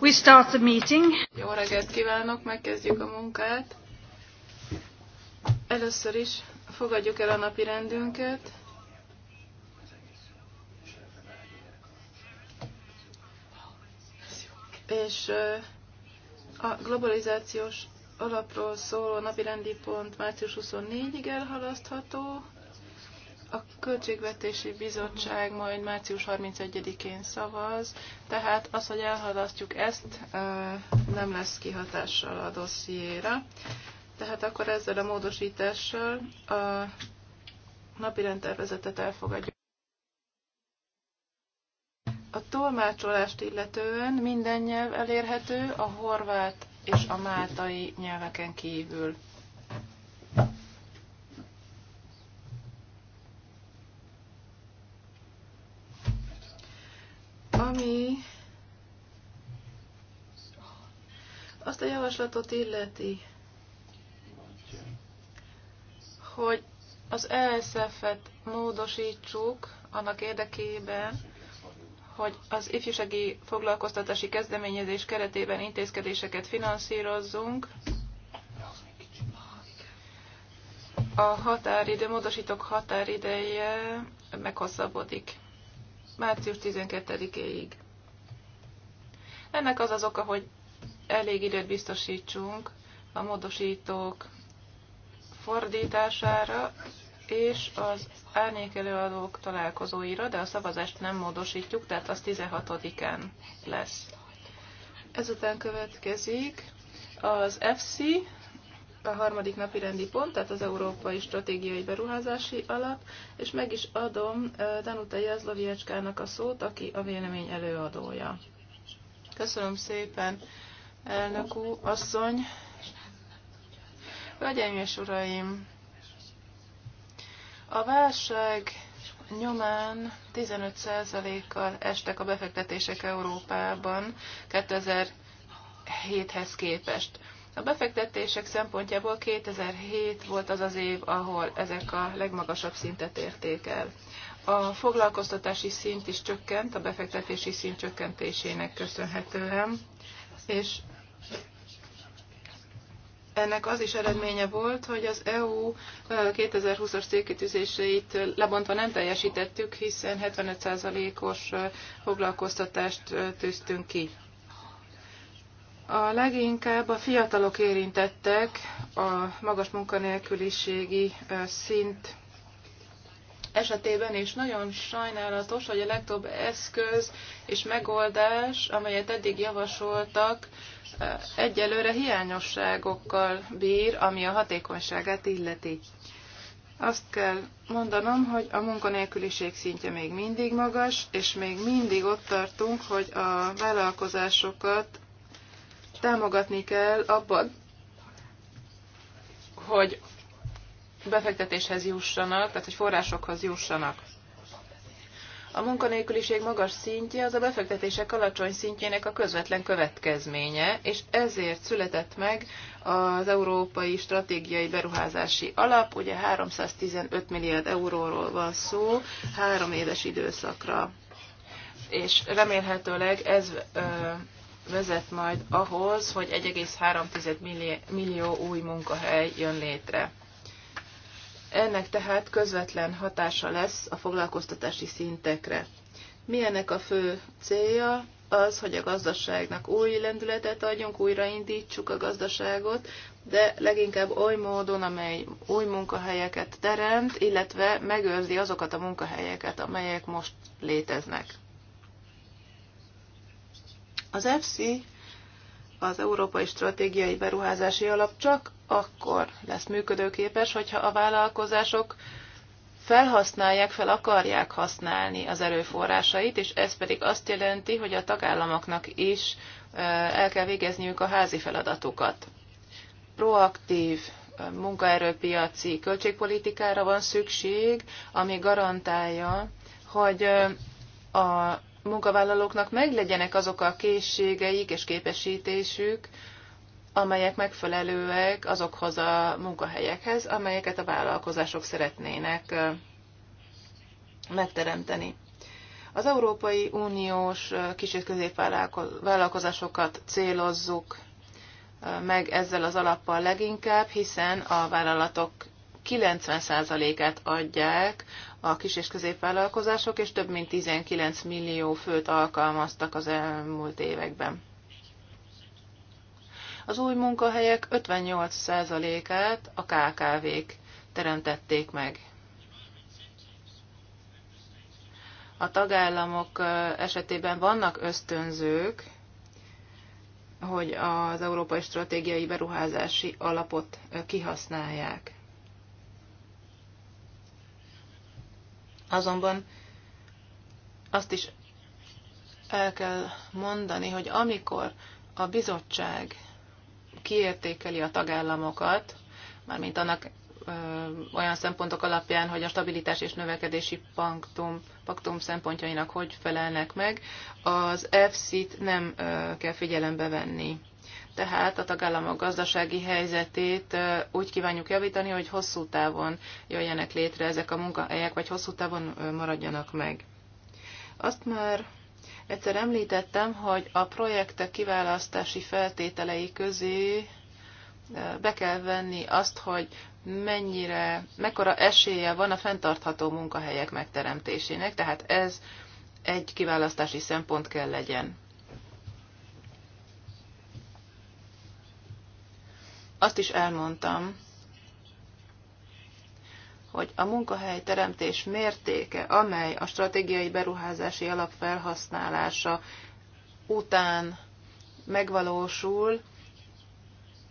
We start the meeting. Jó reggelt kívánok, megkezdjük a munkát. Először is fogadjuk el a napi rendünket. És a globalizációs alapról szóló napirendi pont március 24-ig elhalasztható, a Költségvetési Bizottság majd március 31-én szavaz, tehát az, hogy elhalasztjuk ezt, nem lesz kihatással a dossziéra. Tehát akkor ezzel a módosítással a napi rendtervezetet elfogadjuk. A tolmácsolást illetően minden nyelv elérhető, a horvát és a máltai nyelveken kívül. Ami azt a javaslatot illeti, hogy az ESF-et módosítsuk annak érdekében, hogy az ifjúsági foglalkoztatási kezdeményezés keretében intézkedéseket finanszírozzunk. A határidő, módosítok határideje meghosszabbodik március 12-éig. Ennek az az oka, hogy elég időt biztosítsunk a módosítók fordítására és az árnyékelőadók találkozóira, de a szavazást nem módosítjuk, tehát az 16-án lesz. Ezután következik az FC, a harmadik napi rendi pont, tehát az Európai Stratégiai Beruházási Alap, és meg is adom Danuta Jazloviecskának a szót, aki a vélemény előadója. Köszönöm szépen, elnök úr, asszony. Hölgyeim és uraim, a válság nyomán 15%-kal estek a befektetések Európában 2007-hez képest. A befektetések szempontjából 2007 volt az az év, ahol ezek a legmagasabb szintet érték el. A foglalkoztatási szint is csökkent, a befektetési szint csökkentésének köszönhetően, és ennek az is eredménye volt, hogy az EU 2020-as célkitűzéseit lebontva nem teljesítettük, hiszen 75%-os foglalkoztatást tűztünk ki. A leginkább a fiatalok érintettek a magas munkanélküliségi szint esetében, és nagyon sajnálatos, hogy a legtöbb eszköz és megoldás, amelyet eddig javasoltak, egyelőre hiányosságokkal bír, ami a hatékonyságát illeti. Azt kell mondanom, hogy a munkanélküliség szintje még mindig magas, és még mindig ott tartunk, hogy a vállalkozásokat támogatni kell abban, hogy befektetéshez jussanak, tehát hogy forrásokhoz jussanak. A munkanélküliség magas szintje az a befektetések alacsony szintjének a közvetlen következménye, és ezért született meg az Európai Stratégiai Beruházási Alap, ugye 315 milliárd euróról van szó, három éves időszakra. És remélhetőleg ez vezet majd ahhoz, hogy 1,3 millió új munkahely jön létre. Ennek tehát közvetlen hatása lesz a foglalkoztatási szintekre. Milyenek a fő célja? Az, hogy a gazdaságnak új lendületet adjunk, újraindítsuk a gazdaságot, de leginkább oly módon, amely új munkahelyeket teremt, illetve megőrzi azokat a munkahelyeket, amelyek most léteznek. Az EFSI, az Európai Stratégiai Beruházási Alap csak akkor lesz működőképes, hogyha a vállalkozások felhasználják, fel akarják használni az erőforrásait, és ez pedig azt jelenti, hogy a tagállamoknak is el kell végezniük a házi feladatukat. Proaktív munkaerőpiaci költségpolitikára van szükség, ami garantálja, hogy a munkavállalóknak meglegyenek azok a készségeik és képesítésük, amelyek megfelelőek azokhoz a munkahelyekhez, amelyeket a vállalkozások szeretnének megteremteni. Az Európai Uniós kis- és középvállalkozásokat célozzuk meg ezzel az alappal leginkább, hiszen a vállalatok 90%-át adják a kis- és középvállalkozások, és több mint 19 millió főt alkalmaztak az elmúlt években. Az új munkahelyek 58%-át a KKV-k teremtették meg. A tagállamok esetében vannak ösztönzők, hogy az Európai Stratégiai Beruházási Alapot kihasználják. Azonban azt is el kell mondani, hogy amikor a bizottság kiértékeli a tagállamokat, mármint annak ö, olyan szempontok alapján, hogy a stabilitás és növekedési paktum, paktum szempontjainak hogy felelnek meg, az EFSZ-t nem ö, kell figyelembe venni tehát a tagállamok gazdasági helyzetét úgy kívánjuk javítani, hogy hosszú távon jöjjenek létre ezek a munkahelyek, vagy hosszú távon maradjanak meg. Azt már egyszer említettem, hogy a projektek kiválasztási feltételei közé be kell venni azt, hogy mennyire, mekkora esélye van a fenntartható munkahelyek megteremtésének, tehát ez egy kiválasztási szempont kell legyen. azt is elmondtam, hogy a munkahely teremtés mértéke, amely a stratégiai beruházási alap felhasználása után megvalósul,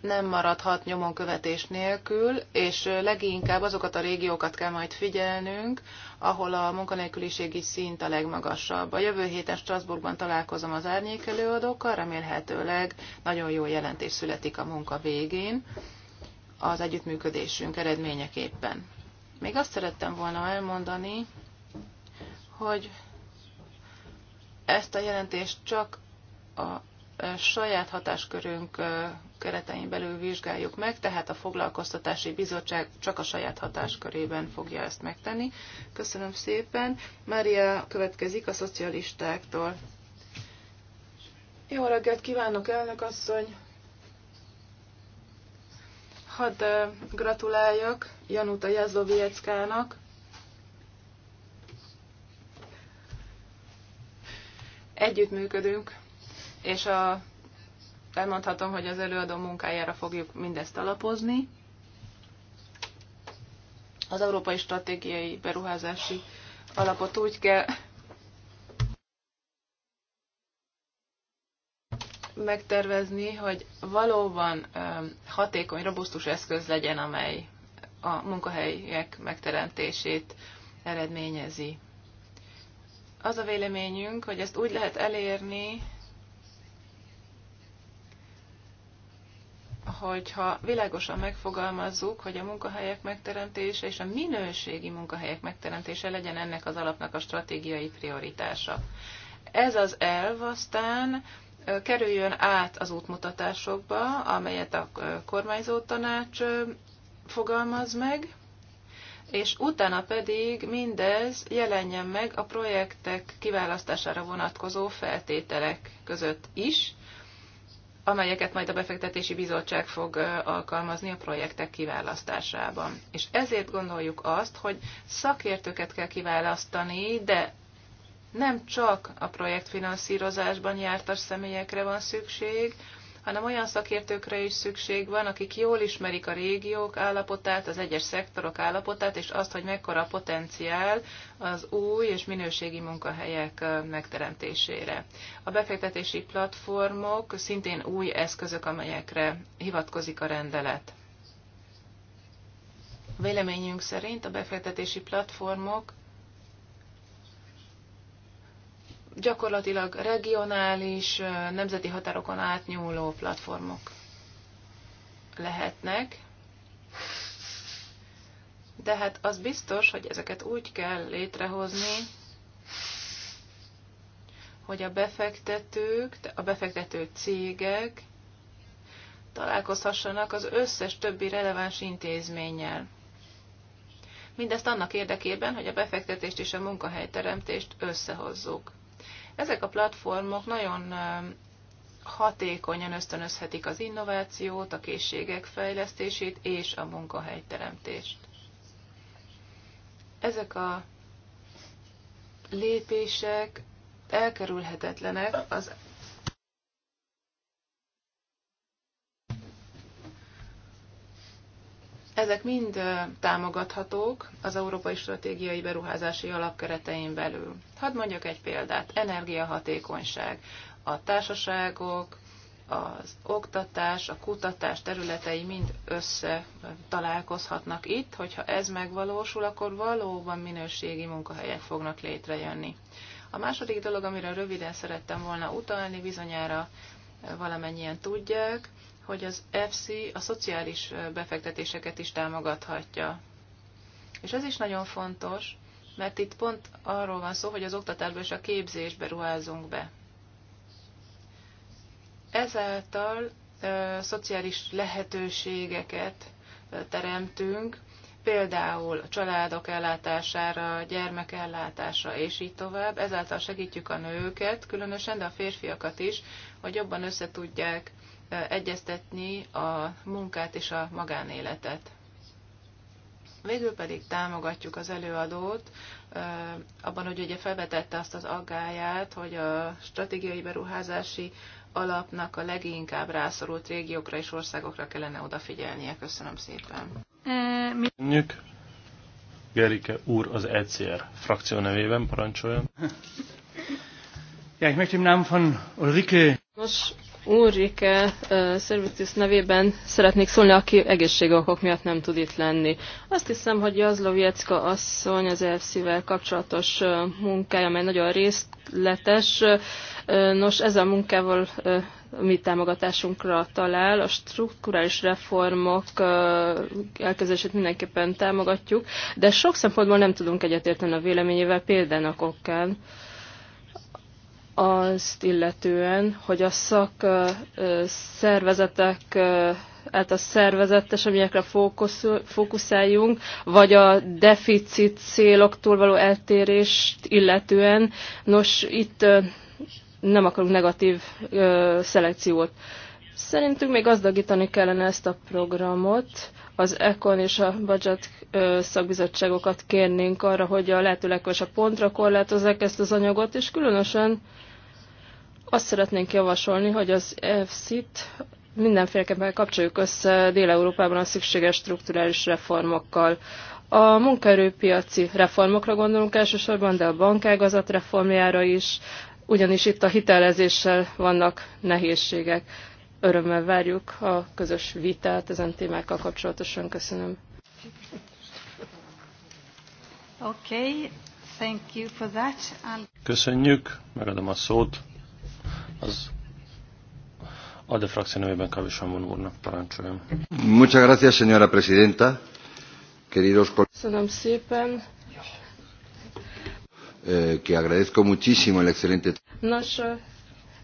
nem maradhat nyomon követés nélkül, és leginkább azokat a régiókat kell majd figyelnünk, ahol a munkanélküliségi szint a legmagasabb. A jövő héten Strasbourgban találkozom az árnyékelőadókkal, remélhetőleg nagyon jó jelentés születik a munka végén az együttműködésünk eredményeképpen. Még azt szerettem volna elmondani, hogy ezt a jelentést csak a saját hatáskörünk keretein belül vizsgáljuk meg, tehát a foglalkoztatási bizottság csak a saját hatáskörében fogja ezt megtenni. Köszönöm szépen. Mária következik a szocialistáktól. Jó reggelt kívánok, elnök asszony! Hadd gratuláljak Januta Jazlovieckának. Együttműködünk és a, elmondhatom, hogy az előadó munkájára fogjuk mindezt alapozni. Az Európai Stratégiai Beruházási Alapot úgy kell megtervezni, hogy valóban hatékony, robusztus eszköz legyen, amely a munkahelyek megteremtését eredményezi. Az a véleményünk, hogy ezt úgy lehet elérni, hogyha világosan megfogalmazzuk, hogy a munkahelyek megteremtése és a minőségi munkahelyek megteremtése legyen ennek az alapnak a stratégiai prioritása. Ez az elv aztán kerüljön át az útmutatásokba, amelyet a kormányzó tanács fogalmaz meg, és utána pedig mindez jelenjen meg a projektek kiválasztására vonatkozó feltételek között is, amelyeket majd a befektetési bizottság fog alkalmazni a projektek kiválasztásában. És ezért gondoljuk azt, hogy szakértőket kell kiválasztani, de nem csak a projektfinanszírozásban jártas személyekre van szükség, hanem olyan szakértőkre is szükség van, akik jól ismerik a régiók állapotát, az egyes szektorok állapotát, és azt, hogy mekkora potenciál az új és minőségi munkahelyek megteremtésére. A befektetési platformok szintén új eszközök, amelyekre hivatkozik a rendelet. Véleményünk szerint a befektetési platformok gyakorlatilag regionális, nemzeti határokon átnyúló platformok lehetnek, de hát az biztos, hogy ezeket úgy kell létrehozni, hogy a befektetők, a befektető cégek találkozhassanak az összes többi releváns intézménnyel. Mindezt annak érdekében, hogy a befektetést és a munkahelyteremtést összehozzuk. Ezek a platformok nagyon hatékonyan ösztönözhetik az innovációt, a készségek fejlesztését és a munkahelyteremtést. Ezek a lépések elkerülhetetlenek az Ezek mind támogathatók az Európai Stratégiai Beruházási Alap keretein belül. Hadd mondjak egy példát. Energiahatékonyság. A társaságok, az oktatás, a kutatás területei mind össze találkozhatnak itt, hogyha ez megvalósul, akkor valóban minőségi munkahelyek fognak létrejönni. A második dolog, amire röviden szerettem volna utalni, bizonyára valamennyien tudják, hogy az FC a szociális befektetéseket is támogathatja. És ez is nagyon fontos, mert itt pont arról van szó, hogy az oktatásba és a képzésbe ruházunk be. Ezáltal ö, szociális lehetőségeket ö, teremtünk, például a családok ellátására, gyermek ellátása, és így tovább. Ezáltal segítjük a nőket, különösen, de a férfiakat is, hogy jobban összetudják egyeztetni a munkát és a magánéletet. Végül pedig támogatjuk az előadót abban, hogy ugye felvetette azt az aggáját, hogy a stratégiai beruházási alapnak a leginkább rászorult régiókra és országokra kellene odafigyelnie. Köszönöm szépen. Köszönjük. Gerike úr az ECR frakció nevében parancsoljon. Ja, ich möchte im Namen von Ulrike. Nos, Úrike Szervitis nevében szeretnék szólni, aki egészségokok miatt nem tud itt lenni. Azt hiszem, hogy Jazloviecka asszony az EFC-vel kapcsolatos munkája, mely nagyon részletes. Nos, ez a munkával mi támogatásunkra talál. A strukturális reformok elkezdését mindenképpen támogatjuk, de sok szempontból nem tudunk egyetérteni a véleményével, például a okán azt illetően, hogy a szak szervezetek által szervezetes, amilyekre fókuszáljunk, vagy a deficit céloktól való eltérést illetően. Nos, itt nem akarunk negatív szelekciót. Szerintünk még gazdagítani kellene ezt a programot. Az ECON és a budget szakbizottságokat kérnénk arra, hogy a lehető a pontra korlátozzák ezt az anyagot, és különösen azt szeretnénk javasolni, hogy az EFSZ-t mindenféleképpen kapcsoljuk össze Dél-Európában a szükséges strukturális reformokkal. A munkaerőpiaci reformokra gondolunk elsősorban, de a bankágazat reformjára is, ugyanis itt a hitelezéssel vannak nehézségek. Örömmel várjuk a közös vitát ezen témákkal kapcsolatosan. Köszönöm. Okay, thank you for that. Köszönjük, megadom a szót az a de frakció nevében Kavisamon úrnak parancsoljon. Muchas gracias, señora presidenta. Queridos Köszönöm szépen. Eh, que agradezco muchísimo el excelente... Nos, eh,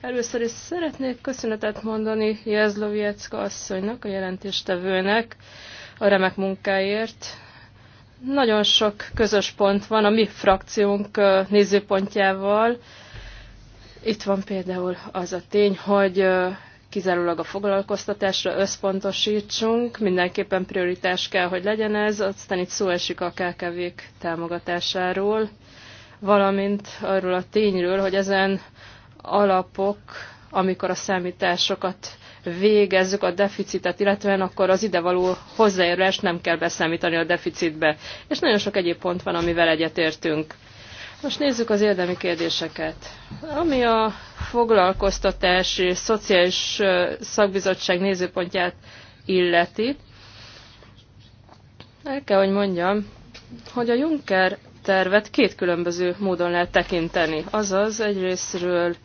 először is szeretnék köszönetet mondani Jezlovjecka asszonynak, a jelentéstevőnek a remek munkáért. Nagyon sok közös pont van a mi frakciónk eh, nézőpontjával, itt van például az a tény, hogy kizárólag a foglalkoztatásra összpontosítsunk, mindenképpen prioritás kell, hogy legyen ez, aztán itt szó esik a KKV-k támogatásáról, valamint arról a tényről, hogy ezen alapok, amikor a számításokat végezzük a deficitet, illetve akkor az idevaló hozzájárulást nem kell beszámítani a deficitbe. És nagyon sok egyéb pont van, amivel egyetértünk. Most nézzük az érdemi kérdéseket. Ami a foglalkoztatás és szociális szakbizottság nézőpontját illeti, el kell, hogy mondjam, hogy a Juncker tervet két különböző módon lehet tekinteni. Azaz egyrésztről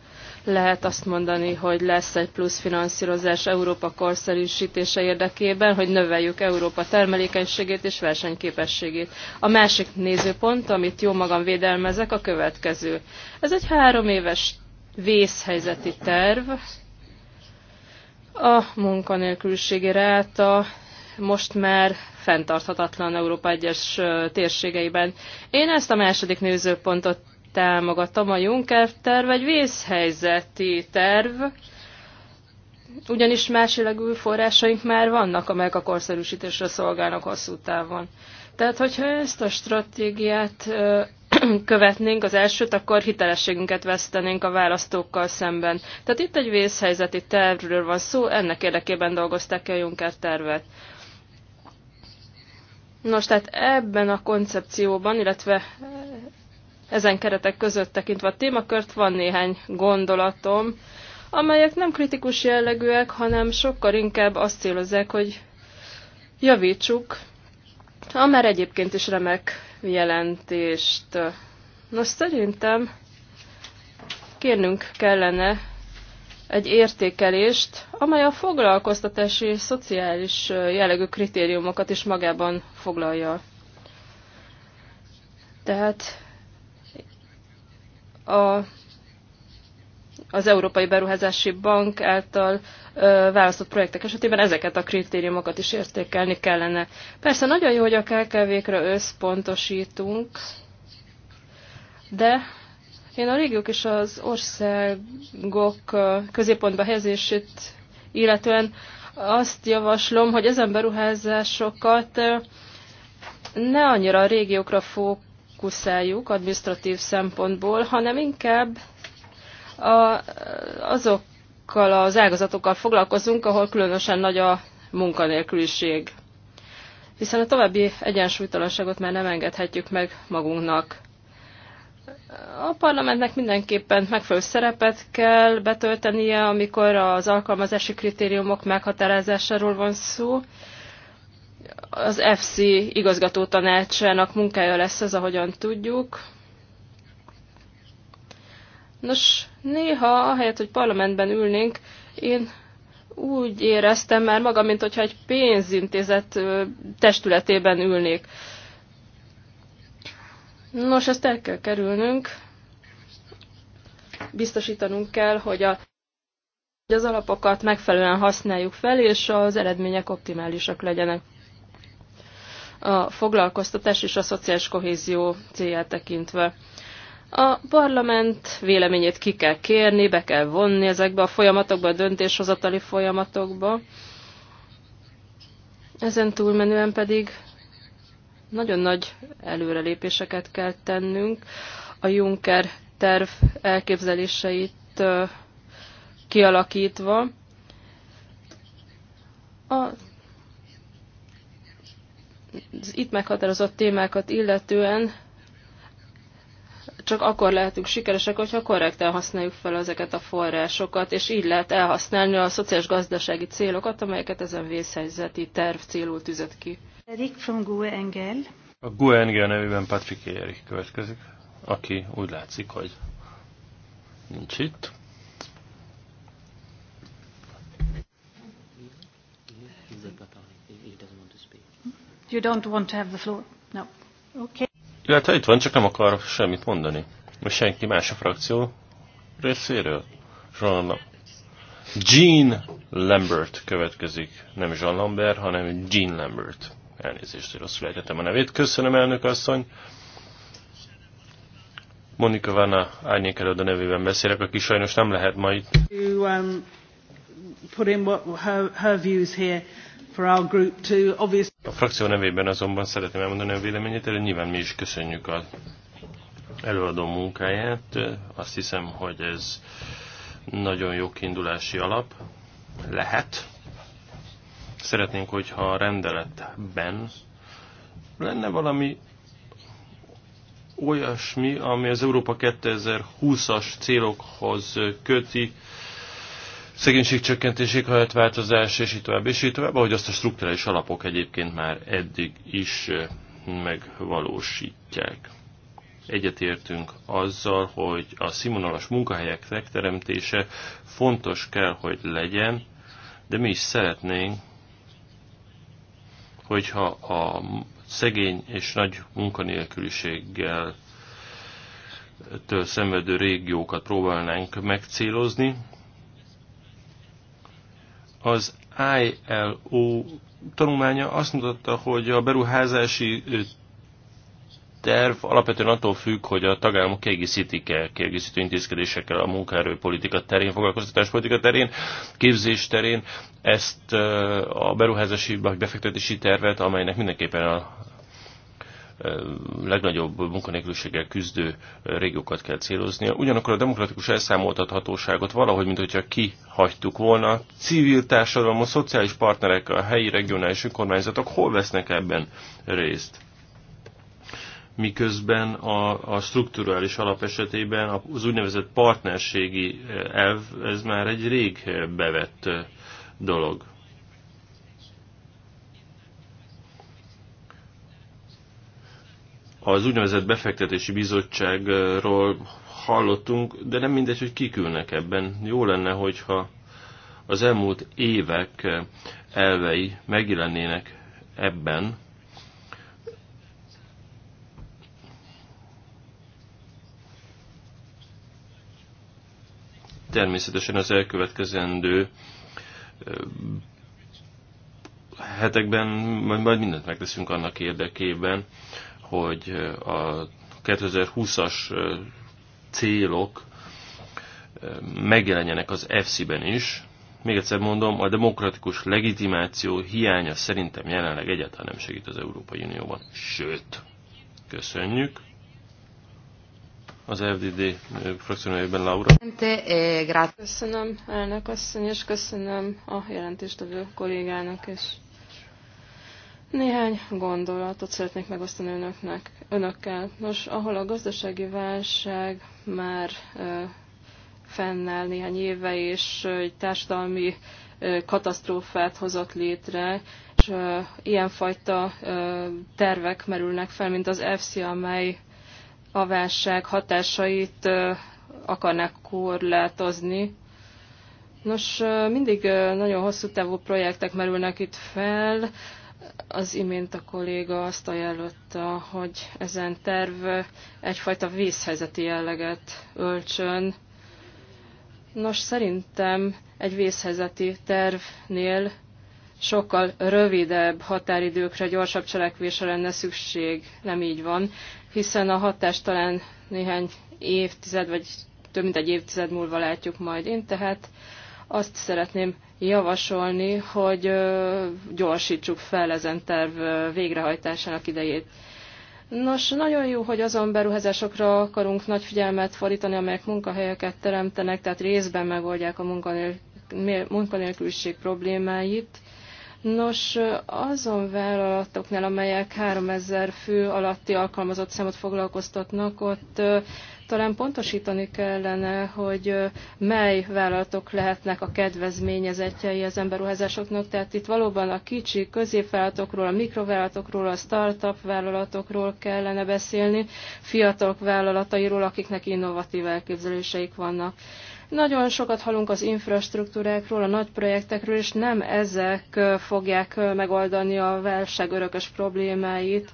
lehet azt mondani, hogy lesz egy plusz finanszírozás Európa korszerűsítése érdekében, hogy növeljük Európa termelékenységét és versenyképességét. A másik nézőpont, amit jó magam védelmezek, a következő. Ez egy három éves vészhelyzeti terv. A munkanélküliségi ráta most már fenntarthatatlan Európa egyes térségeiben. Én ezt a második nézőpontot támogatom A Juncker terv egy vészhelyzeti terv, ugyanis másilegű forrásaink már vannak, amelyek a korszerűsítésre szolgálnak hosszú távon. Tehát, hogyha ezt a stratégiát követnénk az elsőt, akkor hitelességünket vesztenénk a választókkal szemben. Tehát itt egy vészhelyzeti tervről van szó, ennek érdekében dolgozták ki a Juncker tervet. Nos, tehát ebben a koncepcióban, illetve ezen keretek között tekintve a témakört van néhány gondolatom, amelyek nem kritikus jellegűek, hanem sokkal inkább azt célozzák, hogy javítsuk a már egyébként is remek jelentést. Nos, szerintem kérnünk kellene egy értékelést, amely a foglalkoztatási és szociális jellegű kritériumokat is magában foglalja. Tehát a, az Európai Beruházási Bank által ö, választott projektek esetében ezeket a kritériumokat is értékelni kellene. Persze nagyon jó, hogy a kkv kre összpontosítunk, de én a régiók és az országok középpontba helyezését illetően azt javaslom, hogy ezen beruházásokat ne annyira a régiókra fók fókuszáljuk administratív szempontból, hanem inkább a, azokkal az ágazatokkal foglalkozunk, ahol különösen nagy a munkanélküliség. Hiszen a további egyensúlytalanságot már nem engedhetjük meg magunknak. A parlamentnek mindenképpen megfelelő szerepet kell betöltenie, amikor az alkalmazási kritériumok meghatározásáról van szó, az FC igazgató tanácsának munkája lesz ez, ahogyan tudjuk. Nos, néha, ahelyett, hogy parlamentben ülnénk, én úgy éreztem már magam, mint hogyha egy pénzintézet testületében ülnék. Nos, ezt el kell kerülnünk. Biztosítanunk kell, hogy a hogy az alapokat megfelelően használjuk fel, és az eredmények optimálisak legyenek a foglalkoztatás és a szociális kohézió célját tekintve. A parlament véleményét ki kell kérni, be kell vonni ezekbe a folyamatokba, a döntéshozatali folyamatokba. Ezen túlmenően pedig nagyon nagy előrelépéseket kell tennünk. A Juncker terv elképzeléseit kialakítva. A itt meghatározott témákat illetően csak akkor lehetünk sikeresek, hogyha korrekten használjuk fel ezeket a forrásokat, és így lehet elhasználni a szociális gazdasági célokat, amelyeket ezen vészhelyzeti terv célul tűzött ki. Erik from GUE Engel. A GUE Engel nevében Patrick Erik következik, aki úgy látszik, hogy nincs itt. You don't want to have the floor? No. Okay. Illetve itt van, csak nem akar semmit mondani. Most senki más a frakció részéről. Jean Jean Lambert következik. Nem Jean Lambert, hanem Jean Lambert. Elnézést, hogy rosszul ejtettem a nevét. Köszönöm, elnök asszony. Monika Vanna árnyék a nevében beszélek, aki sajnos nem lehet ma itt. um, put in what, her, her views here. A frakció nevében azonban szeretném elmondani a véleményét, erre nyilván mi is köszönjük az előadó munkáját. Azt hiszem, hogy ez nagyon jó kiindulási alap lehet. Szeretnénk, hogyha a rendeletben lenne valami olyasmi, ami az Európa 2020-as célokhoz köti szegénységcsökkentés, éghajlatváltozás, és így tovább, és így tovább, ahogy azt a strukturális alapok egyébként már eddig is megvalósítják. Egyetértünk azzal, hogy a színvonalas munkahelyek megteremtése fontos kell, hogy legyen, de mi is szeretnénk, hogyha a szegény és nagy munkanélküliséggel től szenvedő régiókat próbálnánk megcélozni, az ILO tanulmánya azt mutatta, hogy a beruházási terv alapvetően attól függ, hogy a tagállamok kiegészítik-e kiegészítő intézkedésekkel a munkaerőpolitika terén, foglalkoztatáspolitika terén, képzés terén ezt a beruházási vagy befektetési tervet, amelynek mindenképpen a legnagyobb munkanélküliséggel küzdő régiókat kell céloznia. Ugyanakkor a demokratikus elszámoltathatóságot valahogy, mint hogyha kihagytuk volna, civil társadalom, a szociális partnerek, a helyi regionális önkormányzatok hol vesznek ebben részt? miközben a, a strukturális alap esetében az úgynevezett partnerségi elv, ez már egy rég bevett dolog. az úgynevezett befektetési bizottságról hallottunk, de nem mindegy, hogy kikülnek ebben. Jó lenne, hogyha az elmúlt évek elvei megjelennének ebben, természetesen az elkövetkezendő hetekben majd, majd mindent megteszünk annak érdekében, hogy a 2020-as célok megjelenjenek az EFSI-ben is. Még egyszer mondom, a demokratikus legitimáció hiánya szerintem jelenleg egyáltalán nem segít az Európai Unióban. Sőt, köszönjük. Az FDD frakcionájában Laura. Eh, köszönöm elnök asszony, és köszönöm a a kollégának is. És... Néhány gondolatot szeretnék megosztani önöknek, önökkel. Nos, ahol a gazdasági válság már ö, fennáll néhány éve, és egy társadalmi ö, katasztrófát hozott létre, és ö, ilyenfajta ö, tervek merülnek fel, mint az EFSI, amely a válság hatásait ö, akarnak korlátozni, Nos, mindig nagyon hosszú távú projektek merülnek itt fel, az imént a kolléga azt ajánlotta, hogy ezen terv egyfajta vészhelyzeti jelleget öltsön. Nos, szerintem egy vészhelyzeti tervnél sokkal rövidebb határidőkre, gyorsabb cselekvésre lenne szükség. Nem így van, hiszen a hatást talán néhány évtized, vagy több mint egy évtized múlva látjuk majd. Én tehát azt szeretném javasolni, hogy gyorsítsuk fel ezen terv végrehajtásának idejét. Nos, nagyon jó, hogy azon beruházásokra akarunk nagy figyelmet fordítani, amelyek munkahelyeket teremtenek, tehát részben megoldják a munkanélküliség problémáit. Nos, azon vállalatoknál, amelyek 3000 fő alatti alkalmazott számot foglalkoztatnak, ott talán pontosítani kellene, hogy mely vállalatok lehetnek a kedvezményezetjei az emberuházásoknak, tehát itt valóban a kicsi középvállalatokról, a mikrovállalatokról, a startup vállalatokról kellene beszélni, fiatalok vállalatairól, akiknek innovatív elképzeléseik vannak. Nagyon sokat hallunk az infrastruktúrákról, a nagy projektekről, és nem ezek fogják megoldani a válság örökös problémáit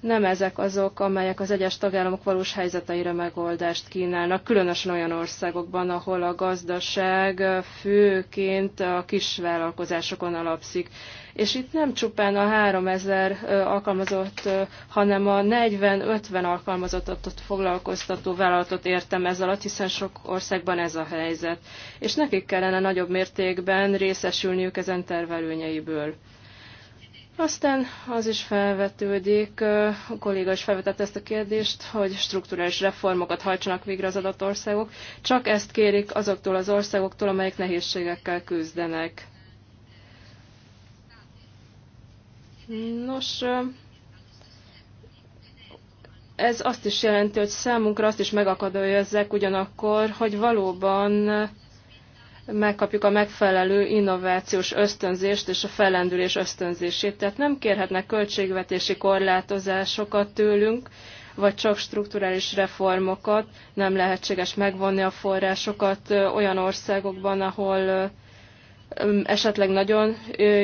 nem ezek azok, amelyek az egyes tagállamok valós helyzeteire megoldást kínálnak, különösen olyan országokban, ahol a gazdaság főként a kisvállalkozásokon alapszik. És itt nem csupán a 3000 alkalmazott, hanem a 40-50 alkalmazottat foglalkoztató vállalatot értem ez alatt, hiszen sok országban ez a helyzet. És nekik kellene nagyobb mértékben részesülniük ezen tervelőnyeiből. Aztán az is felvetődik, a kolléga is felvetett ezt a kérdést, hogy strukturális reformokat hajtsanak végre az adott országok. Csak ezt kérik azoktól az országoktól, amelyek nehézségekkel küzdenek. Nos, ez azt is jelenti, hogy számunkra azt is megakadályozzák ugyanakkor, hogy valóban megkapjuk a megfelelő innovációs ösztönzést és a fellendülés ösztönzését. Tehát nem kérhetnek költségvetési korlátozásokat tőlünk, vagy csak strukturális reformokat, nem lehetséges megvonni a forrásokat olyan országokban, ahol esetleg nagyon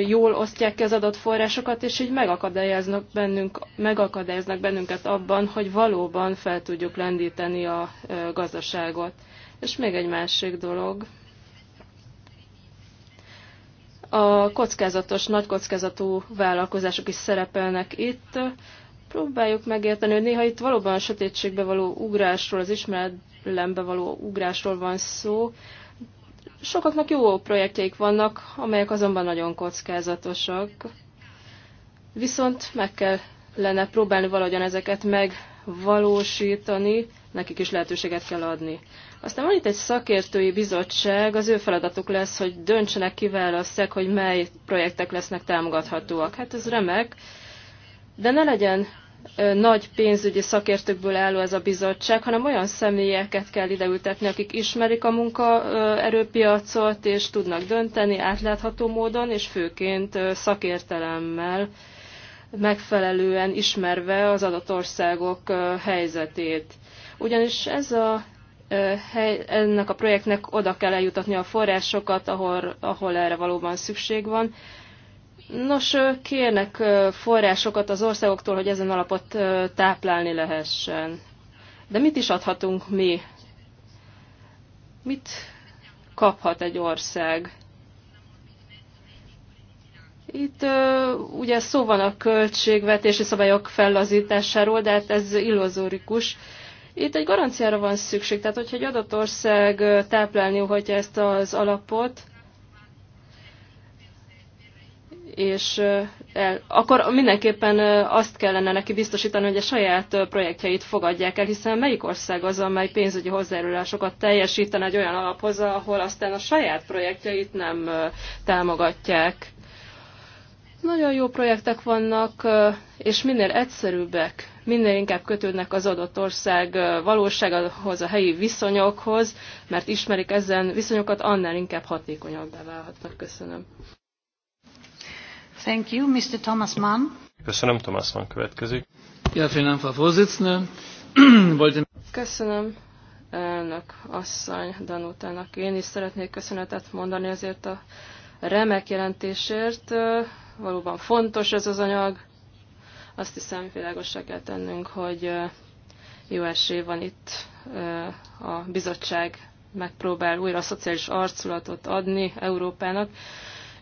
jól osztják ki az adott forrásokat, és így megakadályoznak, bennünk, megakadályoznak bennünket abban, hogy valóban fel tudjuk lendíteni a gazdaságot. És még egy másik dolog. A kockázatos, nagy kockázatú vállalkozások is szerepelnek itt. Próbáljuk megérteni, hogy néha itt valóban a sötétségbe való ugrásról, az ismeretlenbe való ugrásról van szó. Sokaknak jó projektjeik vannak, amelyek azonban nagyon kockázatosak. Viszont meg kell lenne próbálni valahogyan ezeket megvalósítani, nekik is lehetőséget kell adni. Aztán van itt egy szakértői bizottság, az ő feladatuk lesz, hogy döntsenek, kiválasszák, hogy mely projektek lesznek támogathatóak. Hát ez remek, de ne legyen nagy pénzügyi szakértőkből álló ez a bizottság, hanem olyan személyeket kell ideültetni, akik ismerik a munkaerőpiacot, és tudnak dönteni átlátható módon, és főként szakértelemmel megfelelően ismerve az adott országok helyzetét. Ugyanis ez a hely, ennek a projektnek oda kell eljutatni a forrásokat, ahol, ahol erre valóban szükség van. Nos, kérnek forrásokat az országoktól, hogy ezen alapot táplálni lehessen. De mit is adhatunk mi? Mit kaphat egy ország? Itt ugye szó van a költségvetési szabályok fellazításáról, de hát ez illuzórikus itt egy garanciára van szükség, tehát hogyha egy adott ország táplálni hogy ezt az alapot, és el, akkor mindenképpen azt kellene neki biztosítani, hogy a saját projektjeit fogadják el, hiszen melyik ország az, amely pénzügyi hozzájárulásokat teljesítene egy olyan alaphoz, ahol aztán a saját projektjeit nem támogatják. Nagyon jó projektek vannak, és minél egyszerűbbek, minél inkább kötődnek az adott ország valóságához, a helyi viszonyokhoz, mert ismerik ezen viszonyokat, annál inkább hatékonyabbá válhatnak. Köszönöm. Thank you, Mr. Thomas Mann. Köszönöm, Thomas Mann következik. Ja, vielen Dank, Frau Köszönöm, elnök asszony Danutának. Én is szeretnék köszönetet mondani ezért a remek jelentésért, valóban fontos ez az anyag. Azt hiszem, világosra kell tennünk, hogy jó esély van itt a bizottság megpróbál újra a szociális arculatot adni Európának,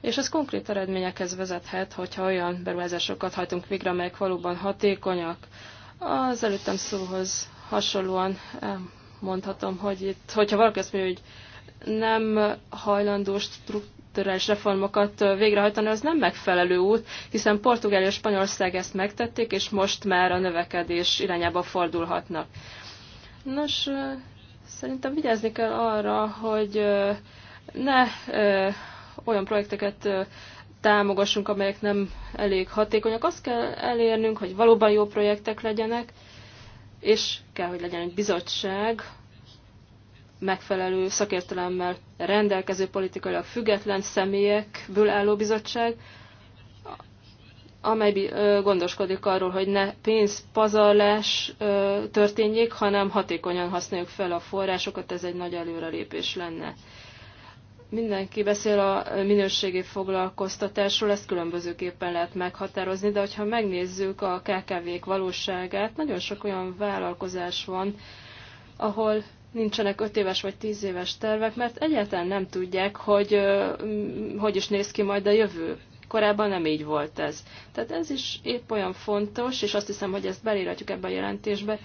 és ez konkrét eredményekhez vezethet, hogyha olyan beruházásokat hajtunk végre, amelyek valóban hatékonyak. Az előttem szóhoz hasonlóan mondhatom, hogy itt, hogyha valaki azt mondja, hogy nem hajlandó strukturális reformokat végrehajtani, az nem megfelelő út, hiszen Portugália és Spanyolország ezt megtették, és most már a növekedés irányába fordulhatnak. Nos, szerintem vigyázni kell arra, hogy ne olyan projekteket támogassunk, amelyek nem elég hatékonyak. Azt kell elérnünk, hogy valóban jó projektek legyenek, és kell, hogy legyen egy bizottság, megfelelő szakértelemmel rendelkező politikailag független személyekből álló bizottság, amely gondoskodik arról, hogy ne pénzpazarlás történjék, hanem hatékonyan használjuk fel a forrásokat, ez egy nagy előrelépés lenne. Mindenki beszél a minőségi foglalkoztatásról, ezt különbözőképpen lehet meghatározni, de hogyha megnézzük a KKV-k valóságát, nagyon sok olyan vállalkozás van, ahol nincsenek öt éves vagy tíz éves tervek, mert egyáltalán nem tudják, hogy hogy is néz ki majd a jövő. Korábban nem így volt ez. Tehát ez is épp olyan fontos, és azt hiszem, hogy ezt belératjuk ebbe a jelentésbe,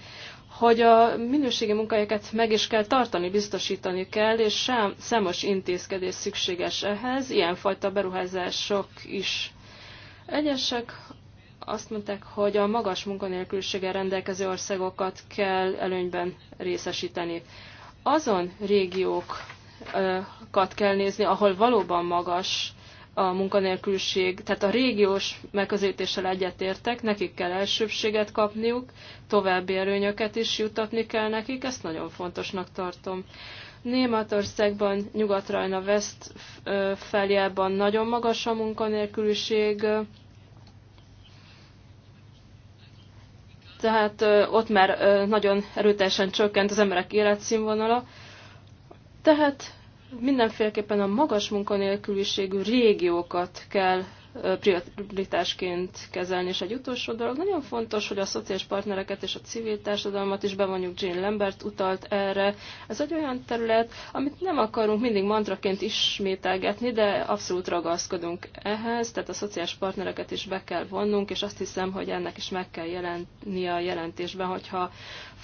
hogy a minőségi munkahelyeket meg is kell tartani, biztosítani kell, és számos intézkedés szükséges ehhez, ilyenfajta beruházások is. Egyesek azt mondták, hogy a magas munkanélküliséggel rendelkező országokat kell előnyben részesíteni. Azon régiókat kell nézni, ahol valóban magas a munkanélküliség, tehát a régiós megközelítéssel egyetértek, nekik kell elsőbséget kapniuk, további előnyöket is jutatni kell nekik, ezt nagyon fontosnak tartom. Németországban, Nyugat-Rajna Westfáliában nagyon magas a munkanélküliség, tehát ott már nagyon erőteljesen csökkent az emberek életszínvonala. Tehát mindenféleképpen a magas munkanélküliségű régiókat kell prioritásként kezelni. És egy utolsó dolog, nagyon fontos, hogy a szociális partnereket és a civil társadalmat is bevonjuk, Jane Lambert utalt erre. Ez egy olyan terület, amit nem akarunk mindig mantraként ismételgetni, de abszolút ragaszkodunk ehhez, tehát a szociális partnereket is be kell vonnunk, és azt hiszem, hogy ennek is meg kell jelenni a jelentésben, hogyha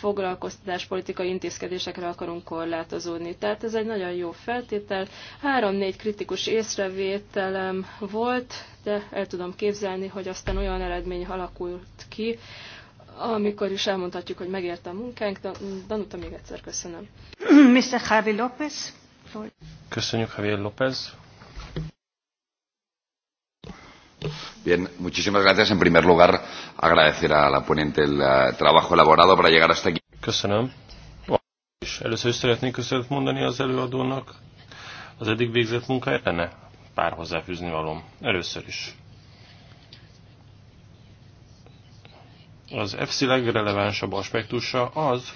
foglalkoztatáspolitikai intézkedésekre akarunk korlátozódni. Tehát ez egy nagyon jó feltétel. Három-négy kritikus észrevételem volt, de el tudom képzelni, hogy aztán olyan eredmény alakult ki, amikor is elmondhatjuk, hogy megérte a munkánk. Danuta, még egyszer köszönöm. Mr. Javier López. Köszönjük, Javier López. Bien, muchísimas gracias. En primer lugar, agradecer a la ponente el eh, trabajo elaborado para llegar hasta aquí. Köszönöm. először is szeretnék köszönet mondani az előadónak az eddig végzett munkáját. Lenne pár hozzáfűzni valóm. Először is. Az FC legrelevánsabb aspektusa az,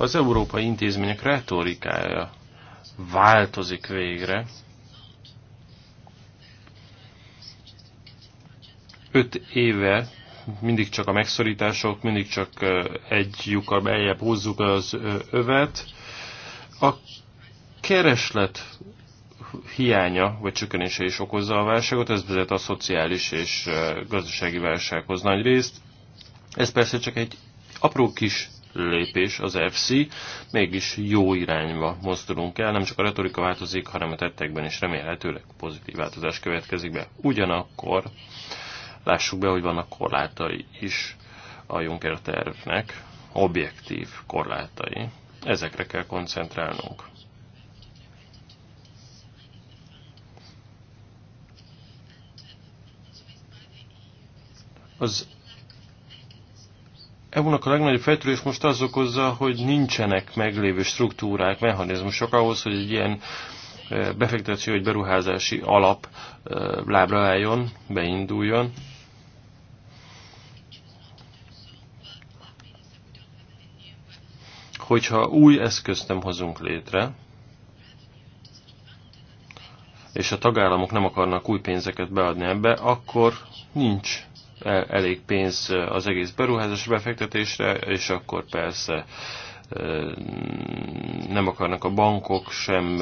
az európai intézmények retorikája változik végre, öt éve mindig csak a megszorítások, mindig csak egy lyukkal beljebb húzzuk az övet. A kereslet hiánya vagy csökkenése is okozza a válságot, ez vezet a szociális és gazdasági válsághoz nagy részt. Ez persze csak egy apró kis lépés az FC, mégis jó irányba mozdulunk el, nem csak a retorika változik, hanem a tettekben is remélhetőleg pozitív változás következik be. Ugyanakkor Lássuk be, hogy vannak korlátai is a Juncker tervnek, objektív korlátai. Ezekre kell koncentrálnunk. Az EU-nak a legnagyobb fejtörés most az okozza, hogy nincsenek meglévő struktúrák, mechanizmusok ahhoz, hogy egy ilyen eh, befektetési vagy beruházási alap eh, lábra álljon, beinduljon. Hogyha új eszközt nem hozunk létre, és a tagállamok nem akarnak új pénzeket beadni ebbe, akkor nincs e- elég pénz e, az egész beruházás befektetésre, és akkor persze e, nem akarnak a bankok sem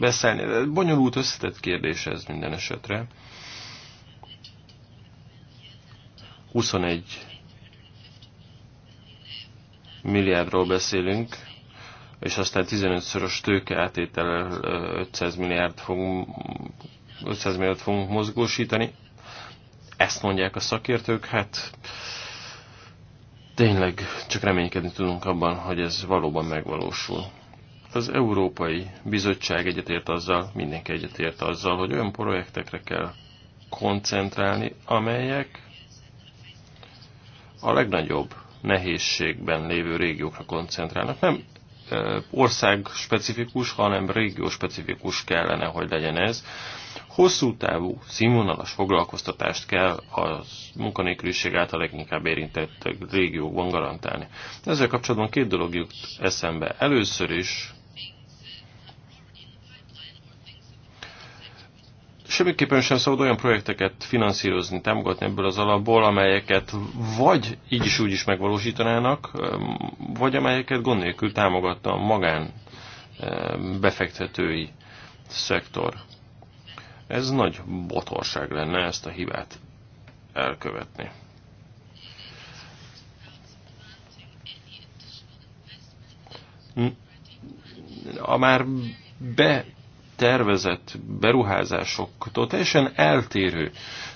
beszállni. Bonyolult összetett kérdés ez minden esetre. 21 milliárdról beszélünk, és aztán 15-szoros átétel 500 milliárd fogunk, 500 milliárd fogunk mozgósítani. Ezt mondják a szakértők, hát tényleg csak reménykedni tudunk abban, hogy ez valóban megvalósul. Az Európai Bizottság egyetért azzal, mindenki egyetért azzal, hogy olyan projektekre kell koncentrálni, amelyek a legnagyobb nehézségben lévő régiókra koncentrálnak. Nem ország specifikus, hanem régió specifikus kellene, hogy legyen ez. Hosszú távú, színvonalas foglalkoztatást kell a munkanélküliség által leginkább érintett régiókban garantálni. Ezzel kapcsolatban két dolog jut eszembe. Először is semmiképpen sem szabad olyan projekteket finanszírozni, támogatni ebből az alapból, amelyeket vagy így is úgy is megvalósítanának, vagy amelyeket gond nélkül támogatta a magán befektetői szektor. Ez nagy botorság lenne ezt a hibát elkövetni. A már be tervezett beruházásoktól teljesen eltérő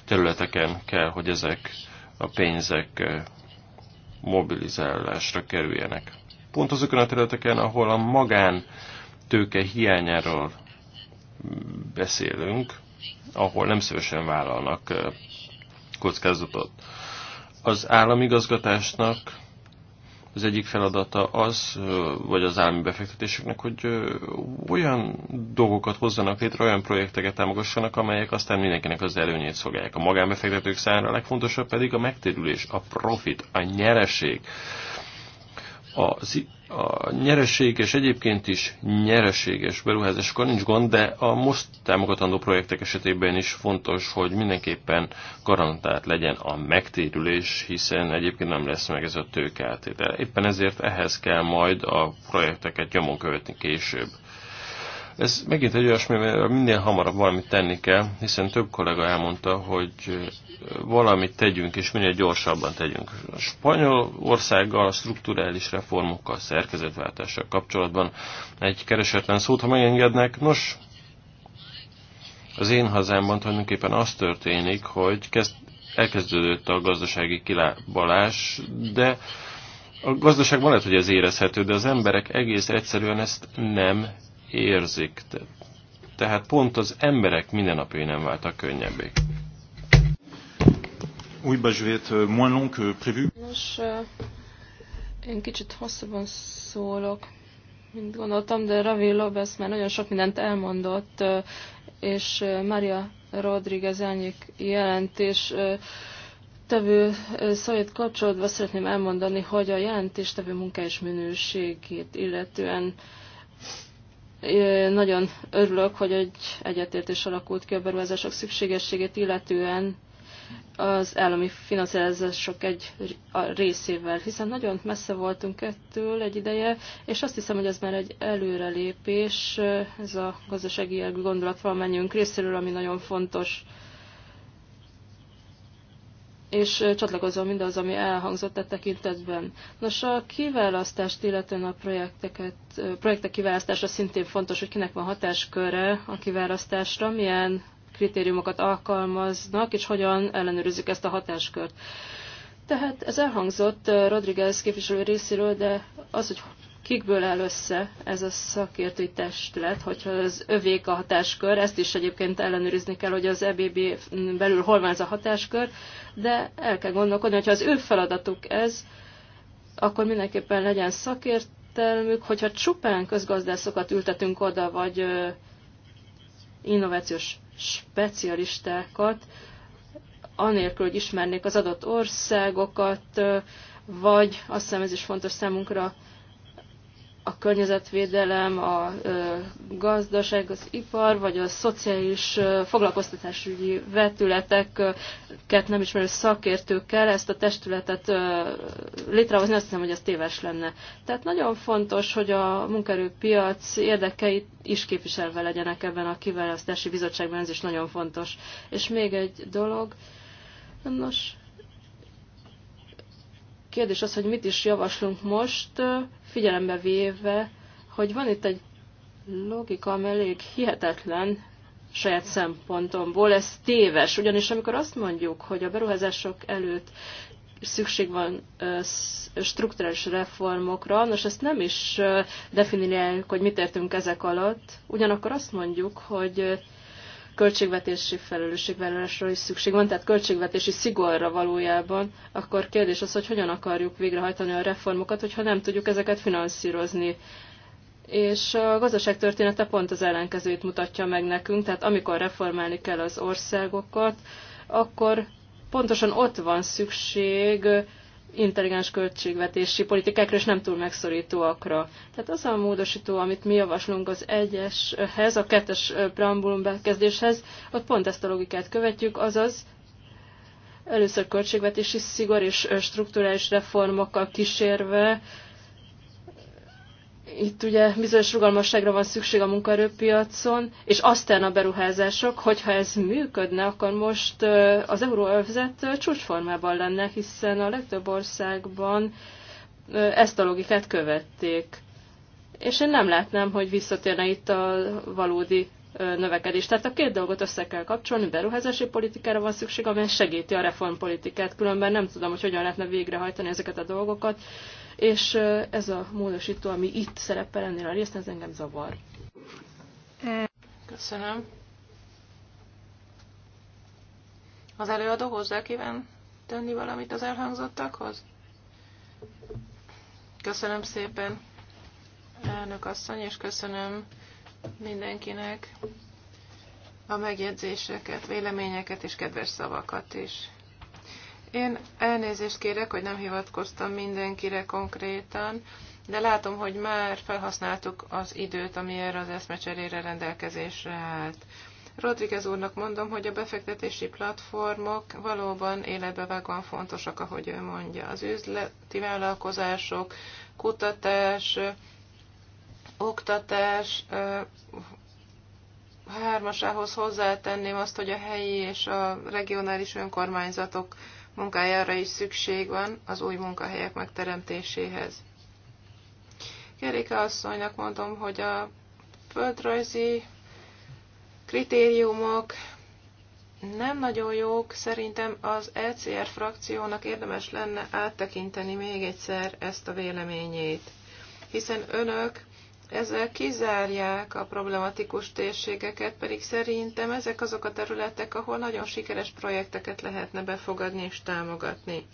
területeken kell, hogy ezek a pénzek eh, mobilizálásra kerüljenek. Pont azokon a területeken, ahol a magán tőke hiányáról beszélünk, ahol nem szívesen vállalnak eh, kockázatot. Az államigazgatásnak az egyik feladata az, vagy az állami befektetéseknek, hogy olyan dolgokat hozzanak létre, olyan projekteket támogassanak, amelyek aztán mindenkinek az előnyét szolgálják. A magánbefektetők számára a legfontosabb pedig a megtérülés, a profit, a nyereség. Az a nyereséges, egyébként is nyereséges beruházásokkal nincs gond, de a most támogatandó projektek esetében is fontos, hogy mindenképpen garantált legyen a megtérülés, hiszen egyébként nem lesz meg ez a tőkeltétel. Éppen ezért ehhez kell majd a projekteket nyomon követni később. Ez megint egy olyasmi, mert minél hamarabb valamit tenni kell, hiszen több kollega elmondta, hogy valamit tegyünk, és minél gyorsabban tegyünk. A Spanyol országgal a strukturális reformokkal, szerkezetváltással kapcsolatban egy keresetlen szót, ha megengednek, nos, az én hazámban tulajdonképpen az történik, hogy kezd, elkezdődött a gazdasági kilábalás, de a gazdaságban lehet, hogy ez érezhető, de az emberek egész egyszerűen ezt nem érzik. Tehát pont az emberek minden mindennapjai nem váltak könnyebbé. Oui, bah, je vais être euh, moins long que prévu. Nos, euh, én kicsit hosszabban szólok, mint gondoltam, de Ravi Lobes már nagyon sok mindent elmondott, euh, és Maria Rodriguez elnyék jelentés tevő szajt kapcsolatban szeretném elmondani, hogy a jelentéstevő munkás minőségét illetően nagyon örülök, hogy egy egyetértés alakult ki a beruházások szükségességét, illetően az állami finanszírozások egy részével, hiszen nagyon messze voltunk ettől egy ideje, és azt hiszem, hogy ez már egy előrelépés, ez a gazdasági gondolat valamennyiünk részéről, ami nagyon fontos és csatlakozom mindaz, ami elhangzott a e tekintetben. Nos, a kiválasztást, illetően a projekteket, projektek kiválasztása szintén fontos, hogy kinek van hatásköre a kiválasztásra, milyen kritériumokat alkalmaznak, és hogyan ellenőrizzük ezt a hatáskört. Tehát ez elhangzott Rodriguez képviselő részéről, de az, hogy Kikből áll össze ez a szakértői testület, hogyha az övék a hatáskör, ezt is egyébként ellenőrizni kell, hogy az EBB belül hol van ez a hatáskör, de el kell gondolkodni, hogyha az ő feladatuk ez, akkor mindenképpen legyen szakértelmük, hogyha csupán közgazdászokat ültetünk oda, vagy innovációs specialistákat, anélkül, hogy ismernék az adott országokat, vagy azt hiszem ez is fontos számunkra, a környezetvédelem, a gazdaság, az ipar, vagy a szociális foglalkoztatásügyi vetületeket nem ismerő szakértőkkel ezt a testületet létrehozni, azt hiszem, hogy ez téves lenne. Tehát nagyon fontos, hogy a munkerőpiac érdekeit is képviselve legyenek ebben a kiválasztási bizottságban, ez is nagyon fontos. És még egy dolog, nos, Kérdés az, hogy mit is javaslunk most, figyelembe véve, hogy van itt egy logika, ami elég hihetetlen saját szempontomból. Ez téves, ugyanis amikor azt mondjuk, hogy a beruházások előtt szükség van strukturális reformokra, nos ezt nem is definiáljuk, hogy mit értünk ezek alatt, ugyanakkor azt mondjuk, hogy költségvetési felelősségvállalásra is szükség van, tehát költségvetési szigorra valójában, akkor kérdés az, hogy hogyan akarjuk végrehajtani a reformokat, hogyha nem tudjuk ezeket finanszírozni. És a gazdaság története pont az ellenkezőjét mutatja meg nekünk, tehát amikor reformálni kell az országokat, akkor pontosan ott van szükség intelligens költségvetési politikákra, és nem túl megszorítóakra. Tehát az a módosító, amit mi javaslunk az egyeshez, a kettes preambulum bekezdéshez, ott pont ezt a logikát követjük, azaz először költségvetési szigor és strukturális reformokkal kísérve itt ugye bizonyos rugalmasságra van szükség a munkaerőpiacon, és aztán a beruházások, hogyha ez működne, akkor most az euróövezet csúcsformában lenne, hiszen a legtöbb országban ezt a logikát követték. És én nem látnám, hogy visszatérne itt a valódi növekedés. Tehát a két dolgot össze kell kapcsolni, beruházási politikára van szükség, amely segíti a reformpolitikát, különben nem tudom, hogy hogyan lehetne végrehajtani ezeket a dolgokat és ez a módosító, ami itt szerepel ennél a részt, ez engem zavar. Köszönöm. Az előadó hozzá kíván tenni valamit az elhangzottakhoz? Köszönöm szépen, elnök asszony, és köszönöm mindenkinek a megjegyzéseket, véleményeket és kedves szavakat is. Én elnézést kérek, hogy nem hivatkoztam mindenkire konkrétan, de látom, hogy már felhasználtuk az időt, ami erre az eszmecserére rendelkezésre állt. Rodriguez úrnak mondom, hogy a befektetési platformok valóban életbevágóan fontosak, ahogy ő mondja. Az üzleti vállalkozások, kutatás, oktatás, hármasához hozzátenném azt, hogy a helyi és a regionális önkormányzatok munkájára is szükség van az új munkahelyek megteremtéséhez. Kerike asszonynak mondom, hogy a földrajzi kritériumok nem nagyon jók, szerintem az ECR frakciónak érdemes lenne áttekinteni még egyszer ezt a véleményét, hiszen önök ezzel kizárják a problematikus térségeket, pedig szerintem ezek azok a területek, ahol nagyon sikeres projekteket lehetne befogadni és támogatni.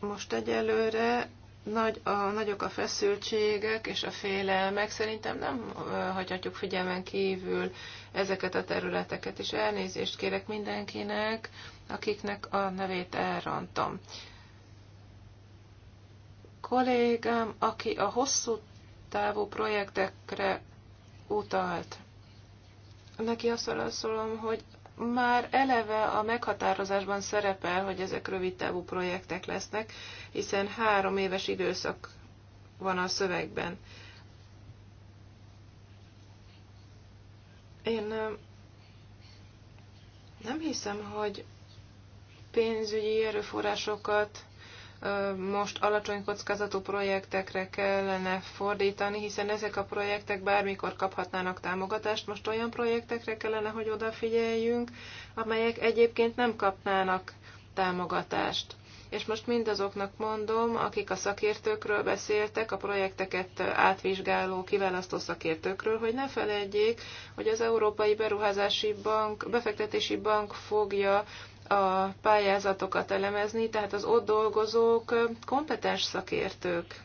Most egyelőre nagy, a, nagyok a feszültségek és a félelmek. Szerintem nem hagyhatjuk figyelmen kívül ezeket a területeket, és elnézést kérek mindenkinek, akiknek a nevét elrontom kollégám, aki a hosszú távú projektekre utalt. Neki azt válaszolom, hogy már eleve a meghatározásban szerepel, hogy ezek rövid távú projektek lesznek, hiszen három éves időszak van a szövegben. Én nem hiszem, hogy pénzügyi erőforrásokat most alacsony kockázatú projektekre kellene fordítani, hiszen ezek a projektek bármikor kaphatnának támogatást. Most olyan projektekre kellene, hogy odafigyeljünk, amelyek egyébként nem kapnának támogatást. És most mindazoknak mondom, akik a szakértőkről beszéltek, a projekteket átvizsgáló, kiválasztó szakértőkről, hogy ne felejtjék, hogy az Európai Beruházási Bank, Befektetési Bank fogja a pályázatokat elemezni, tehát az ott dolgozók kompetens szakértők.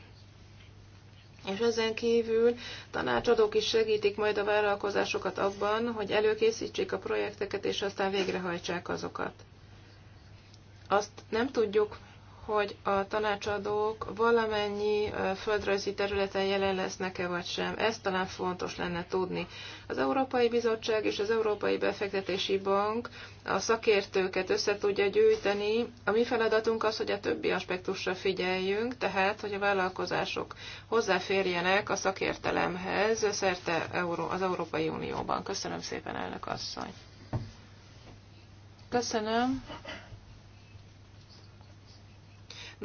És ezen kívül tanácsadók is segítik majd a vállalkozásokat abban, hogy előkészítsék a projekteket, és aztán végrehajtsák azokat. Azt nem tudjuk hogy a tanácsadók valamennyi földrajzi területen jelen lesznek-e vagy sem. Ez talán fontos lenne tudni. Az Európai Bizottság és az Európai Befektetési Bank a szakértőket össze tudja gyűjteni. A mi feladatunk az, hogy a többi aspektusra figyeljünk, tehát, hogy a vállalkozások hozzáférjenek a szakértelemhez szerte az Európai Unióban. Köszönöm szépen, elnök asszony. Köszönöm.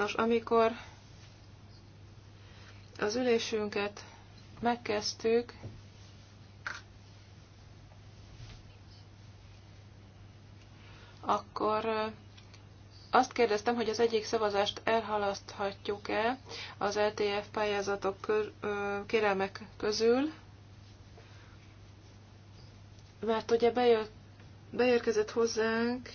Nos, amikor az ülésünket megkezdtük, akkor azt kérdeztem, hogy az egyik szavazást elhalaszthatjuk-e az LTF e pályázatok kérelmek közül, mert ugye bejött, beérkezett hozzánk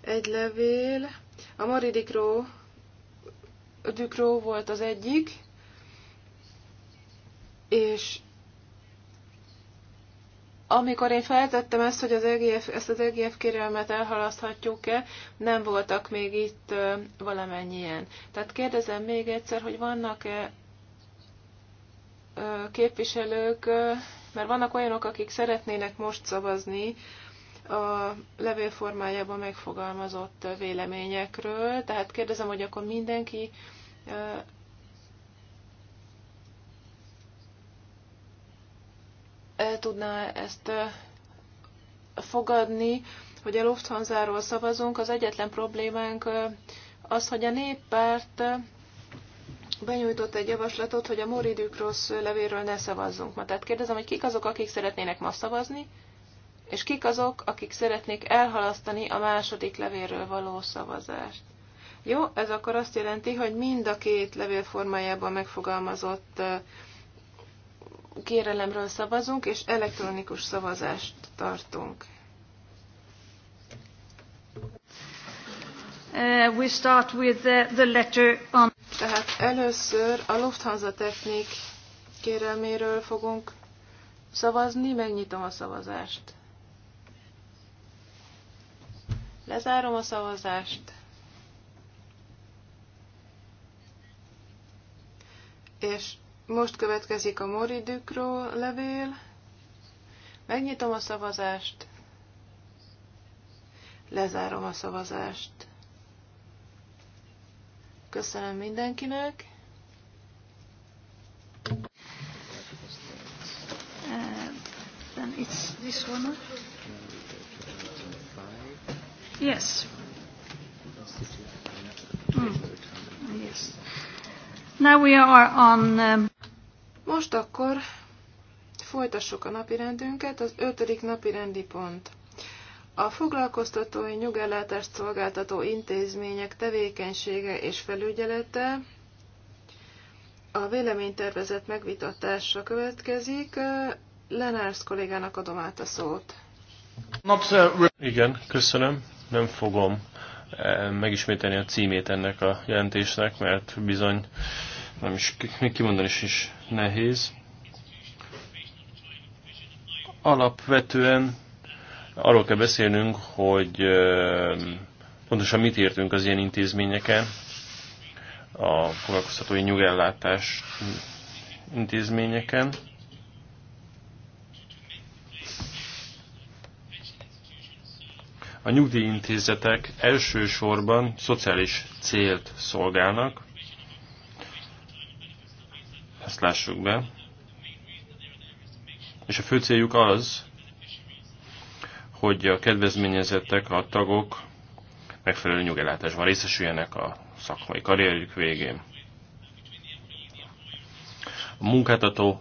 egy levél, a Moridikró Dükró volt az egyik, és amikor én feltettem ezt, hogy az EGF, ezt az EGF kérelmet elhalaszthatjuk-e, nem voltak még itt valamennyien. Tehát kérdezem még egyszer, hogy vannak-e képviselők, mert vannak olyanok, akik szeretnének most szavazni a levél formájában megfogalmazott véleményekről. Tehát kérdezem, hogy akkor mindenki el tudná ezt fogadni, hogy a Lufthansa-ról szavazunk. Az egyetlen problémánk az, hogy a néppárt benyújtott egy javaslatot, hogy a Moridük rossz levéről ne szavazzunk ma. Tehát kérdezem, hogy kik azok, akik szeretnének ma szavazni, és kik azok, akik szeretnék elhalasztani a második levélről való szavazást. Jó, ez akkor azt jelenti, hogy mind a két levél formájában megfogalmazott kérelemről szavazunk, és elektronikus szavazást tartunk. Uh, we start with the, uh, the letter on... Tehát először a Lufthansa Technik kérelméről fogunk szavazni, megnyitom a szavazást. Lezárom a szavazást. És most következik a Mori levél. Megnyitom a szavazást. Lezárom a szavazást. Köszönöm mindenkinek. Uh, then it's this one. Yes. Mm. yes. Now we are on, um... Most akkor folytassuk a napirendünket, az ötödik napirendi pont. A foglalkoztatói nyugellátást szolgáltató intézmények tevékenysége és felügyelete a véleménytervezet megvitatása következik. Lenárs kollégának adom át a szót. Uh, Igen, köszönöm. Nem fogom eh, megismételni a címét ennek a jelentésnek, mert bizony nem is, még kimondani is, is nehéz. Alapvetően arról kell beszélnünk, hogy eh, pontosan mit értünk az ilyen intézményeken, a foglalkoztatói nyugellátás intézményeken. A nyugdíjintézetek elsősorban szociális célt szolgálnak, ezt lássuk be, és a fő céljuk az, hogy a kedvezményezettek, a tagok megfelelő nyugellátásban részesüljenek a szakmai karrierjük végén. A munkáltató,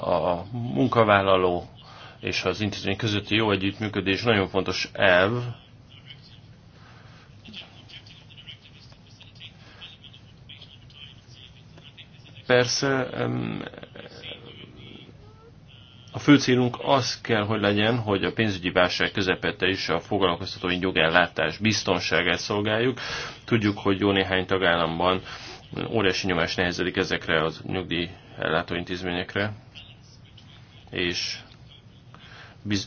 a munkavállaló és az intézmény közötti jó együttműködés nagyon fontos elv. Persze a fő célunk az kell, hogy legyen, hogy a pénzügyi válság közepette is a foglalkoztatói jogellátás biztonságát szolgáljuk. Tudjuk, hogy jó néhány tagállamban óriási nyomás nehezedik ezekre az ellátóintézményekre, és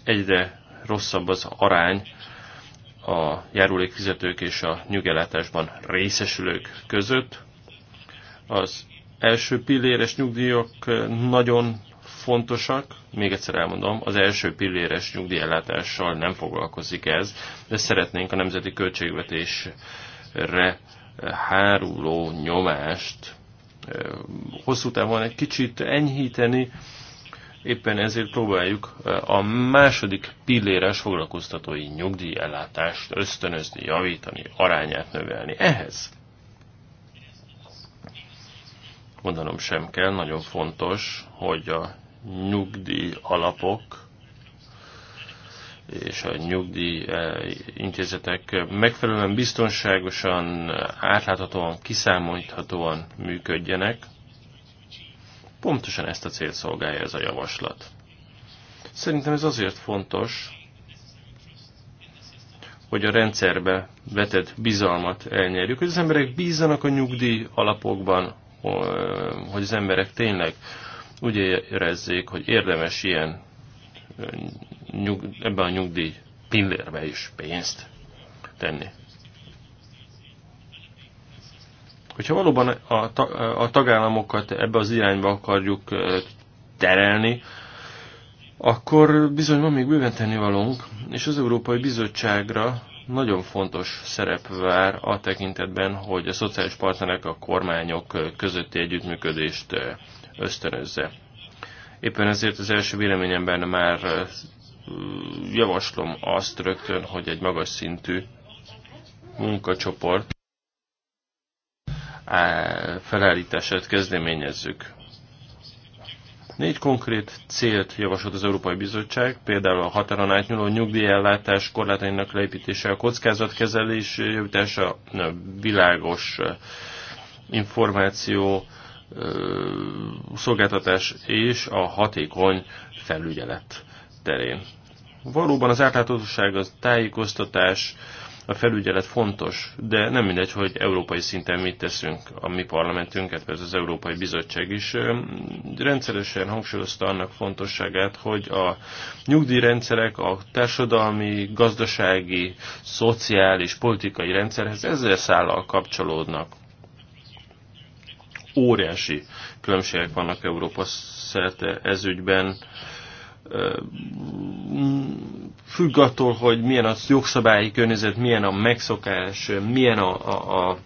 egyre rosszabb az arány a járulékfizetők és a nyugelátásban részesülők között. Az első pilléres nyugdíjak nagyon fontosak, még egyszer elmondom, az első pilléres nyugdíjellátással nem foglalkozik ez, de szeretnénk a nemzeti költségvetésre háruló nyomást hosszú távon egy kicsit enyhíteni, Éppen ezért próbáljuk eh, a második pilléres foglalkoztatói nyugdíj ellátást ösztönözni, javítani, arányát növelni. Ehhez mondanom sem kell, nagyon fontos, hogy a nyugdíj alapok és a nyugdíj eh, intézetek megfelelően biztonságosan, átláthatóan, kiszámolhatóan működjenek, Pontosan ezt a célt szolgálja ez a javaslat. Szerintem ez azért fontos, hogy a rendszerbe vetett bizalmat elnyerjük, hogy az emberek bízzanak a nyugdíj alapokban, hogy az emberek tényleg úgy érezzék, hogy érdemes ilyen ebben a nyugdíj pillérbe is pénzt tenni. Hogyha valóban a, a tagállamokat ebbe az irányba akarjuk terelni, akkor bizony van még bőven tennivalónk, és az Európai Bizottságra nagyon fontos szerep vár a tekintetben, hogy a szociális partnerek a kormányok közötti együttműködést ösztönözze. Éppen ezért az első véleményemben már javaslom azt rögtön, hogy egy magas szintű munkacsoport felállítását kezdeményezzük. Négy konkrét célt javasolt az Európai Bizottság, például a határon átnyúló nyugdíjellátás korlátainak leépítése, a kockázatkezelés javítása, világos információ, szolgáltatás és a hatékony felügyelet terén. Valóban az átláthatóság, az tájékoztatás, a felügyelet fontos, de nem mindegy, hogy európai szinten mit teszünk a mi parlamentünket, persze az Európai Bizottság is. Rendszeresen hangsúlyozta annak fontosságát, hogy a nyugdíjrendszerek a társadalmi, gazdasági, szociális, politikai rendszerhez ezzel szállal kapcsolódnak. Óriási különbségek vannak Európa szerte ezügyben. ügyben függ attól, hogy milyen az jogszabályi környezet, milyen a megszokás, milyen a, a, a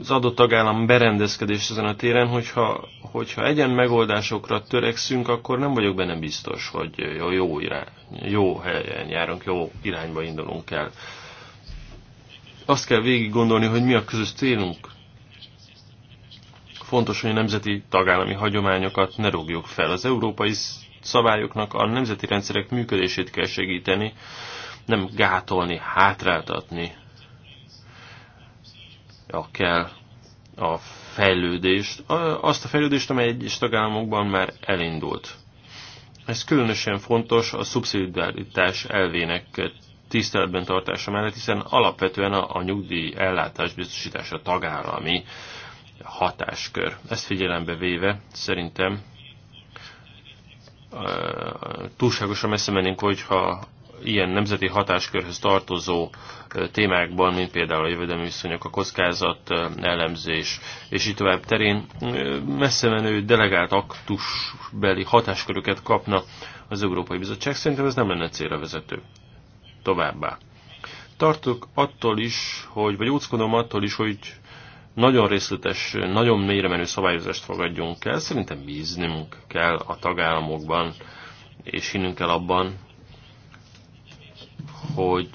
az adott tagállam berendezkedés ezen a téren, hogyha, hogyha egyen megoldásokra törekszünk, akkor nem vagyok benne biztos, hogy jó, jó, irány, jó helyen járunk, jó irányba indulunk el. Azt kell végig gondolni, hogy mi a közös célunk fontos, hogy a nemzeti tagállami hagyományokat ne rúgjuk fel. Az európai szabályoknak a nemzeti rendszerek működését kell segíteni, nem gátolni, hátráltatni a kell a fejlődést, azt a fejlődést, amely egyes tagállamokban már elindult. Ez különösen fontos a szubszidiaritás elvének tiszteletben tartása mellett, hiszen alapvetően a, a nyugdíj ellátás biztosítása tagállami hatáskör. Ezt figyelembe véve szerintem túlságosan messze mennénk, hogyha ilyen nemzeti hatáskörhöz tartozó témákban, mint például a jövedelmi viszonyok, a kockázat elemzés, és így tovább terén messze menő delegált aktusbeli hatásköröket kapna az Európai Bizottság. Szerintem ez nem lenne célra vezető. Továbbá. Tartok attól is, hogy, vagy úckodom attól is, hogy nagyon részletes, nagyon mélyre menő szabályozást fogadjunk el. Szerintem bíznünk kell a tagállamokban, és hinnünk kell abban, hogy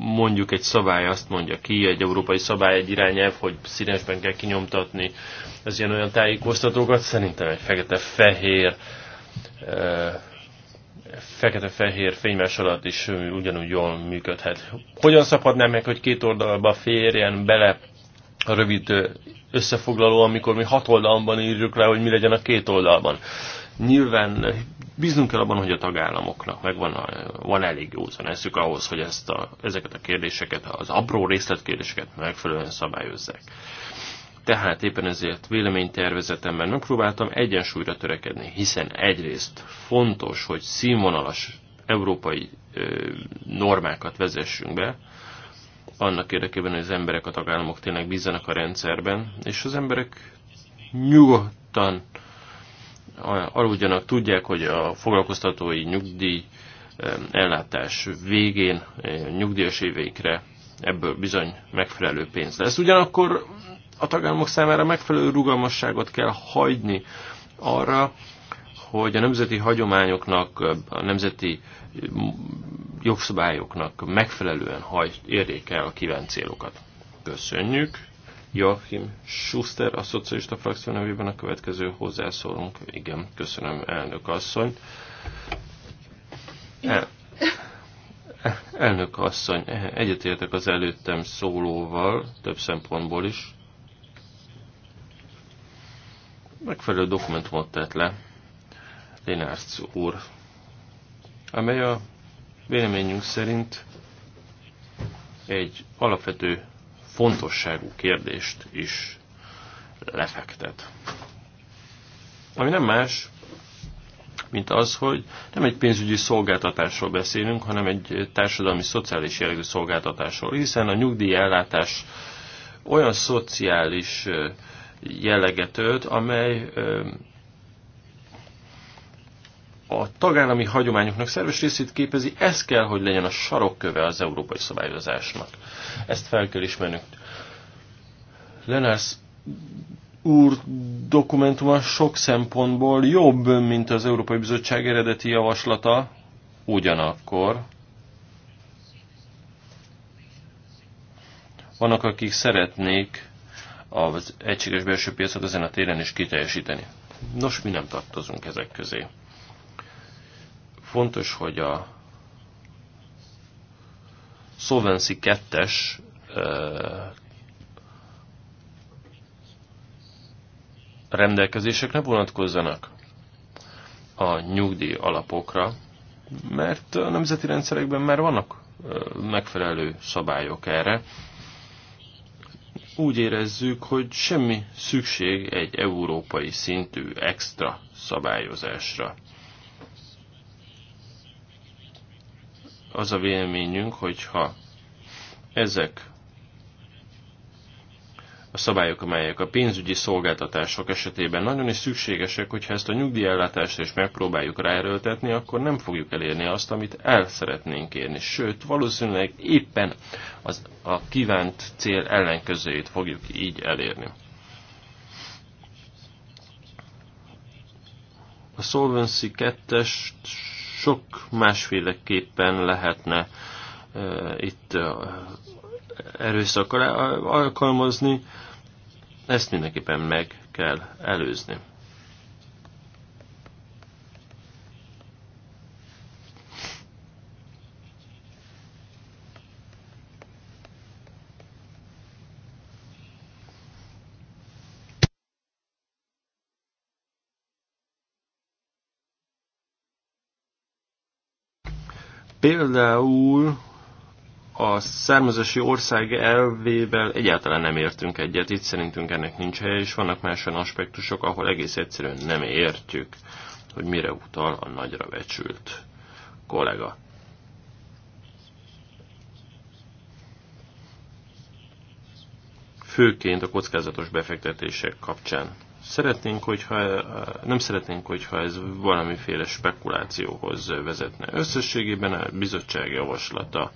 mondjuk egy szabály azt mondja ki, egy európai szabály, egy irányelv, hogy színesben kell kinyomtatni az ilyen olyan tájékoztatókat, szerintem egy fekete-fehér fekete-fehér fényves alatt is ugyanúgy jól működhet. Hogyan szabadnám meg, hogy két oldalba férjen bele a rövid összefoglaló, amikor mi hat oldalban írjuk le, hogy mi legyen a két oldalban. Nyilván bíznunk kell abban, hogy a tagállamoknak megvan a, van elég józan eszük ahhoz, hogy ezt a, ezeket a kérdéseket, az apró részletkérdéseket megfelelően szabályozzák. Tehát éppen ezért véleménytervezetemben megpróbáltam egyensúlyra törekedni, hiszen egyrészt fontos, hogy színvonalas európai ö, normákat vezessünk be, annak érdekében, hogy az emberek, a tagállamok tényleg bízzanak a rendszerben, és az emberek nyugodtan aludjanak, tudják, hogy a foglalkoztatói nyugdíj ellátás végén, nyugdíjas éveikre ebből bizony megfelelő pénz lesz. Ugyanakkor a tagállamok számára megfelelő rugalmasságot kell hagyni arra, hogy a nemzeti hagyományoknak, a nemzeti jogszabályoknak megfelelően hagy, érjék el a kívánt célokat. Köszönjük. Joachim Schuster, a szocialista frakció nevében a következő hozzászólunk. Igen, köszönöm, elnök asszony. El, elnök asszony, egyetértek az előttem szólóval, több szempontból is. megfelelő dokumentumot tett le Lénárc úr, amely a véleményünk szerint egy alapvető fontosságú kérdést is lefektet. Ami nem más, mint az, hogy nem egy pénzügyi szolgáltatásról beszélünk, hanem egy társadalmi-szociális jellegű szolgáltatásról, hiszen a nyugdíj ellátás olyan szociális jelleget ölt, amely a tagállami hagyományoknak szerves részét képezi, ez kell, hogy legyen a sarokköve az európai szabályozásnak. Ezt fel kell ismernünk. Lenász úr dokumentuma sok szempontból jobb, mint az Európai Bizottság eredeti javaslata, ugyanakkor vannak, akik szeretnék az egységes belső piacot ezen a téren is kiteljesíteni. Nos, mi nem tartozunk ezek közé. Fontos, hogy a Solvency 2-es rendelkezések ne vonatkozzanak a nyugdíj alapokra, mert a nemzeti rendszerekben már vannak megfelelő szabályok erre, úgy érezzük, hogy semmi szükség egy európai szintű extra szabályozásra. Az a véleményünk, hogyha ezek a szabályok, amelyek a pénzügyi szolgáltatások esetében nagyon is szükségesek, hogyha ezt a nyugdíjellátást is megpróbáljuk ráerőltetni, akkor nem fogjuk elérni azt, amit el szeretnénk érni. Sőt, valószínűleg éppen az, a kívánt cél ellenkezőjét fogjuk így elérni. A Solvency 2-es sok másféleképpen lehetne uh, itt uh, erőszakkal eh, alkalmazni. Ezt mindenképpen meg kell előzni. Például a származási ország elvével egyáltalán nem értünk egyet. Itt szerintünk ennek nincs helye, és vannak más olyan aspektusok, ahol egész egyszerűen nem értjük, hogy mire utal a nagyra becsült kollega. Főként a kockázatos befektetések kapcsán. Szeretnénk, hogyha, nem szeretnénk, hogyha ez valamiféle spekulációhoz vezetne. Összességében a bizottság javaslata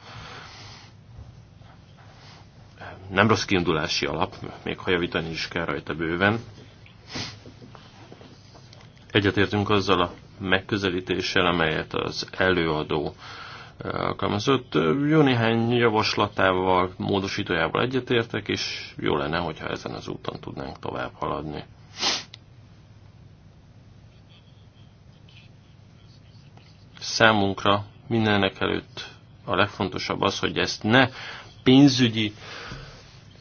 nem rossz kiindulási alap, még ha javítani is kell rajta bőven. Egyetértünk azzal a megközelítéssel, amelyet az előadó eh, alkalmazott. Jó néhány javaslatával, módosítójával egyetértek, és jó lenne, hogyha ezen az úton tudnánk tovább haladni. Számunkra mindenek előtt a legfontosabb az, hogy ezt ne pénzügyi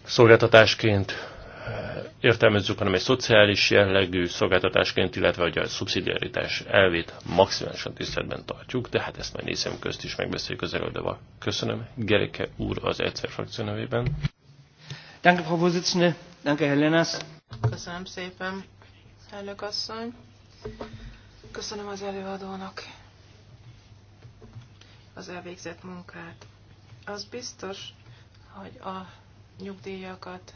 szolgáltatásként eh, értelmezzük, hanem egy szociális jellegű szolgáltatásként, illetve hogy a szubszidiaritás elvét maximálisan tiszteletben tartjuk, de hát ezt majd nézem közt is megbeszéljük az előadóval. Köszönöm. Gerike úr az egyszer frakció nevében. Danke, Frau Vorsitzende. Danke, Köszönöm szépen, elnök asszony. Köszönöm az előadónak az elvégzett munkát. Az biztos, hogy a nyugdíjakat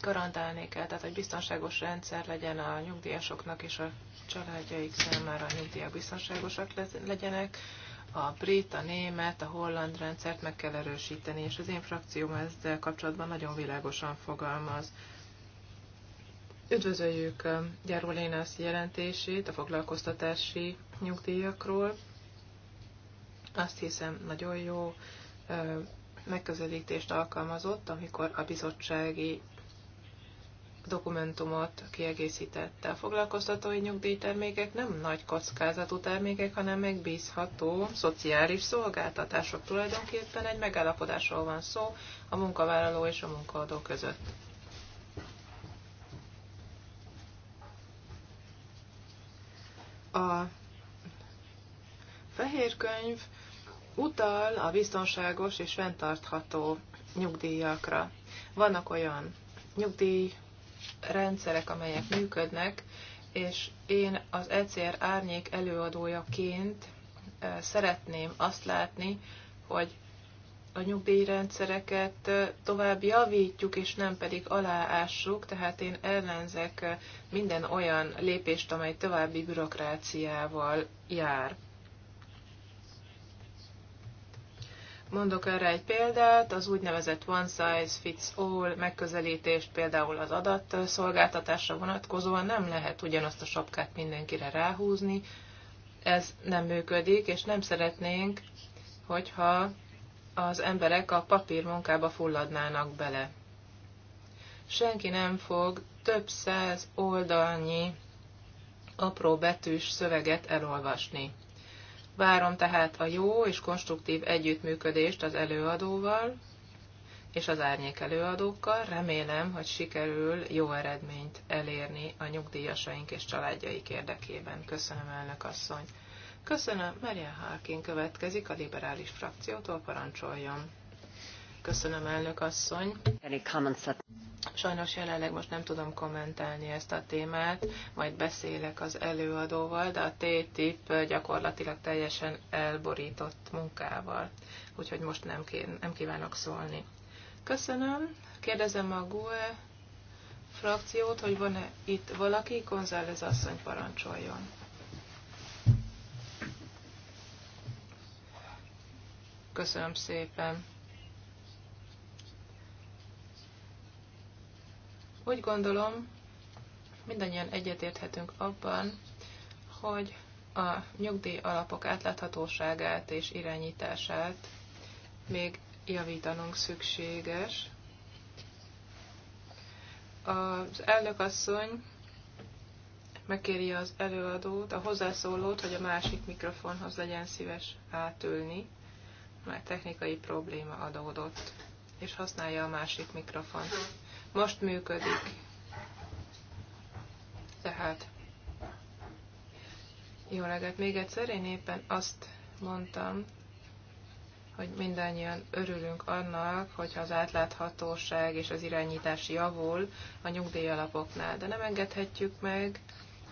garantálni kell, tehát egy biztonságos rendszer legyen a nyugdíjasoknak és a családjaik számára a nyugdíjak biztonságosak legyenek. A brit, a német, a holland rendszert meg kell erősíteni, és az én frakcióm ezzel kapcsolatban nagyon világosan fogalmaz. Üdvözöljük um, Gyáró Lénász jelentését a foglalkoztatási nyugdíjakról. Azt hiszem, nagyon jó um, megközelítést alkalmazott, amikor a bizottsági dokumentumot kiegészítette. A foglalkoztatói nyugdíjtermékek nem nagy kockázatú termékek, hanem megbízható szociális szolgáltatások. Tulajdonképpen egy megállapodásról van szó a munkavállaló és a munkaadó között. A fehér könyv utal a biztonságos és fenntartható nyugdíjakra. Vannak olyan nyugdíjrendszerek, amelyek működnek, és én az ECR árnyék előadójaként szeretném azt látni, hogy a nyugdíjrendszereket tovább javítjuk, és nem pedig aláássuk, tehát én ellenzek minden olyan lépést, amely további bürokráciával jár. Mondok erre egy példát, az úgynevezett one size fits all megközelítést például az adatszolgáltatásra vonatkozóan nem lehet ugyanazt a sapkát mindenkire ráhúzni, ez nem működik, és nem szeretnénk, hogyha az emberek a papírmunkába fulladnának bele. Senki nem fog több száz oldalnyi apró betűs szöveget elolvasni. Várom tehát a jó és konstruktív együttműködést az előadóval és az árnyék előadókkal. Remélem, hogy sikerül jó eredményt elérni a nyugdíjasaink és családjaik érdekében. Köszönöm, elnök asszony. Köszönöm, Marian Harkin következik a liberális frakciótól, parancsoljon. Köszönöm, elnök asszony. Sajnos jelenleg most nem tudom kommentálni ezt a témát, majd beszélek az előadóval, de a TTIP gyakorlatilag teljesen elborított munkával, úgyhogy most nem, kér, nem kívánok szólni. Köszönöm. Kérdezem a GUE frakciót, hogy van-e itt valaki, González asszony parancsoljon. Köszönöm szépen. Úgy gondolom, mindannyian egyetérthetünk abban, hogy a nyugdíj alapok átláthatóságát és irányítását még javítanunk szükséges. Az elnökasszony megkéri az előadót, a hozzászólót, hogy a másik mikrofonhoz legyen szíves átülni, mert technikai probléma adódott, és használja a másik mikrofont most működik. Tehát, jó reggelt még egyszer, én éppen azt mondtam, hogy mindannyian örülünk annak, hogyha az átláthatóság és az irányítás javul a nyugdíjalapoknál, de nem engedhetjük meg,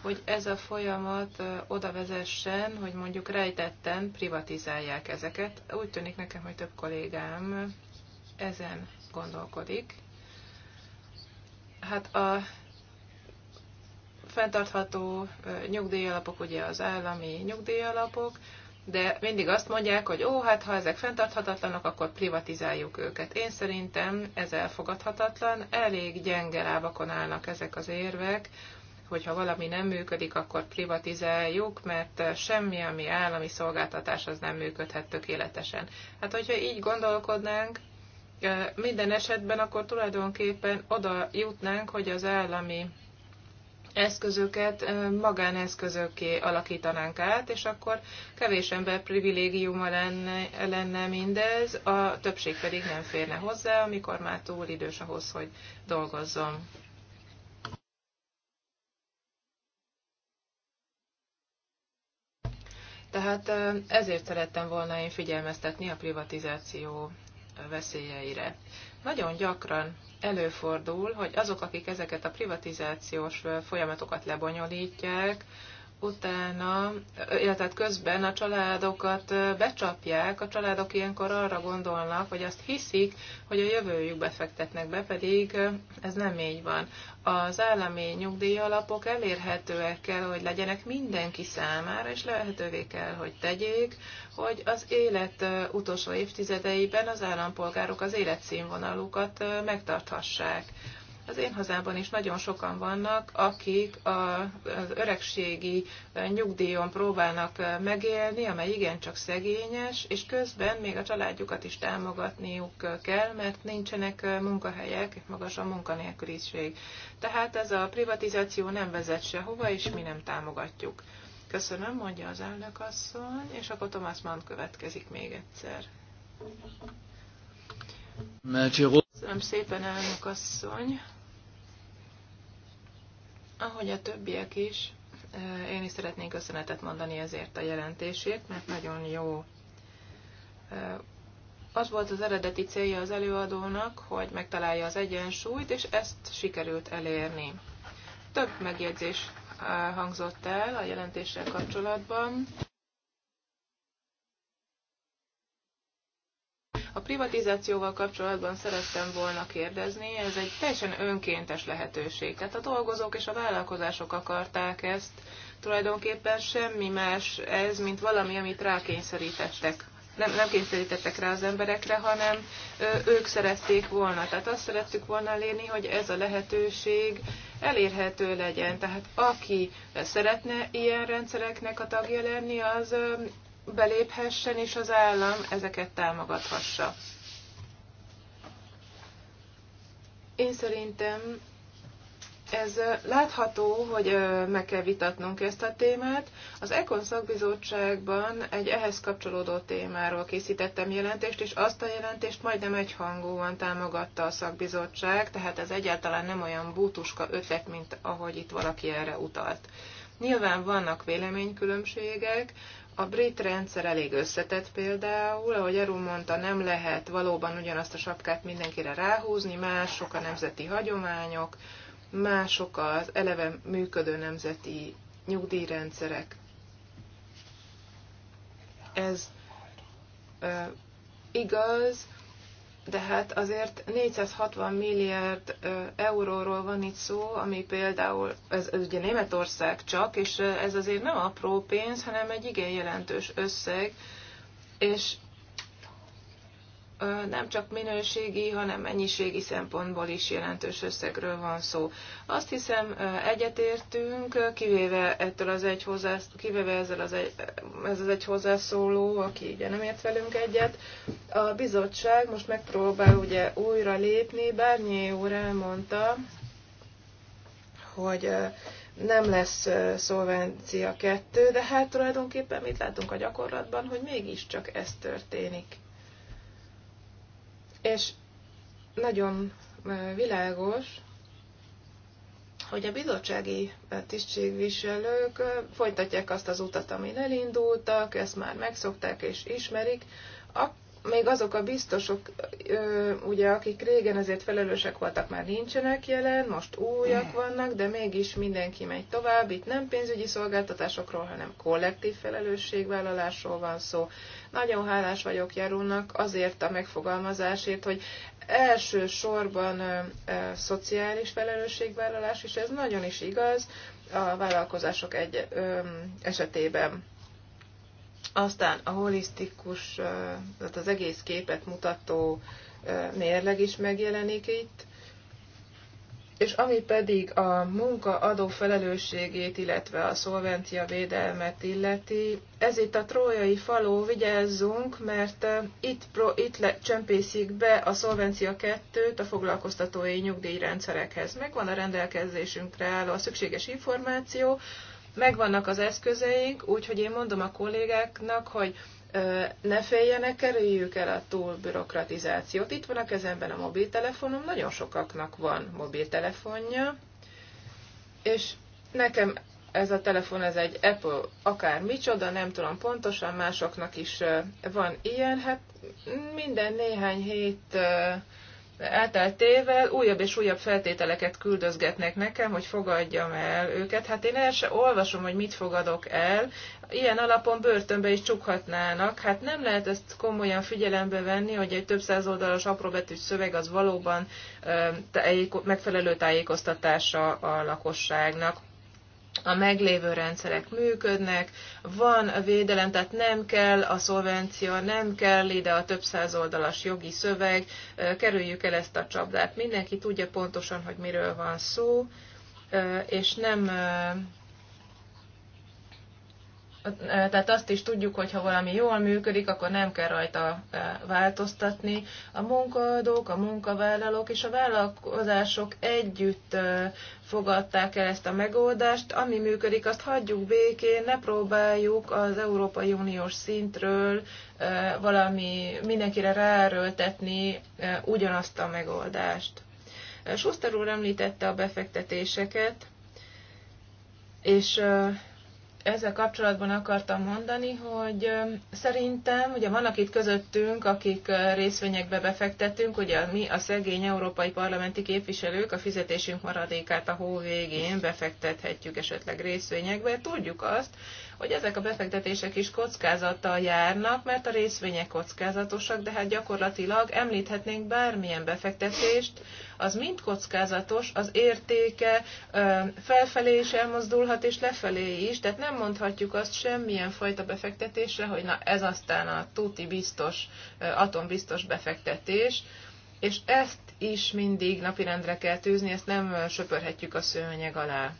hogy ez a folyamat oda vezessen, hogy mondjuk rejtetten privatizálják ezeket. Úgy tűnik nekem, hogy több kollégám ezen gondolkodik. Hát a fenntartható nyugdíjalapok ugye az állami nyugdíjalapok, de mindig azt mondják, hogy ó, hát ha ezek fenntarthatatlanok, akkor privatizáljuk őket. Én szerintem ez elfogadhatatlan, elég gyenge lábakon állnak ezek az érvek, hogyha valami nem működik, akkor privatizáljuk, mert semmi, ami állami szolgáltatás, az nem működhet tökéletesen. Hát, hogyha így gondolkodnánk, minden esetben akkor tulajdonképpen oda jutnánk, hogy az állami eszközöket magáneszközökké alakítanánk át, és akkor kevés ember privilégiuma lenne, lenne mindez, a többség pedig nem férne hozzá, amikor már túl idős ahhoz, hogy dolgozzon. Tehát ezért szerettem volna én figyelmeztetni a privatizáció veszélyeire. Nagyon gyakran előfordul, hogy azok, akik ezeket a privatizációs folyamatokat lebonyolítják, utána, illetve hát közben a családokat becsapják, a családok ilyenkor arra gondolnak, vagy azt hiszik, hogy a jövőjükbe fektetnek be, pedig ez nem így van. Az állami nyugdíjalapok elérhetőek kell, hogy legyenek mindenki számára, és lehetővé kell, hogy tegyék, hogy az élet utolsó évtizedeiben az állampolgárok az életszínvonalukat megtarthassák az én hazában is nagyon sokan vannak, akik az öregségi nyugdíjon próbálnak megélni, amely igencsak szegényes, és közben még a családjukat is támogatniuk kell, mert nincsenek munkahelyek, magas a munkanélküliség. Tehát ez a privatizáció nem vezet sehova, és mi nem támogatjuk. Köszönöm, mondja az asszony, és akkor Thomas Mann következik még egyszer. Köszönöm szépen, elnök asszony. Ahogy a többiek is, eh, én is szeretnék köszönetet mondani ezért a jelentésért, mert nagyon jó. Eh, az volt az eredeti célja az előadónak, hogy megtalálja az egyensúlyt, és ezt sikerült elérni. Több megjegyzés eh, hangzott el a jelentéssel kapcsolatban. A privatizációval kapcsolatban szerettem volna kérdezni, ez egy teljesen önkéntes lehetőség. Tehát a dolgozók és a vállalkozások akarták ezt, tulajdonképpen semmi más ez, mint valami, amit rákényszerítettek nem, nem kényszerítettek rá az emberekre, hanem ö, ők szerették volna. Tehát azt szerettük volna elérni, hogy ez a lehetőség elérhető legyen. Tehát aki szeretne ilyen rendszereknek a tagja lenni, az ö, beléphessen, és az állam ezeket támogathassa. Én szerintem ez látható, hogy meg kell vitatnunk ezt a témát. Az Ekon szakbizottságban egy ehhez kapcsolódó témáról készítettem jelentést, és azt a jelentést majdnem egyhangúan támogatta a szakbizottság, tehát ez egyáltalán nem olyan bútuska ötlet, mint ahogy itt valaki erre utalt. Nyilván vannak véleménykülönbségek, a brit rendszer elég összetett például, ahogy Eru mondta, nem lehet valóban ugyanazt a sapkát mindenkire ráhúzni, mások a nemzeti hagyományok, mások az eleve működő nemzeti nyugdíjrendszerek. Ez ö, igaz, de hát azért 460 milliárd euróról van itt szó, ami például, ez, ez ugye Németország csak, és ez azért nem apró pénz, hanem egy igen jelentős összeg, és nem csak minőségi, hanem mennyiségi szempontból is jelentős összegről van szó. Azt hiszem egyetértünk, kivéve, ettől az egy hozzász, kivéve ezzel az egy, ez az egy hozzászóló, aki ugye nem ért velünk egyet. A bizottság most megpróbál ugye újra lépni, Bárnyi úr elmondta, hogy nem lesz szolvencia kettő, de hát tulajdonképpen mit látunk a gyakorlatban, hogy mégiscsak ez történik. És nagyon világos, hogy a bizottsági tisztségviselők folytatják azt az utat, amin elindultak, ezt már megszokták és ismerik, még azok a biztosok, ugye, akik régen azért felelősek voltak, már nincsenek jelen, most újak vannak, de mégis mindenki megy tovább. Itt nem pénzügyi szolgáltatásokról, hanem kollektív felelősségvállalásról van szó. Nagyon hálás vagyok Jarunnak azért a megfogalmazásért, hogy elsősorban ö, ö, szociális felelősségvállalás, és ez nagyon is igaz a vállalkozások egy, ö, esetében aztán a holisztikus, tehát az egész képet mutató mérleg is megjelenik itt, és ami pedig a munkaadó felelősségét, illetve a szolvencia védelmet illeti, ez itt a trójai faló, vigyázzunk, mert itt, pro, itt le, csempészik be a szolvencia kettőt a foglalkoztatói nyugdíjrendszerekhez. Megvan a rendelkezésünkre álló a szükséges információ, Megvannak az eszközeink, úgyhogy én mondom a kollégáknak, hogy ne féljenek, kerüljük el a bürokratizációt. Itt van a kezemben a mobiltelefonom, nagyon sokaknak van mobiltelefonja, és nekem ez a telefon, ez egy Apple akár micsoda, nem tudom pontosan, másoknak is van ilyen, hát minden néhány hét elteltével újabb és újabb feltételeket küldözgetnek nekem, hogy fogadjam el őket. Hát én el se olvasom, hogy mit fogadok el. Ilyen alapon börtönbe is csukhatnának. Hát nem lehet ezt komolyan figyelembe venni, hogy egy több száz oldalas apróbetűs szöveg az valóban megfelelő tájékoztatása a lakosságnak a meglévő rendszerek működnek, van a védelem, tehát nem kell a szolvencia, nem kell ide a több száz oldalas jogi szöveg, kerüljük el ezt a csapdát. Mindenki tudja pontosan, hogy miről van szó, és nem tehát azt is tudjuk, hogy ha valami jól működik, akkor nem kell rajta e, változtatni. A munkadók, a munkavállalók és a vállalkozások együtt e, fogadták el ezt a megoldást. Ami működik, azt hagyjuk békén, ne próbáljuk az Európai Uniós szintről e, valami mindenkire ráerőltetni ugyanazt a megoldást. Schuster úr említette a befektetéseket, és ezzel kapcsolatban akartam mondani, hogy szerintem ugye vannak itt közöttünk, akik részvényekbe befektetünk, ugye mi a szegény európai parlamenti képviselők a fizetésünk maradékát a hó végén befektethetjük esetleg részvényekbe. Tudjuk azt, hogy ezek a befektetések is kockázattal járnak, mert a részvények kockázatosak, de hát gyakorlatilag említhetnénk bármilyen befektetést, az mind kockázatos, az értéke felfelé is elmozdulhat, és lefelé is, tehát nem mondhatjuk azt semmilyen fajta befektetésre, hogy na ez aztán a tuti biztos, atombiztos befektetés, és ezt is mindig napirendre kell tűzni, ezt nem söpörhetjük a szőnyeg alá.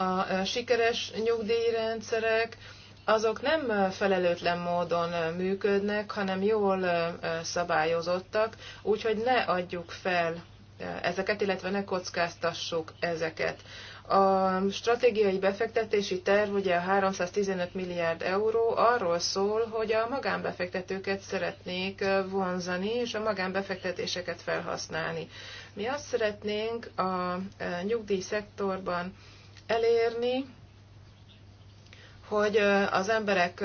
A sikeres nyugdíjrendszerek azok nem felelőtlen módon működnek, hanem jól szabályozottak, úgyhogy ne adjuk fel ezeket, illetve ne kockáztassuk ezeket. A stratégiai befektetési terv, ugye a 315 milliárd euró arról szól, hogy a magánbefektetőket szeretnék vonzani, és a magánbefektetéseket felhasználni. Mi azt szeretnénk a nyugdíjszektorban elérni, hogy az emberek,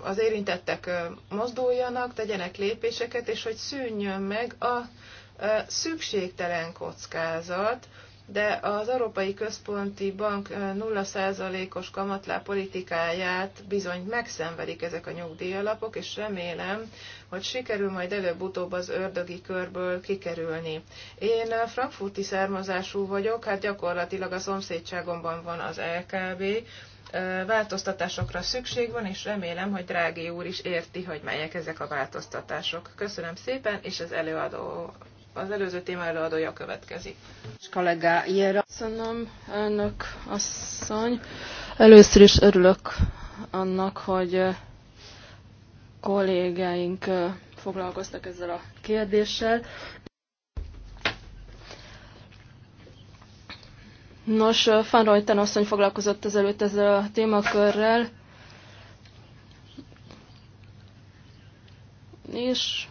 az érintettek mozduljanak, tegyenek lépéseket, és hogy szűnjön meg a szükségtelen kockázat, de az Európai Központi Bank 0%-os kamatlá politikáját bizony megszenvedik ezek a nyugdíjalapok, és remélem, hogy sikerül majd előbb-utóbb az ördögi körből kikerülni. Én frankfurti származású vagyok, hát gyakorlatilag a szomszédságomban van az LKB, változtatásokra szükség van, és remélem, hogy Drági úr is érti, hogy melyek ezek a változtatások. Köszönöm szépen, és az előadó az előző téma előadója következik. Kollégájára köszönöm, önök asszony. Először is örülök annak, hogy kollégáink foglalkoztak ezzel a kérdéssel. Nos, Van Reuten asszony foglalkozott ezelőtt ezzel a témakörrel, és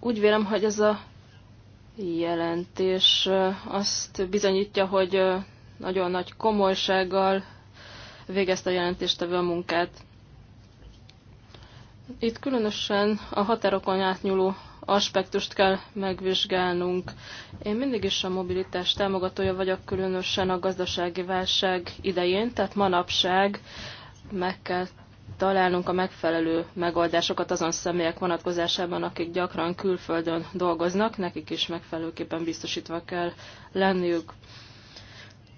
úgy vélem, hogy ez a jelentés azt bizonyítja, hogy nagyon nagy komolysággal végezte a jelentéstevő a munkát. Itt különösen a határokon átnyúló aspektust kell megvizsgálnunk. Én mindig is a mobilitás támogatója vagyok, különösen a gazdasági válság idején, tehát manapság meg kell találnunk a megfelelő megoldásokat azon személyek vonatkozásában, akik gyakran külföldön dolgoznak, nekik is megfelelőképpen biztosítva kell lenniük.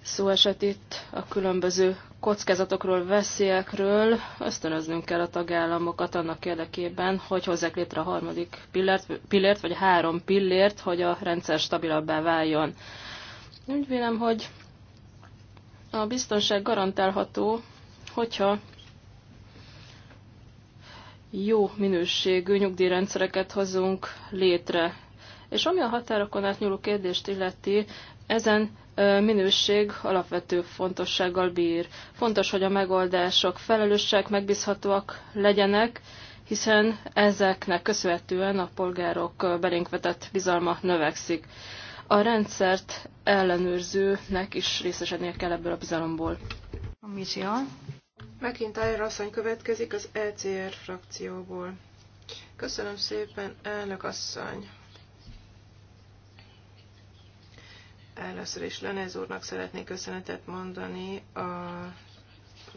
Szó esett itt a különböző kockázatokról, veszélyekről. Ösztönöznünk kell a tagállamokat annak érdekében, hogy hozzák létre a harmadik pillért, pillért vagy három pillért, hogy a rendszer stabilabbá váljon. Úgy vélem, hogy a biztonság garantálható, hogyha jó minőségű nyugdíjrendszereket hozunk létre. És ami a határokon átnyúló kérdést illeti, ezen minőség alapvető fontossággal bír. Fontos, hogy a megoldások felelősek, megbízhatóak legyenek, hiszen ezeknek köszönhetően a polgárok belénk vetett bizalma növekszik. A rendszert ellenőrzőnek is részesednie kell ebből a bizalomból. A Misia. McIntyre asszony következik az ECR frakcióból. Köszönöm szépen, elnök asszony. Először is Lenez úrnak szeretnék köszönetet mondani a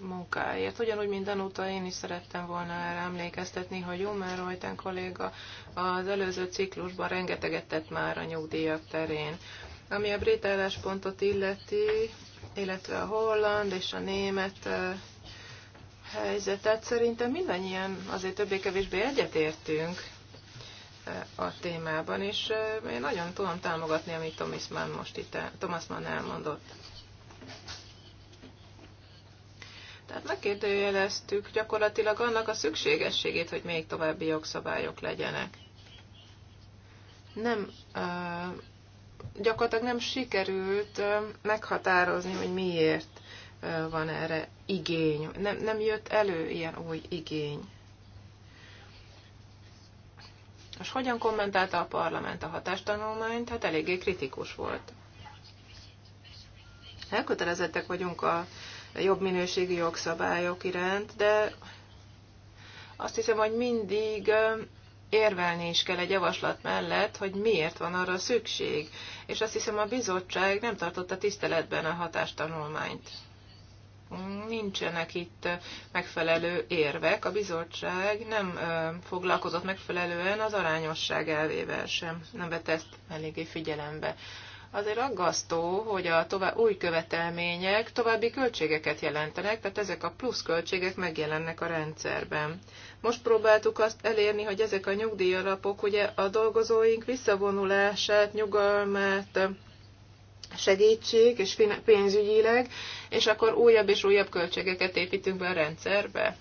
munkáért. Ugyanúgy mindenóta én is szerettem volna erre emlékeztetni, hogy Jómer Rajten kolléga az előző ciklusban rengeteget tett már a nyugdíjak terén. Ami a brit álláspontot illeti, illetve a holland és a német helyzetet, szerintem mindannyian azért többé-kevésbé egyetértünk a témában, és én nagyon tudom támogatni, amit Thomas Mann most itt, Thomas Mann elmondott. Tehát megkérdőjeleztük gyakorlatilag annak a szükségességét, hogy még további jogszabályok legyenek. Nem, gyakorlatilag nem sikerült meghatározni, hogy miért van erre igény. Nem, nem jött elő ilyen új igény. Most hogyan kommentálta a parlament a hatástanulmányt? Hát eléggé kritikus volt. Elkötelezettek vagyunk a jobb minőségi jogszabályok iránt, de azt hiszem, hogy mindig érvelni is kell egy javaslat mellett, hogy miért van arra szükség. És azt hiszem, a bizottság nem tartotta tiszteletben a hatástanulmányt nincsenek itt megfelelő érvek. A bizottság nem foglalkozott megfelelően az arányosság elvével sem, nem vett ezt eléggé figyelembe. Azért aggasztó, hogy a tovább, új követelmények további költségeket jelentenek, tehát ezek a plusz költségek megjelennek a rendszerben. Most próbáltuk azt elérni, hogy ezek a nyugdíjalapok ugye a dolgozóink visszavonulását, nyugalmát, segítség, és pénzügyileg, és akkor újabb és újabb költségeket építünk be a rendszerbe.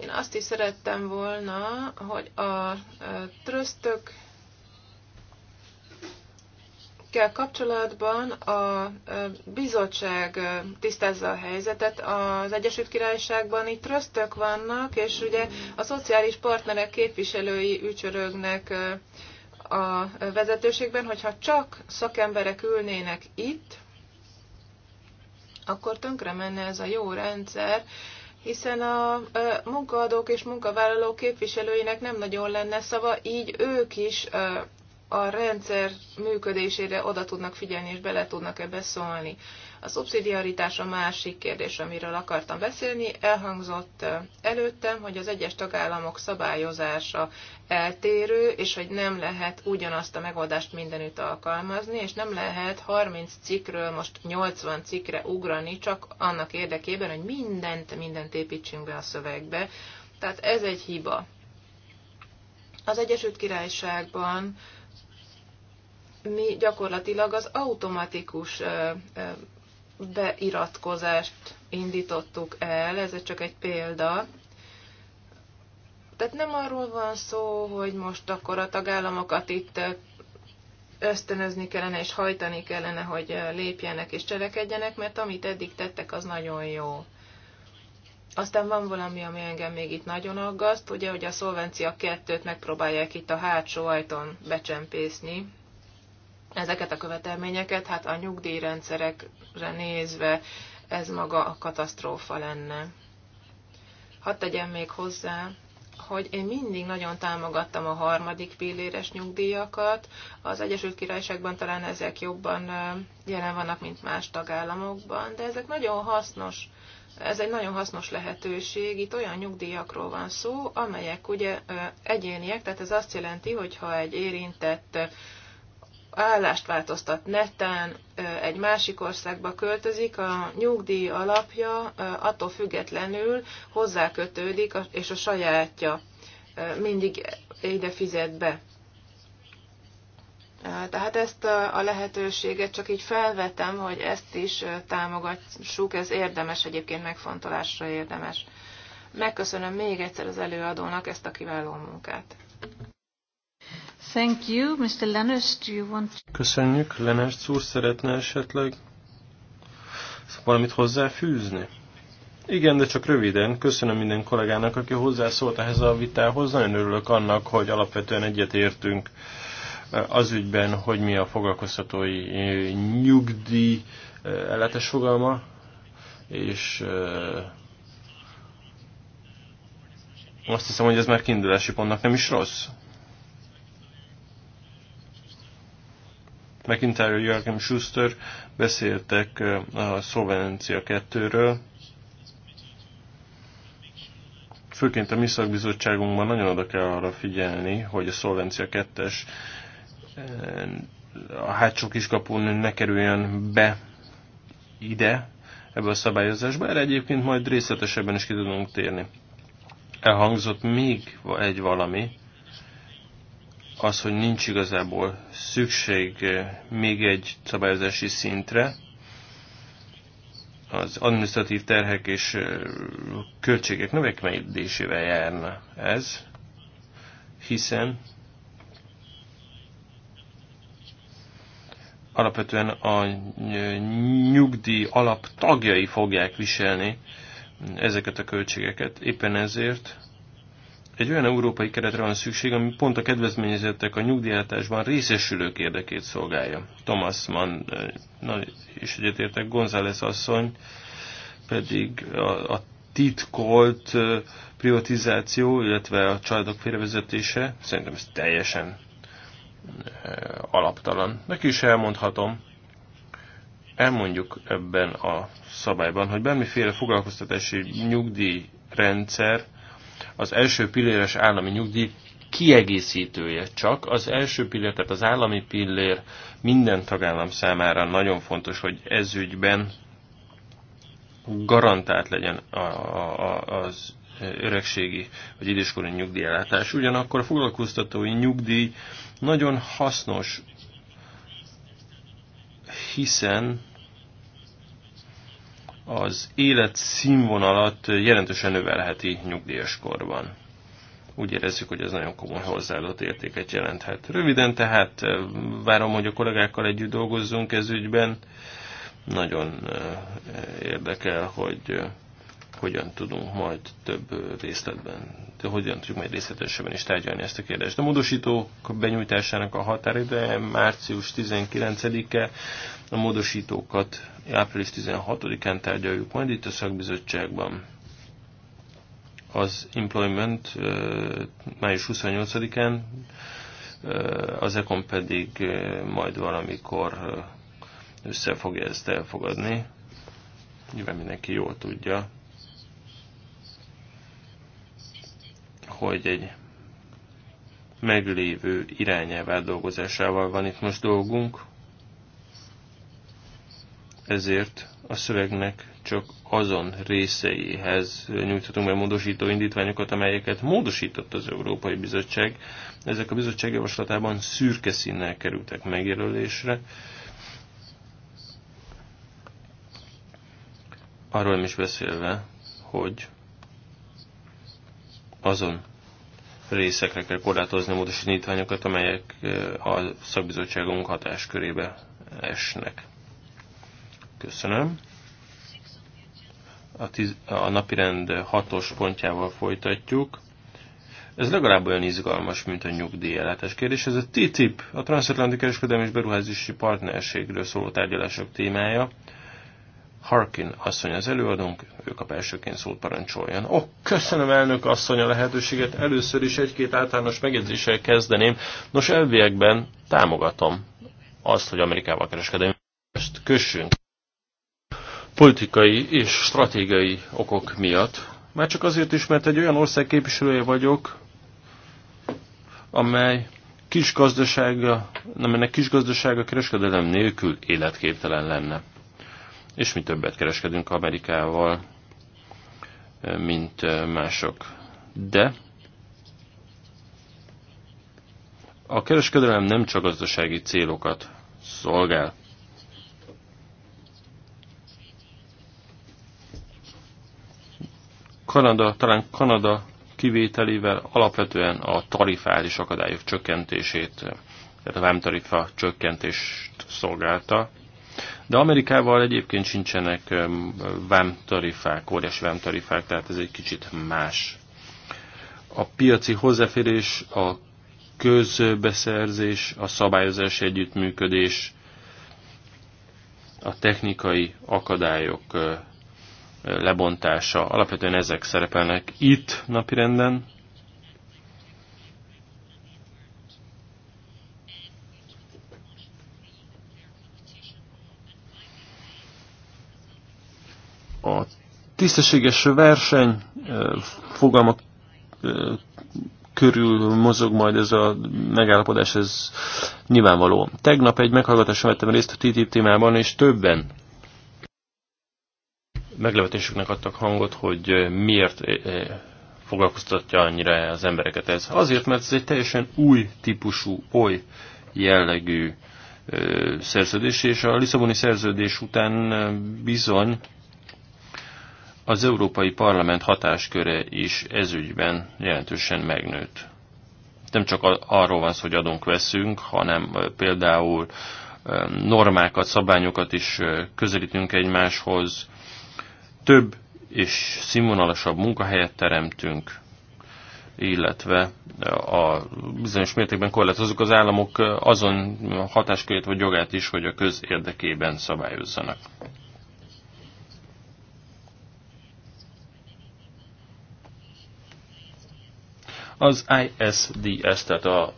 Én azt is szerettem volna, hogy a trösztök kell kapcsolatban a bizottság tisztázza a helyzetet. Az Egyesült Királyságban itt trösztök vannak, és ugye a szociális partnerek képviselői ücsörögnek a vezetőségben, hogyha csak szakemberek ülnének itt, akkor tönkre menne ez a jó rendszer, hiszen a munkaadók és munkavállalók képviselőinek nem nagyon lenne szava, így ők is a rendszer működésére oda tudnak figyelni és bele tudnak-e beszólni. A szubszidiaritás a másik kérdés, amiről akartam beszélni. Elhangzott előttem, hogy az egyes tagállamok szabályozása eltérő, és hogy nem lehet ugyanazt a megoldást mindenütt alkalmazni, és nem lehet 30 cikkről most 80 cikkre ugrani, csak annak érdekében, hogy mindent, mindent építsünk be a szövegbe. Tehát ez egy hiba. Az Egyesült Királyságban mi gyakorlatilag az automatikus beiratkozást indítottuk el, ez csak egy példa. Tehát nem arról van szó, hogy most akkor a tagállamokat itt ösztönözni kellene és hajtani kellene, hogy lépjenek és cselekedjenek, mert amit eddig tettek, az nagyon jó. Aztán van valami, ami engem még itt nagyon aggaszt, ugye, hogy a szolvencia kettőt megpróbálják itt a hátsó ajtón becsempészni, ezeket a követelményeket, hát a nyugdíjrendszerekre nézve ez maga a katasztrófa lenne. Hadd tegyem még hozzá, hogy én mindig nagyon támogattam a harmadik pilléres nyugdíjakat. Az Egyesült Királyságban talán ezek jobban jelen vannak, mint más tagállamokban, de ezek nagyon hasznos ez egy nagyon hasznos lehetőség. Itt olyan nyugdíjakról van szó, amelyek ugye egyéniek, tehát ez azt jelenti, hogy ha egy érintett állást változtat netán, egy másik országba költözik, a nyugdíj alapja attól függetlenül hozzákötődik, és a sajátja mindig ide fizet be. Tehát ezt a lehetőséget csak így felvetem, hogy ezt is támogassuk, ez érdemes egyébként, megfontolásra érdemes. Megköszönöm még egyszer az előadónak ezt a kiváló munkát. Thank you. Mr. Lenners, do you want to... Köszönjük. Lenners úr szeretne esetleg valamit hozzáfűzni? Igen, de csak röviden. Köszönöm minden kollégának, aki hozzászólt ehhez a vitához. Nagyon örülök annak, hogy alapvetően egyetértünk eh, az ügyben, hogy mi a foglalkoztatói eh, nyugdíj eh, ellátás fogalma, és azt hiszem, hogy ez már kiindulási pontnak nem is rossz. McIntyre, Jörgen Schuster beszéltek a Szovenencia 2-ről. Főként a mi szakbizottságunkban nagyon oda kell arra figyelni, hogy a Szolvencia 2-es a hátsó kiskapun ne kerüljön be ide, ebbe a szabályozásba. Erre egyébként majd részletesebben is ki tudunk térni. Elhangzott még egy valami, az, hogy nincs igazából szükség eh, még egy szabályozási szintre, az administratív terhek és eh, költségek növekedésével járna ez, hiszen alapvetően a eh, nyugdíj alap tagjai fogják viselni ezeket a költségeket. Éppen ezért egy olyan európai keretre van szükség, ami pont a kedvezményezettek a nyugdíjátásban részesülők érdekét szolgálja. Thomas Mann, na, és egyetértek, González asszony pedig a, a titkolt privatizáció, illetve a családok félrevezetése, szerintem ez teljesen alaptalan. Neki is elmondhatom, elmondjuk ebben a szabályban, hogy bármiféle foglalkoztatási nyugdíjrendszer az első pilléres állami nyugdíj kiegészítője csak. Az első pillér, tehát az állami pillér minden tagállam számára nagyon fontos, hogy ez ügyben garantált legyen a, a, az öregségi vagy időskori nyugdíjellátás. Ugyanakkor a foglalkoztatói nyugdíj nagyon hasznos, hiszen az élet színvonalat jelentősen növelheti nyugdíjas korban. Úgy érezzük, hogy ez nagyon komoly hozzáadott értéket jelenthet. Röviden tehát eh, várom, hogy a kollégákkal együtt dolgozzunk ez ügyben. Nagyon eh, érdekel, hogy eh, hogyan tudunk majd több részletben, De hogyan tudjuk majd részletesebben is tárgyalni ezt a kérdést. A módosítók benyújtásának a határideje március 19-e, a módosítókat április 16-án tárgyaljuk majd itt a szakbizottságban. Az employment május 28-án, az ECOM pedig majd valamikor össze fogja ezt elfogadni. Nyilván mindenki jól tudja, hogy egy meglévő irányelv átdolgozásával van itt most dolgunk, ezért a szövegnek csak azon részeihez nyújthatunk be módosító indítványokat, amelyeket módosított az Európai Bizottság. Ezek a bizottság javaslatában szürke színnel kerültek megjelölésre. Arról nem is beszélve, hogy azon részekre kell korlátozni a módosítványokat, amelyek eh, a szakbizottságunk hatáskörébe esnek. Köszönöm. A, tiz, a napirend hatos pontjával folytatjuk. Ez legalább olyan izgalmas, mint a nyugdíjjelátás kérdés. Ez a TTIP, a Transatlanti Kereskedelmi és Beruházási Partnerségről szóló tárgyalások témája. Harkin asszony az előadónk, ő kap elsőként szót parancsoljon. Ó, oh, köszönöm elnök asszony a lehetőséget. Először is egy-két általános megjegyzéssel kezdeném. Nos, elviekben támogatom azt, hogy Amerikával kereskedem. Ezt kössünk. Politikai és stratégiai okok miatt. Már csak azért is, mert egy olyan ország képviselője vagyok, amely kis gazdasága, nem ennek kis gazdasága kereskedelem nélkül életképtelen lenne és mi többet kereskedünk Amerikával, mint mások. De a kereskedelem nem csak gazdasági célokat szolgál. Kanada, talán Kanada kivételével alapvetően a tarifális akadályok csökkentését, tehát a vámtarifa csökkentést szolgálta. De Amerikával egyébként sincsenek vámtarifák, óriási vámtarifák, tehát ez egy kicsit más. A piaci hozzáférés, a közbeszerzés, a szabályozás együttműködés, a technikai akadályok lebontása, alapvetően ezek szerepelnek itt napirenden, a tisztességes verseny fogalma körül mozog majd ez a megállapodás, ez nyilvánvaló. Tegnap egy meghallgatáson vettem részt a TTIP témában, és többen meglevetésüknek adtak hangot, hogy miért foglalkoztatja annyira az embereket ez. Azért, mert ez egy teljesen új típusú, oly jellegű szerződés, és a Lisszaboni szerződés után bizony az Európai Parlament hatásköre is ezügyben jelentősen megnőtt. Nem csak arról van szó, hogy adunk-veszünk, hanem például normákat, szabályokat is közelítünk egymáshoz, több és színvonalasabb munkahelyet teremtünk, illetve a bizonyos mértékben korlátozunk az államok azon hatáskörét vagy jogát is, hogy a közérdekében szabályozzanak. Az ISDS, tehát a,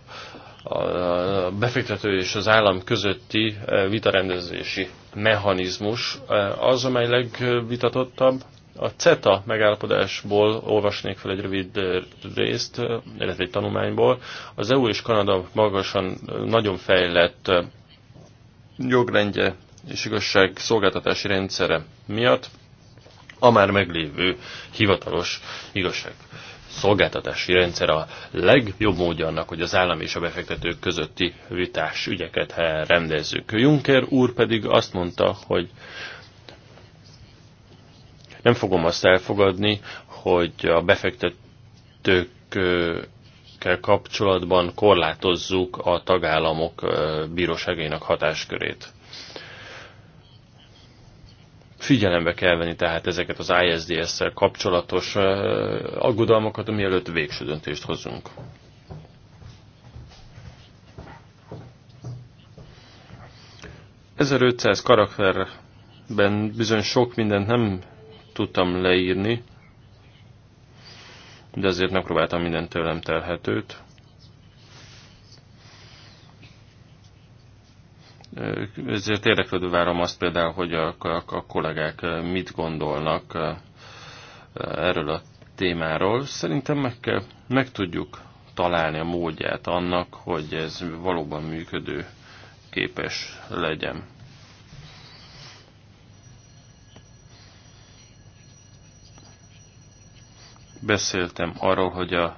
a befektető és az állam közötti e, vitarendezési mechanizmus e, az, amely legvitatottabb. A CETA megállapodásból olvasnék fel egy rövid e, részt, illetve egy tanulmányból. Az EU és Kanada magasan nagyon fejlett jogrendje és igazság szolgáltatási rendszere miatt a már meglévő hivatalos igazság szolgáltatási rendszer a legjobb módja annak, hogy az állam és a befektetők közötti vitás ügyeket rendezzük. Juncker úr pedig azt mondta, hogy nem fogom azt elfogadni, hogy a befektetőkkel kapcsolatban korlátozzuk a tagállamok bíróságainak hatáskörét. Figyelembe kell venni tehát ezeket az ISDS-szel kapcsolatos aggodalmakat, mielőtt végső döntést hozunk. ...1500 karakterben bizony sok mindent nem tudtam leírni, de azért megpróbáltam minden tőlem telhetőt. Ezért érdeklődő várom azt például, hogy a, a, a kollégák mit gondolnak erről a témáról. Szerintem meg, kell, meg tudjuk találni a módját annak, hogy ez valóban működő képes legyen. Beszéltem arról, hogy a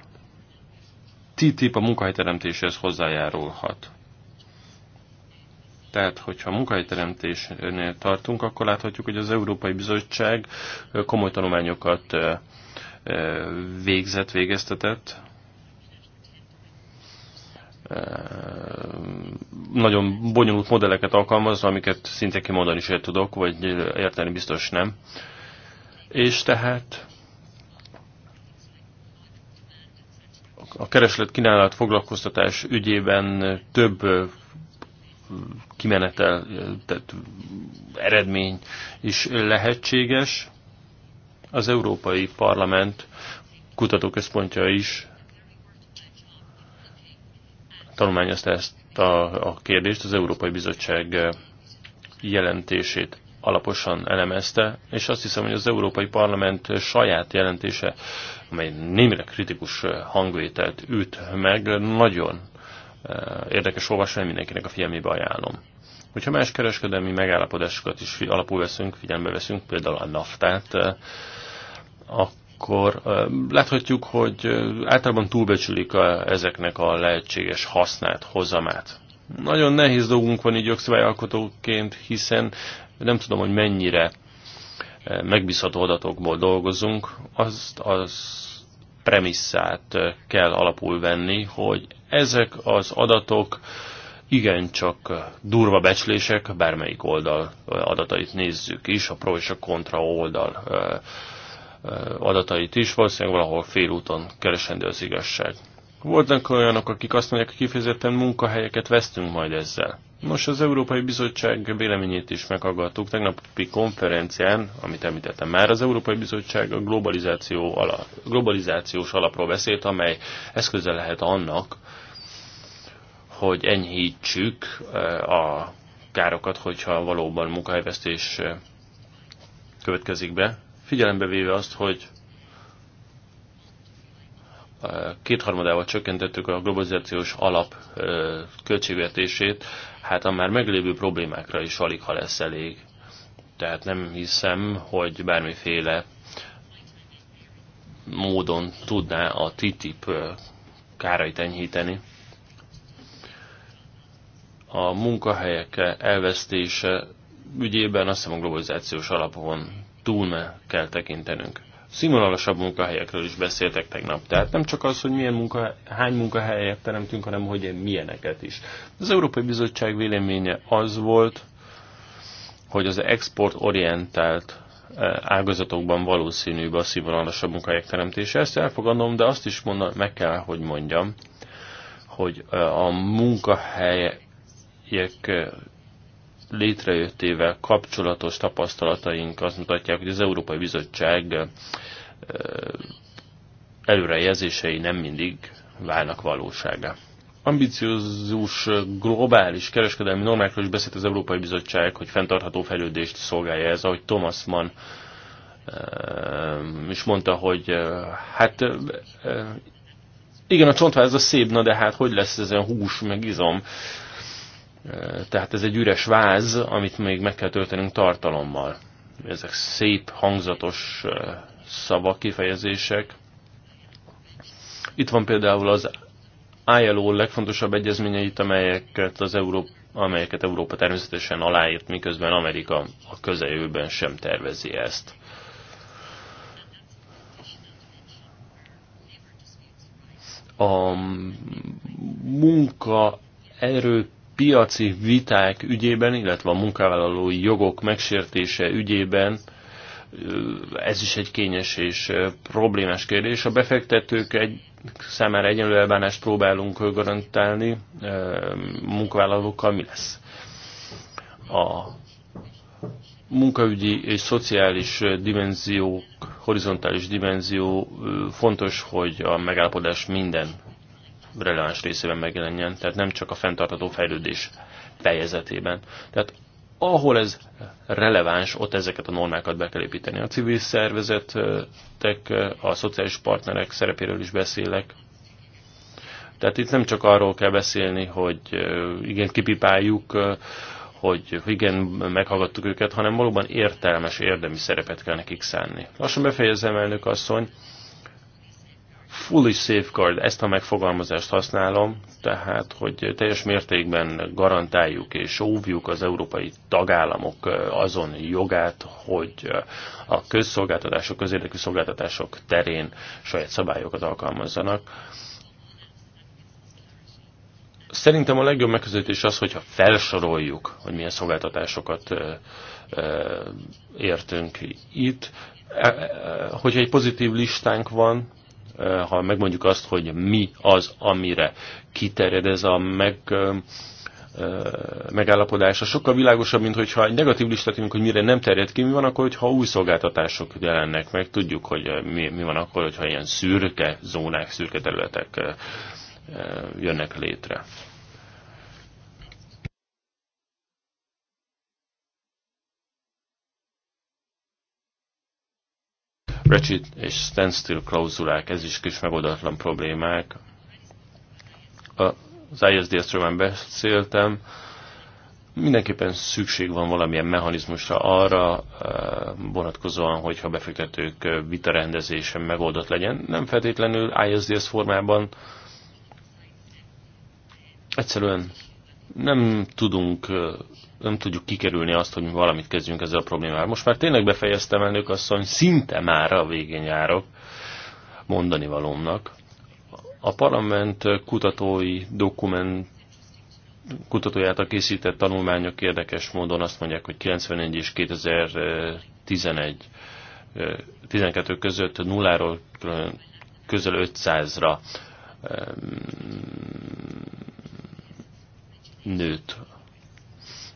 TTIP a munkahelyteremtéshez hozzájárulhat. Tehát, hogyha a munkahelyteremtésnél tartunk, akkor láthatjuk, hogy az Európai Bizottság komoly tanulmányokat végzett, végeztetett, nagyon bonyolult modelleket alkalmazva, amiket szinte kimondani sem tudok, vagy érteni biztos nem. És tehát a kereslet kínálat foglalkoztatás ügyében több kimenetel, tehát eredmény is lehetséges. Az Európai Parlament kutatóközpontja is tanulmányozta ezt a, a kérdést, az Európai Bizottság jelentését alaposan elemezte, és azt hiszem, hogy az Európai Parlament saját jelentése, amely némileg kritikus hangvételt üt meg, nagyon érdekes olvasmány mindenkinek a figyelmébe ajánlom. Hogyha más kereskedelmi megállapodásokat is alapul veszünk, figyelembe veszünk, például a naftát, akkor láthatjuk, hogy általában túlbecsülik a, ezeknek a lehetséges hasznát, hozamát. Nagyon nehéz dolgunk van így jogszabályalkotóként, hiszen nem tudom, hogy mennyire megbízható adatokból dolgozunk, azt, az premisszát kell alapul venni, hogy ezek az adatok igencsak durva becslések, bármelyik oldal adatait nézzük is, a pro és a kontra oldal adatait is, valószínűleg valahol félúton keresendő az igazság. Voltak olyanok, akik azt mondják, hogy kifejezetten munkahelyeket vesztünk majd ezzel. Most az Európai Bizottság véleményét is meghallgattuk tegnapi konferencián, amit említettem már. Az Európai Bizottság a globalizáció ala, globalizációs alapról beszélt, amely eszköze lehet annak, hogy enyhítsük eh, a károkat, hogyha valóban munkahelyvesztés eh, következik be. Figyelembe véve azt, hogy kétharmadával csökkentettük a globalizációs alap költségvetését, hát a már meglévő problémákra is alig, ha lesz elég. Tehát nem hiszem, hogy bármiféle módon tudná a TTIP kárait enyhíteni. A munkahelyek elvesztése ügyében azt hiszem a globalizációs alapon túl kell tekintenünk színvonalasabb munkahelyekről is beszéltek tegnap. Tehát nem csak az, hogy milyen munka, hány munkahelyet teremtünk, hanem hogy milyeneket is. Az Európai Bizottság véleménye az volt, hogy az exportorientált e, ágazatokban valószínűbb a színvonalasabb munkahelyek teremtése. Ezt elfogadom, de azt is mondom, meg kell, hogy mondjam, hogy e, a munkahelyek e, létrejöttével kapcsolatos tapasztalataink azt mutatják, hogy az Európai Bizottság előrejelzései nem mindig válnak valóságá. Ambiciózus globális kereskedelmi normákról is beszélt az Európai Bizottság, hogy fenntartható fejlődést szolgálja ez, ahogy Thomas Mann is mondta, hogy hát igen, a csontváz a szép, na de hát hogy lesz ezen hús, meg izom, tehát ez egy üres váz, amit még meg kell töltenünk tartalommal. Ezek szép, hangzatos szavak, kifejezések. Itt van például az ILO legfontosabb egyezményeit, amelyeket az Európa amelyeket Európa természetesen aláírt, miközben Amerika a közeljövőben sem tervezi ezt. A munka erő piaci viták ügyében, illetve a munkavállalói jogok megsértése ügyében ez is egy kényes és problémás kérdés. A befektetők egy számára egyenlő elbánást próbálunk garantálni, munkavállalókkal mi lesz? A munkaügyi és szociális dimenziók, horizontális dimenzió fontos, hogy a megállapodás minden releváns részében megjelenjen, tehát nem csak a fenntartató fejlődés fejezetében. Tehát ahol ez releváns, ott ezeket a normákat be kell építeni. A civil szervezetek, a szociális partnerek szerepéről is beszélek. Tehát itt nem csak arról kell beszélni, hogy igen, kipipáljuk, hogy igen, meghallgattuk őket, hanem valóban értelmes, érdemi szerepet kell nekik szánni. Lassan befejezem, elnök asszony fully safeguard, ezt a megfogalmazást használom, tehát, hogy teljes mértékben garantáljuk és óvjuk az európai tagállamok azon jogát, hogy a közszolgáltatások, közérdekű szolgáltatások terén saját szabályokat alkalmazzanak. Szerintem a legjobb megközelítés az, hogyha felsoroljuk, hogy milyen szolgáltatásokat értünk itt, e, e, hogyha egy pozitív listánk van, ha megmondjuk azt, hogy mi az, amire kiterjed ez a meg, megállapodása. Sokkal világosabb, mint hogyha egy negatív listát hogy mire nem terjed ki, mi van akkor, hogyha új szolgáltatások jelennek meg. Tudjuk, hogy mi, mi van akkor, hogyha ilyen szürke zónák, szürke területek jönnek létre. Brexit és standstill klauzulák, ez is kis megoldatlan problémák. Az ISDS-ről már beszéltem, mindenképpen szükség van valamilyen mechanizmusra arra eh, vonatkozóan, hogyha befektetők vita eh, vitarendezése megoldott legyen. Nem feltétlenül ISDS formában, egyszerűen nem tudunk eh, nem tudjuk kikerülni azt, hogy mi valamit kezdjünk ezzel a problémával. Most már tényleg befejeztem, elnök asszony, szinte már a végén járok mondani valómnak. A parlament kutatói dokument a készített tanulmányok érdekes módon azt mondják, hogy 91 és 2011 12 között nulláról közel 500-ra nőtt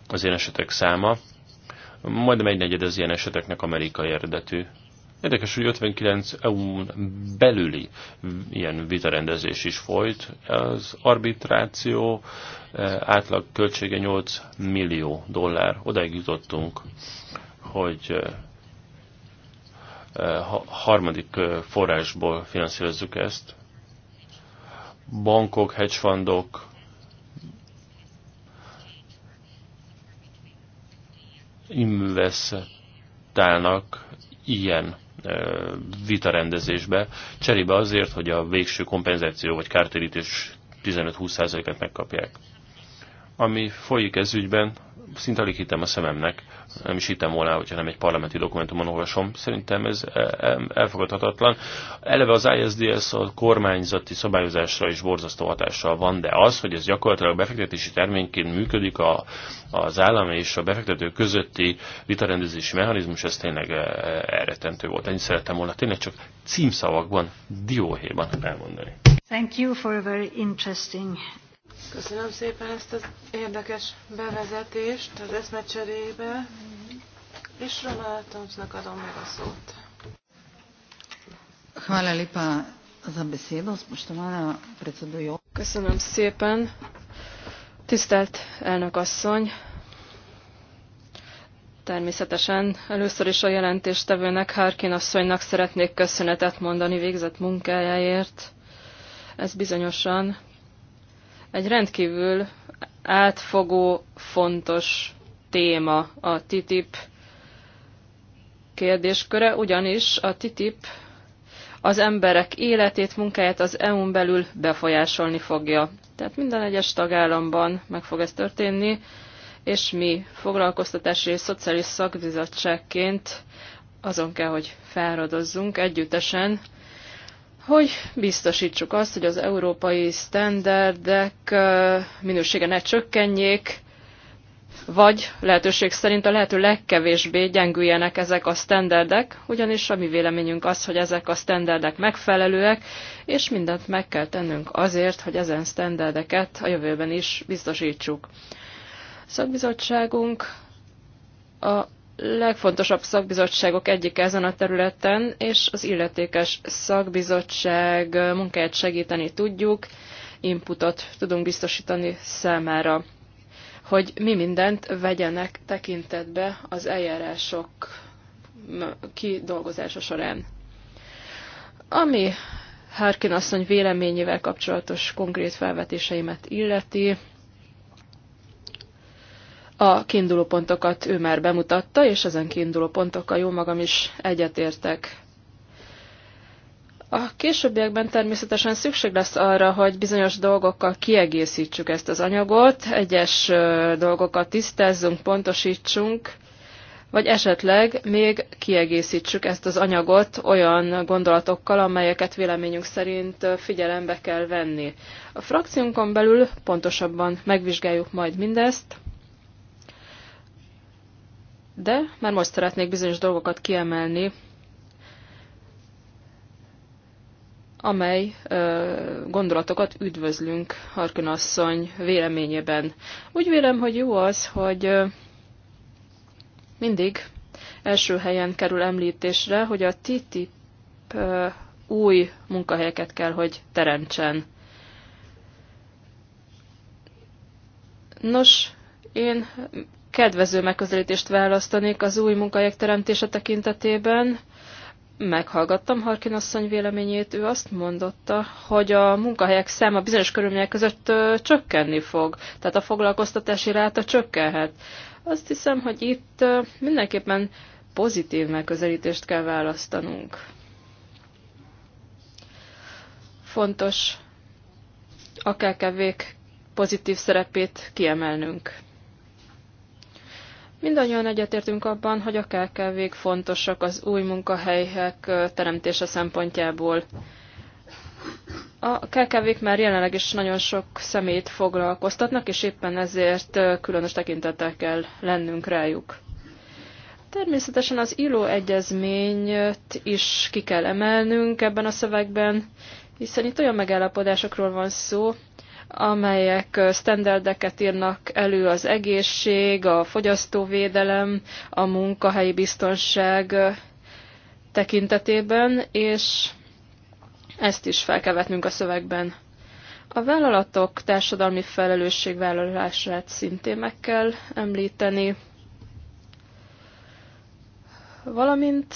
az ilyen esetek száma. Majdnem egy negyed az ilyen eseteknek amerikai eredetű. Érdekes, hogy 59 eu belüli ilyen vitarendezés is folyt. Az arbitráció eh, átlag költsége 8 millió dollár. Odaig jutottunk, hogy eh, eh, harmadik forrásból finanszírozzuk ezt. Bankok, hedgefundok, investálnak ilyen vitarendezésbe, cserébe azért, hogy a végső kompenzáció vagy kártérítés 15-20%-et megkapják. Ami folyik ez ügyben, szinte alig hittem a szememnek, nem is hittem volna, hogyha nem egy parlamenti dokumentumon olvasom. Szerintem ez e, e, elfogadhatatlan. Eleve az ISDS a kormányzati szabályozásra is borzasztó hatással van, de az, hogy ez gyakorlatilag befektetési terményként működik a, az állam és a befektető közötti vitarendezési mechanizmus, ez tényleg e, elrettentő volt. Ennyit szerettem volna tényleg csak címszavakban, dióhéjban elmondani. Thank you for a very interesting Köszönöm szépen ezt az érdekes bevezetést az eszmecserébe, és Romana Tomcnak adom meg a szót. Hvala lepa za besedo, spoštovana predsedujoča. Köszönöm szépen. Tisztelt elnök asszony, Természetesen először is a jelentéstevőnek, Harkin asszonynak szeretnék köszönetet mondani végzett munkájáért. Ez bizonyosan egy rendkívül átfogó, fontos téma a TTIP kérdésköre, ugyanis a TTIP az emberek életét, munkáját az EU-n belül befolyásolni fogja. Tehát minden egyes tagállamban meg fog ez történni, és mi foglalkoztatási és szociális szakbizottságként azon kell, hogy fáradozzunk együttesen, hogy biztosítsuk azt, hogy az európai sztenderdek minősége ne csökkenjék, vagy lehetőség szerint a lehető legkevésbé gyengüljenek ezek a sztenderdek, ugyanis a mi véleményünk az, hogy ezek a sztenderdek megfelelőek, és mindent meg kell tennünk azért, hogy ezen sztenderdeket a jövőben is biztosítsuk. szakbizottságunk a legfontosabb szakbizottságok egyik ezen a területen, és az illetékes szakbizottság munkáját segíteni tudjuk, inputot tudunk biztosítani számára, hogy mi mindent vegyenek tekintetbe az eljárások kidolgozása során. Ami Harkin asszony véleményével kapcsolatos konkrét felvetéseimet illeti, a pontokat ő már bemutatta, és ezen pontokkal jó magam is egyetértek. A későbbiekben természetesen szükség lesz arra, hogy bizonyos dolgokkal kiegészítsük ezt az anyagot, egyes dolgokat tisztázzunk, pontosítsunk, vagy esetleg még kiegészítsük ezt az anyagot olyan gondolatokkal, amelyeket véleményünk szerint figyelembe kell venni. A frakciónkon belül pontosabban megvizsgáljuk majd mindezt, de már most szeretnék bizonyos dolgokat kiemelni, amely ö, gondolatokat üdvözlünk Harkin asszony véleményében. Úgy vélem, hogy jó az, hogy ö, mindig első helyen kerül említésre, hogy a TTIP ö, új munkahelyeket kell, hogy teremtsen. Nos, én kedvező megközelítést választanék az új munkahelyek teremtése tekintetében. Meghallgattam Harkin asszony véleményét, ő azt mondotta, hogy a munkahelyek száma bizonyos körülmények között csökkenni fog, tehát a foglalkoztatási ráta csökkenhet. Azt hiszem, hogy itt mindenképpen pozitív megközelítést kell választanunk. Fontos a kkv pozitív szerepét kiemelnünk. Mindannyian egyetértünk abban, hogy a kkv fontosak az új munkahelyek teremtése szempontjából. A kkv már jelenleg is nagyon sok szemét foglalkoztatnak, és éppen ezért különös tekintettel kell lennünk rájuk. Természetesen az ILO egyezményt is ki kell emelnünk ebben a szövegben, hiszen itt olyan megállapodásokról van szó, amelyek standardeket írnak elő az egészség, a fogyasztóvédelem, a munkahelyi biztonság tekintetében, és ezt is fel kell vetnünk a szövegben. A vállalatok társadalmi felelősségvállalását szintén meg kell említeni, valamint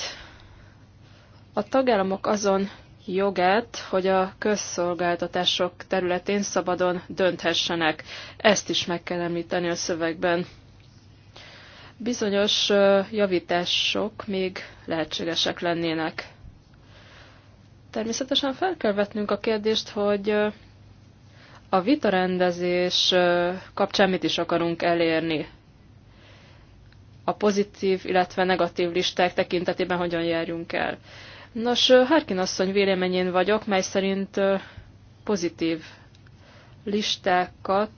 a tagállamok azon jogát, hogy a közszolgáltatások területén szabadon dönthessenek. Ezt is meg kell említeni a szövegben. Bizonyos javítások még lehetségesek lennének. Természetesen fel kell vetnünk a kérdést, hogy a vitarendezés kapcsán mit is akarunk elérni. A pozitív, illetve negatív listák tekintetében hogyan járjunk el. Nos, Harkin asszony véleményén vagyok, mely szerint pozitív listákat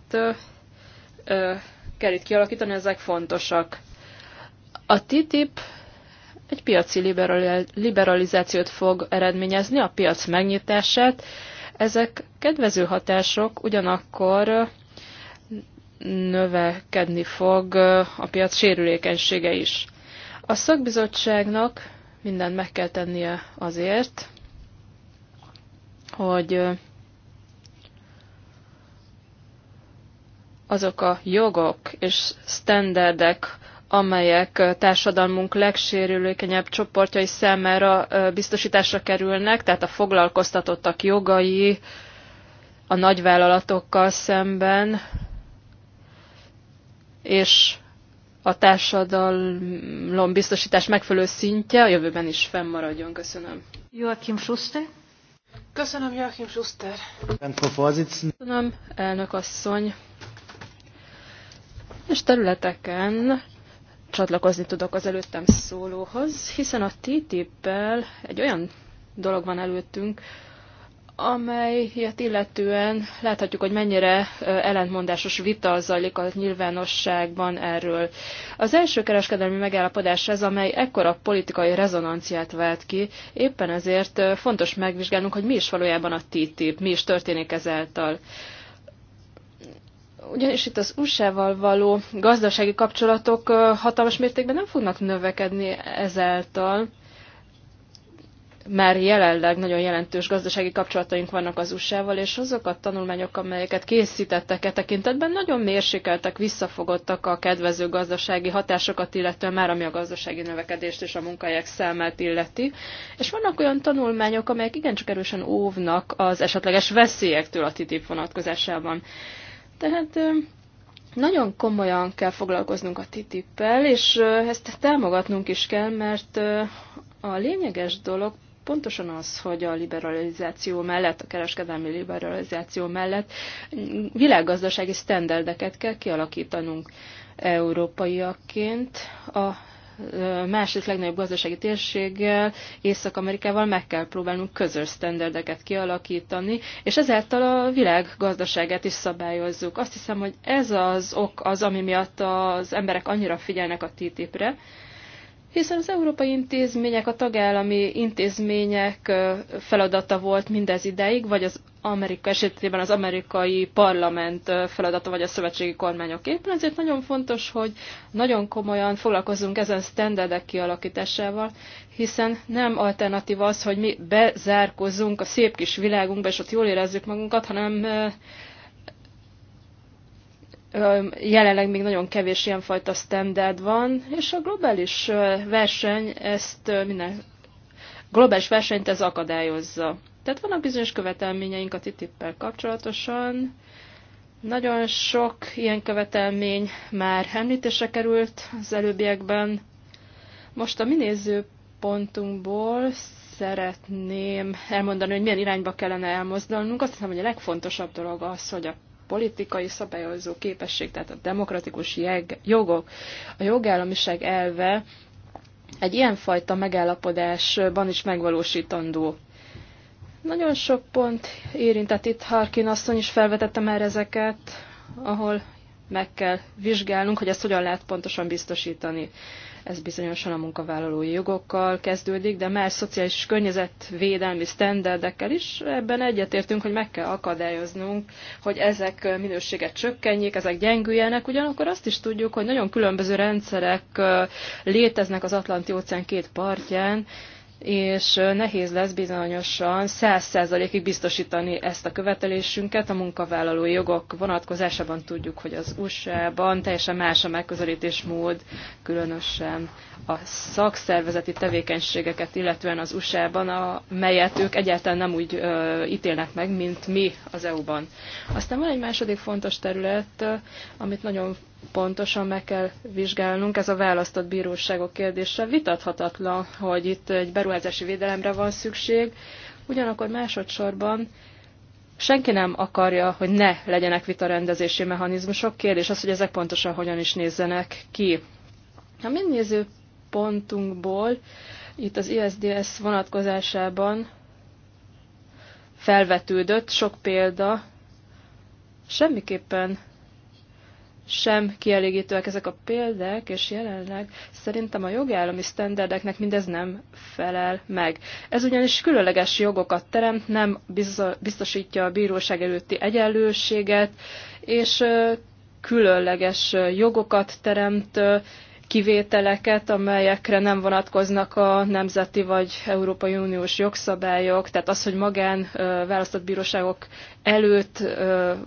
kell itt kialakítani, ezek fontosak. A TTIP egy piaci liberalizációt fog eredményezni, a piac megnyitását. Ezek kedvező hatások, ugyanakkor növekedni fog a piac sérülékenysége is. A szakbizottságnak mindent meg kell tennie azért, hogy azok a jogok és standardek, amelyek társadalmunk legsérülékenyebb csoportjai számára biztosításra kerülnek, tehát a foglalkoztatottak jogai a nagyvállalatokkal szemben, és a társadalom biztosítás megfelelő szintje a jövőben is fennmaradjon. Köszönöm. Joachim Schuster. Köszönöm, Joachim Schuster. Köszönöm, elnök asszony. És területeken csatlakozni tudok az előttem szólóhoz, hiszen a ttip el egy olyan dolog van előttünk, amelyet illetően láthatjuk, hogy mennyire ellentmondásos vita zajlik a nyilvánosságban erről. Az első kereskedelmi megállapodás ez, amely ekkora politikai rezonanciát vált ki, éppen ezért fontos megvizsgálnunk, hogy mi is valójában a TTIP, mi is történik ezáltal. Ugyanis itt az USA-val való gazdasági kapcsolatok hatalmas mértékben nem fognak növekedni ezáltal, már jelenleg nagyon jelentős gazdasági kapcsolataink vannak az USA-val, és azok a tanulmányok, amelyeket készítettek e tekintetben, nagyon mérsékeltek, visszafogottak a kedvező gazdasági hatásokat, illetően már ami a gazdasági növekedést és a munkahelyek számát illeti. És vannak olyan tanulmányok, amelyek igencsak erősen óvnak az esetleges veszélyektől a TTIP vonatkozásában. Tehát nagyon komolyan kell foglalkoznunk a TTIP-pel, és ezt támogatnunk is kell, mert a lényeges dolog pontosan az, hogy a liberalizáció mellett, a kereskedelmi liberalizáció mellett világgazdasági sztenderdeket kell kialakítanunk európaiakként. A másik legnagyobb gazdasági térséggel, Észak-Amerikával meg kell próbálnunk közös sztenderdeket kialakítani, és ezáltal a világ gazdaságát is szabályozzuk. Azt hiszem, hogy ez az ok az, ami miatt az emberek annyira figyelnek a TTIP-re, hiszen az európai intézmények, a tagállami intézmények feladata volt mindez ideig, vagy az Amerika esetében az amerikai parlament feladata, vagy a szövetségi kormányok éppen. Ezért nagyon fontos, hogy nagyon komolyan foglalkozunk ezen standardek kialakításával, hiszen nem alternatív az, hogy mi bezárkozunk a szép kis világunkba, és ott jól érezzük magunkat, hanem jelenleg még nagyon kevés ilyenfajta standard van, és a globális verseny ezt minden globális versenyt ez akadályozza. Tehát vannak bizonyos követelményeink a TTIP-pel kapcsolatosan. Nagyon sok ilyen követelmény már említése került az előbbiekben. Most a mi nézőpontunkból szeretném elmondani, hogy milyen irányba kellene elmozdulnunk. Azt hiszem, hogy a legfontosabb dolog az, hogy a politikai szabályozó képesség, tehát a demokratikus jogok, a jogállamiság elve egy ilyenfajta megállapodásban is megvalósítandó. Nagyon sok pont érintett itt Harkin asszony is felvetette már ezeket, ahol meg kell vizsgálnunk, hogy ezt hogyan lehet pontosan biztosítani. Ez bizonyosan a munkavállalói jogokkal kezdődik, de más szociális környezetvédelmi sztenderdekkel is ebben egyetértünk, hogy meg kell akadályoznunk, hogy ezek minőséget csökkenjék, ezek gyengüljenek, ugyanakkor azt is tudjuk, hogy nagyon különböző rendszerek léteznek az Atlanti óceán két partján, és nehéz lesz bizonyosan 100%-ig biztosítani ezt a követelésünket. A munkavállalói jogok vonatkozásában tudjuk, hogy az USA-ban teljesen más a megközelítésmód, különösen a szakszervezeti tevékenységeket, illetően az USA-ban, melyet ők egyáltalán nem úgy ö, ítélnek meg, mint mi az EU-ban. Aztán van egy második fontos terület, amit nagyon pontosan meg kell vizsgálnunk. Ez a választott bíróságok kérdése vitathatatlan, hogy itt egy beruházási védelemre van szükség. Ugyanakkor másodszorban senki nem akarja, hogy ne legyenek vitarendezési mechanizmusok. Kérdés az, hogy ezek pontosan hogyan is nézzenek ki. A mi néző pontunkból itt az ISDS vonatkozásában felvetődött sok példa, semmiképpen sem kielégítőek ezek a példák, és jelenleg szerintem a jogállami sztenderdeknek mindez nem felel meg. Ez ugyanis különleges jogokat teremt, nem biztosítja a bíróság előtti egyenlőséget, és különleges jogokat teremt, kivételeket, amelyekre nem vonatkoznak a nemzeti vagy Európai Uniós jogszabályok, tehát az, hogy magán választott bíróságok előtt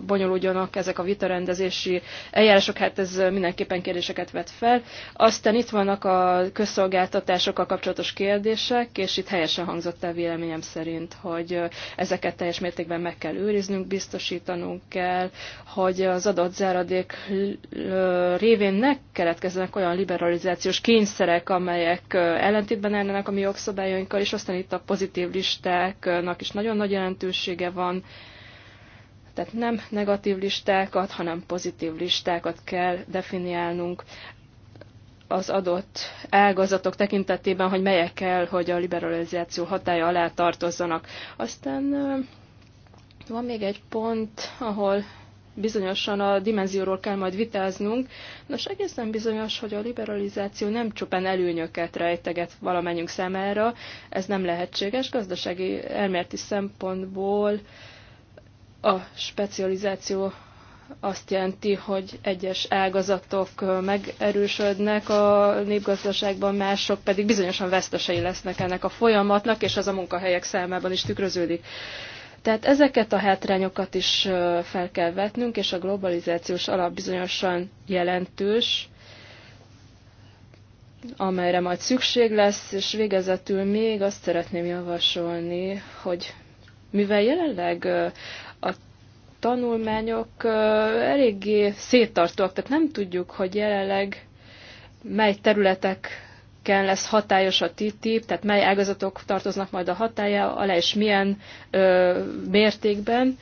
bonyolódjanak ezek a vitarendezési eljárások, hát ez mindenképpen kérdéseket vet fel. Aztán itt vannak a közszolgáltatásokkal kapcsolatos kérdések, és itt helyesen hangzott el véleményem szerint, hogy ezeket teljes mértékben meg kell őriznünk, biztosítanunk kell, hogy az adott záradék révén ne keletkezzenek olyan liberalizációs kényszerek, amelyek ellentétben állnak a mi jogszabályainkkal, és aztán itt a pozitív listáknak is nagyon nagy jelentősége van. Tehát nem negatív listákat, hanem pozitív listákat kell definiálnunk az adott ágazatok tekintetében, hogy melyek kell, hogy a liberalizáció hatája alá tartozzanak. Aztán van még egy pont, ahol bizonyosan a dimenzióról kell majd vitáznunk. Nos, egészen bizonyos, hogy a liberalizáció nem csupán előnyöket rejteget valamennyünk számára, ez nem lehetséges gazdasági elméleti szempontból a specializáció azt jelenti, hogy egyes ágazatok megerősödnek a népgazdaságban, mások pedig bizonyosan vesztesei lesznek ennek a folyamatnak, és az a munkahelyek számában is tükröződik. Tehát ezeket a hátrányokat is fel kell vetnünk, és a globalizációs alap bizonyosan jelentős, amelyre majd szükség lesz, és végezetül még azt szeretném javasolni, hogy mivel jelenleg a tanulmányok eléggé széttartóak, tehát nem tudjuk, hogy jelenleg mely területek melyeken lesz hatályos a TTIP, tehát mely ágazatok tartoznak majd a hatája alá, és milyen ö, mértékben.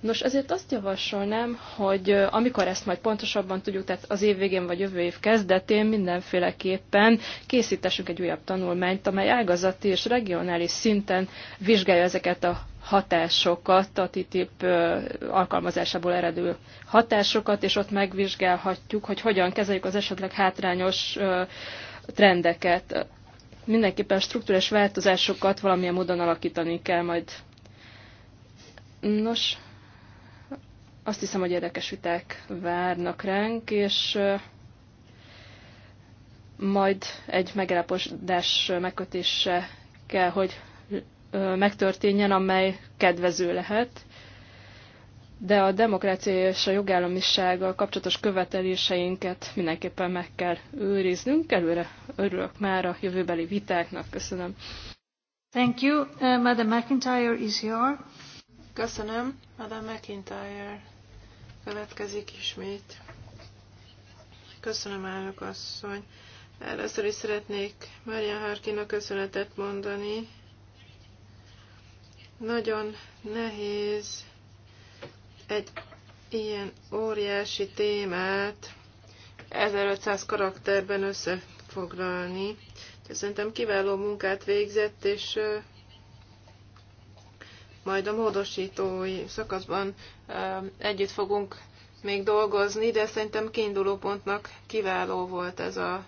Nos, ezért azt javasolnám, hogy amikor ezt majd pontosabban tudjuk, tehát az év végén vagy jövő év kezdetén mindenféleképpen készítessünk egy újabb tanulmányt, amely ágazati és regionális szinten vizsgálja ezeket a hatásokat, a TTIP alkalmazásából eredő hatásokat, és ott megvizsgálhatjuk, hogy hogyan kezeljük az esetleg hátrányos trendeket. Mindenképpen struktúrás változásokat valamilyen módon alakítani kell majd. Nos, azt hiszem, hogy érdekes viták várnak ránk, és majd egy megállapodás megkötése kell, hogy megtörténjen, amely kedvező lehet de a demokrácia és a jogállamisággal kapcsolatos követeléseinket mindenképpen meg kell őriznünk. Előre örülök már a jövőbeli vitáknak. Köszönöm. Thank you. Uh, Madam McIntyre is your. Köszönöm. Madam McIntyre következik ismét. Köszönöm, elnök asszony. Először is szeretnék Mária Harkinak köszönetet mondani. Nagyon nehéz egy ilyen óriási témát 1500 karakterben összefoglalni. Szerintem kiváló munkát végzett, és majd a módosítói szakaszban együtt fogunk még dolgozni, de szerintem kiinduló pontnak kiváló volt ez a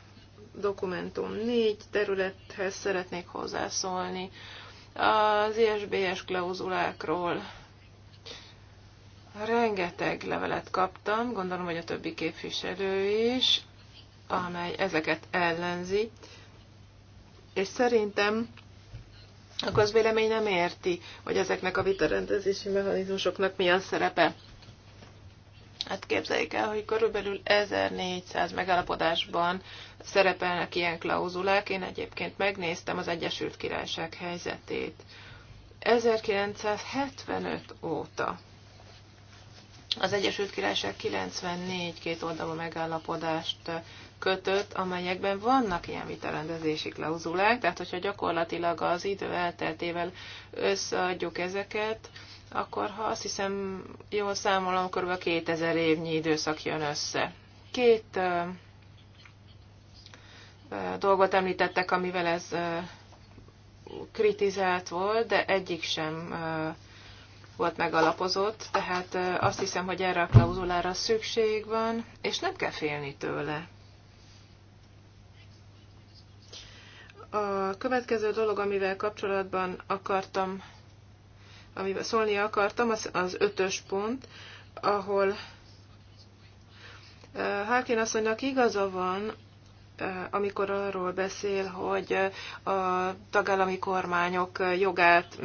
dokumentum. Négy területhez szeretnék hozzászólni. Az ISBS klauzulákról Rengeteg levelet kaptam, gondolom, hogy a többi képviselő is, amely ezeket ellenzi, és szerintem a közvélemény nem érti, hogy ezeknek a vitarendezési mechanizmusoknak mi a szerepe. Hát képzeljék el, hogy körülbelül 1400 megállapodásban szerepelnek ilyen klauzulák. Én egyébként megnéztem az Egyesült Királyság helyzetét. 1975 óta az Egyesült Királyság 94 két oldalú megállapodást kötött, amelyekben vannak ilyen vitarendezési klauzulák, tehát hogyha gyakorlatilag az idő elteltével összeadjuk ezeket, akkor ha azt hiszem jól számolom, kb. 2000 évnyi időszak jön össze. Két dolgot említettek, amivel ez kritizált volt, de egyik sem volt megalapozott, tehát azt hiszem, hogy erre a klauzulára szükség van, és nem kell félni tőle. A következő dolog, amivel kapcsolatban akartam, amivel szólni akartam, az, az ötös pont, ahol Hákin asszonynak igaza van, amikor arról beszél, hogy a tagállami kormányok jogát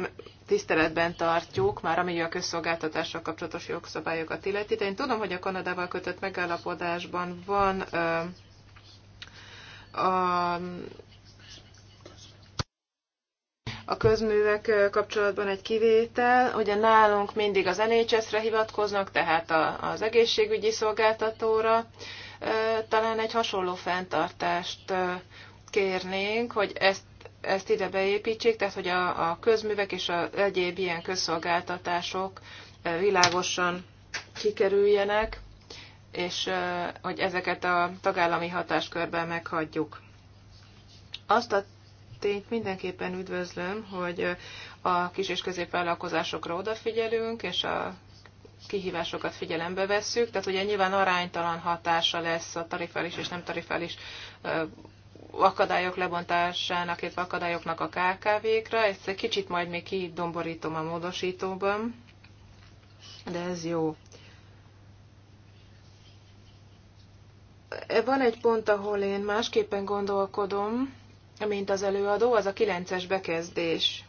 tiszteletben tartjuk, már ami a közszolgáltatással kapcsolatos jogszabályokat illeti. De én tudom, hogy a Kanadával kötött megállapodásban van ö, a, a közművek kapcsolatban egy kivétel. Ugye nálunk mindig az NHS-re hivatkoznak, tehát a, az egészségügyi szolgáltatóra. Talán egy hasonló fenntartást kérnénk, hogy ezt ezt ide beépítsék, tehát hogy a, a közművek és a egyéb ilyen közszolgáltatások eh, világosan kikerüljenek, és eh, hogy ezeket a tagállami hatáskörben meghagyjuk. Azt a tényt mindenképpen üdvözlöm, hogy eh, a kis- és középvállalkozásokra odafigyelünk, és a kihívásokat figyelembe vesszük, tehát ugye nyilván aránytalan hatása lesz a tarifális és nem tarifális akadályok lebontásának, illetve akadályoknak a KKV-kra. Ezt egy kicsit majd még kidomborítom a módosítóban, de ez jó. Van egy pont, ahol én másképpen gondolkodom, mint az előadó, az a 9-es bekezdés.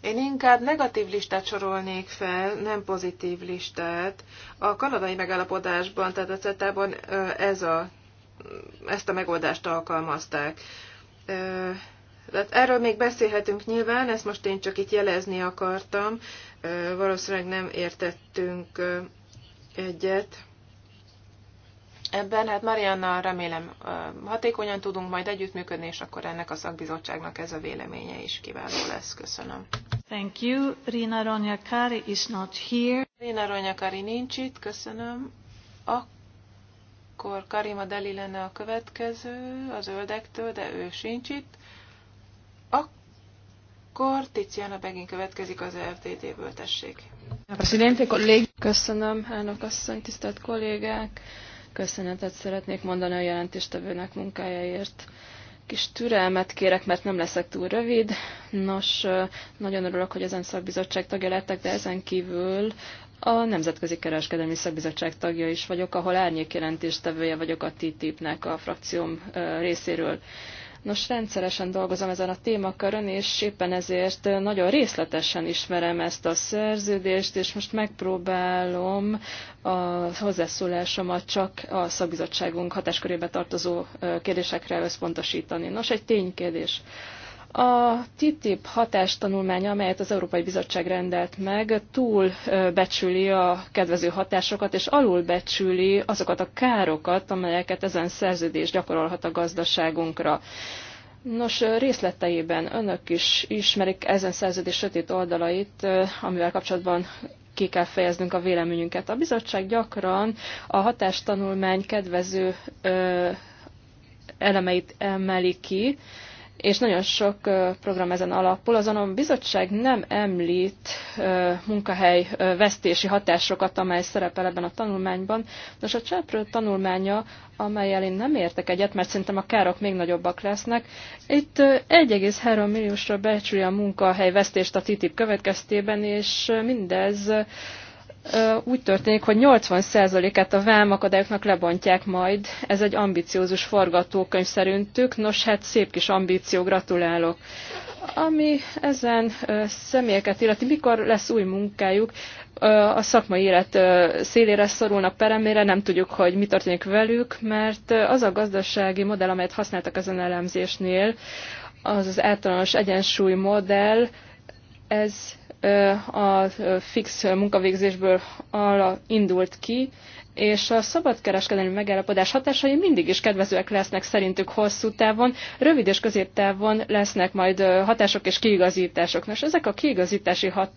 Én inkább negatív listát sorolnék fel, nem pozitív listát. A kanadai megállapodásban, tehát a CETA-ban ez a, ezt a megoldást alkalmazták. Hát erről még beszélhetünk nyilván, ezt most én csak itt jelezni akartam, valószínűleg nem értettünk egyet ebben. Hát Marianna remélem hatékonyan tudunk majd együttműködni, és akkor ennek a szakbizottságnak ez a véleménye is kiváló lesz. Köszönöm. Thank you. Rina Ronyakari is not here. Rina Ronyakari nincs itt, köszönöm. Akkor Karima Deli lenne a következő, az öldektől, de ő sincs itt. Akkor Tiziana Begin következik az rtd ből tessék. Köszönöm, elnök asszony, tisztelt kollégák! Köszönetet szeretnék mondani a jelentéstevőnek munkájáért. Kis türelmet kérek, mert nem leszek túl rövid. Nos, nagyon örülök, hogy ezen szakbizottság tagja lettek, de ezen kívül a Nemzetközi Kereskedelmi Szakbizottság tagja is vagyok, ahol árnyék jelentéstevője vagyok a TTIP-nek a frakcióm részéről. Nos, rendszeresen dolgozom ezen a témakörön, és éppen ezért nagyon részletesen ismerem ezt a szerződést, és most megpróbálom a hozzászólásomat csak a szakbizottságunk hatáskörébe tartozó kérdésekre összpontosítani. Nos, egy ténykérdés. A TTIP hatástanulmánya, amelyet az Európai Bizottság rendelt meg, túl becsüli a kedvező hatásokat, és alul becsüli azokat a károkat, amelyeket ezen szerződés gyakorolhat a gazdaságunkra. Nos, részleteiben önök is ismerik ezen szerződés sötét oldalait, amivel kapcsolatban ki kell fejeznünk a véleményünket. A bizottság gyakran a hatástanulmány kedvező ö, elemeit emeli ki, és nagyon sok program ezen alapul, azonban a bizottság nem említ munkahely vesztési hatásokat, amely szerepel ebben a tanulmányban. Nos, a Csáprő tanulmánya, amelyel én nem értek egyet, mert szerintem a károk még nagyobbak lesznek, itt 1,3 milliósra becsüli a munkahely vesztést a TTIP következtében, és mindez úgy történik, hogy 80%-át a vámakadályoknak lebontják majd. Ez egy ambiciózus forgatókönyv szerintük. Nos, hát szép kis ambíció, gratulálok. Ami ezen személyeket illeti, mikor lesz új munkájuk, a szakmai élet szélére szorulnak peremére, nem tudjuk, hogy mi történik velük, mert az a gazdasági modell, amelyet használtak ezen elemzésnél, az az általános egyensúly modell, ez a fix munkavégzésből indult ki, és a szabadkereskedelmi megállapodás hatásai mindig is kedvezőek lesznek szerintük hosszú távon, rövid és középtávon lesznek majd hatások és kiigazítások. Nos, ezek a kiigazítási hat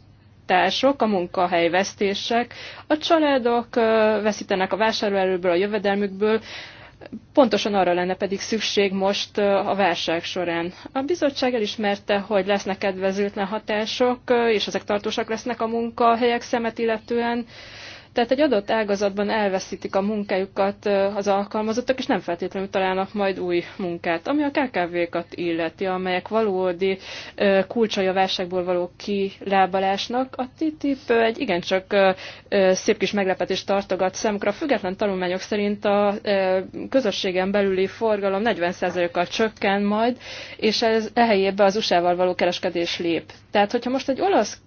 hatások, a munkahelyvesztések, a családok veszítenek a vásárolóerőből, a jövedelmükből, Pontosan arra lenne pedig szükség most a válság során. A bizottság elismerte, hogy lesznek kedvezőtlen hatások, és ezek tartósak lesznek a munkahelyek szemet illetően, tehát egy adott ágazatban elveszítik a munkájukat az alkalmazottak, és nem feltétlenül találnak majd új munkát, ami a KKV-kat illeti, amelyek valódi kulcsai a válságból való kilábalásnak. A TTIP egy igencsak szép kis meglepetést tartogat számukra. Független tanulmányok szerint a közösségen belüli forgalom 40%-kal csökken majd, és ez ehelyébe az USA-val való kereskedés lép. Tehát, hogyha most egy olasz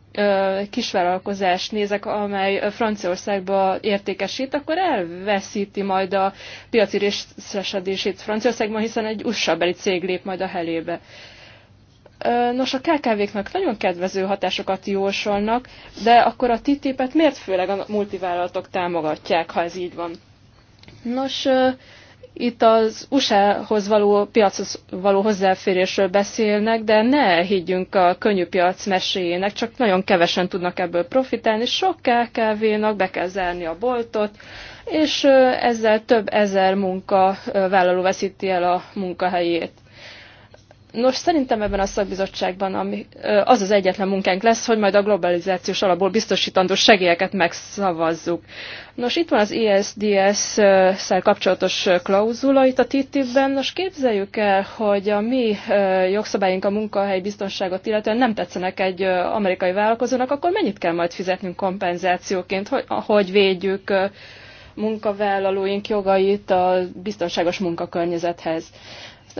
kisvállalkozást nézek, amely Franciaországba értékesít, akkor elveszíti majd a piaci részesedését Franciaországban, hiszen egy usa cég lép majd a helébe. Nos, a KKV-knak nagyon kedvező hatásokat jósolnak, de akkor a TTIP-et miért főleg a multivállalatok támogatják, ha ez így van? Nos, itt az USA-hoz való piachoz való hozzáférésről beszélnek, de ne higgyünk a könnyű piac meséjének, csak nagyon kevesen tudnak ebből profitálni. Sok KKV-nak be kell zárni a boltot, és ezzel több ezer munka veszíti el a munkahelyét. Nos, szerintem ebben a szakbizottságban ami, az az egyetlen munkánk lesz, hogy majd a globalizációs alapból biztosítandó segélyeket megszavazzuk. Nos, itt van az ISDS-szel e kapcsolatos klauzula itt a TTIP-ben. Nos, képzeljük el, hogy a mi jogszabályunk a munkahely biztonságot illetően nem tetszenek egy amerikai vállalkozónak, akkor mennyit kell majd fizetnünk kompenzációként, hogy, hogy védjük munkavállalóink jogait a biztonságos munkakörnyezethez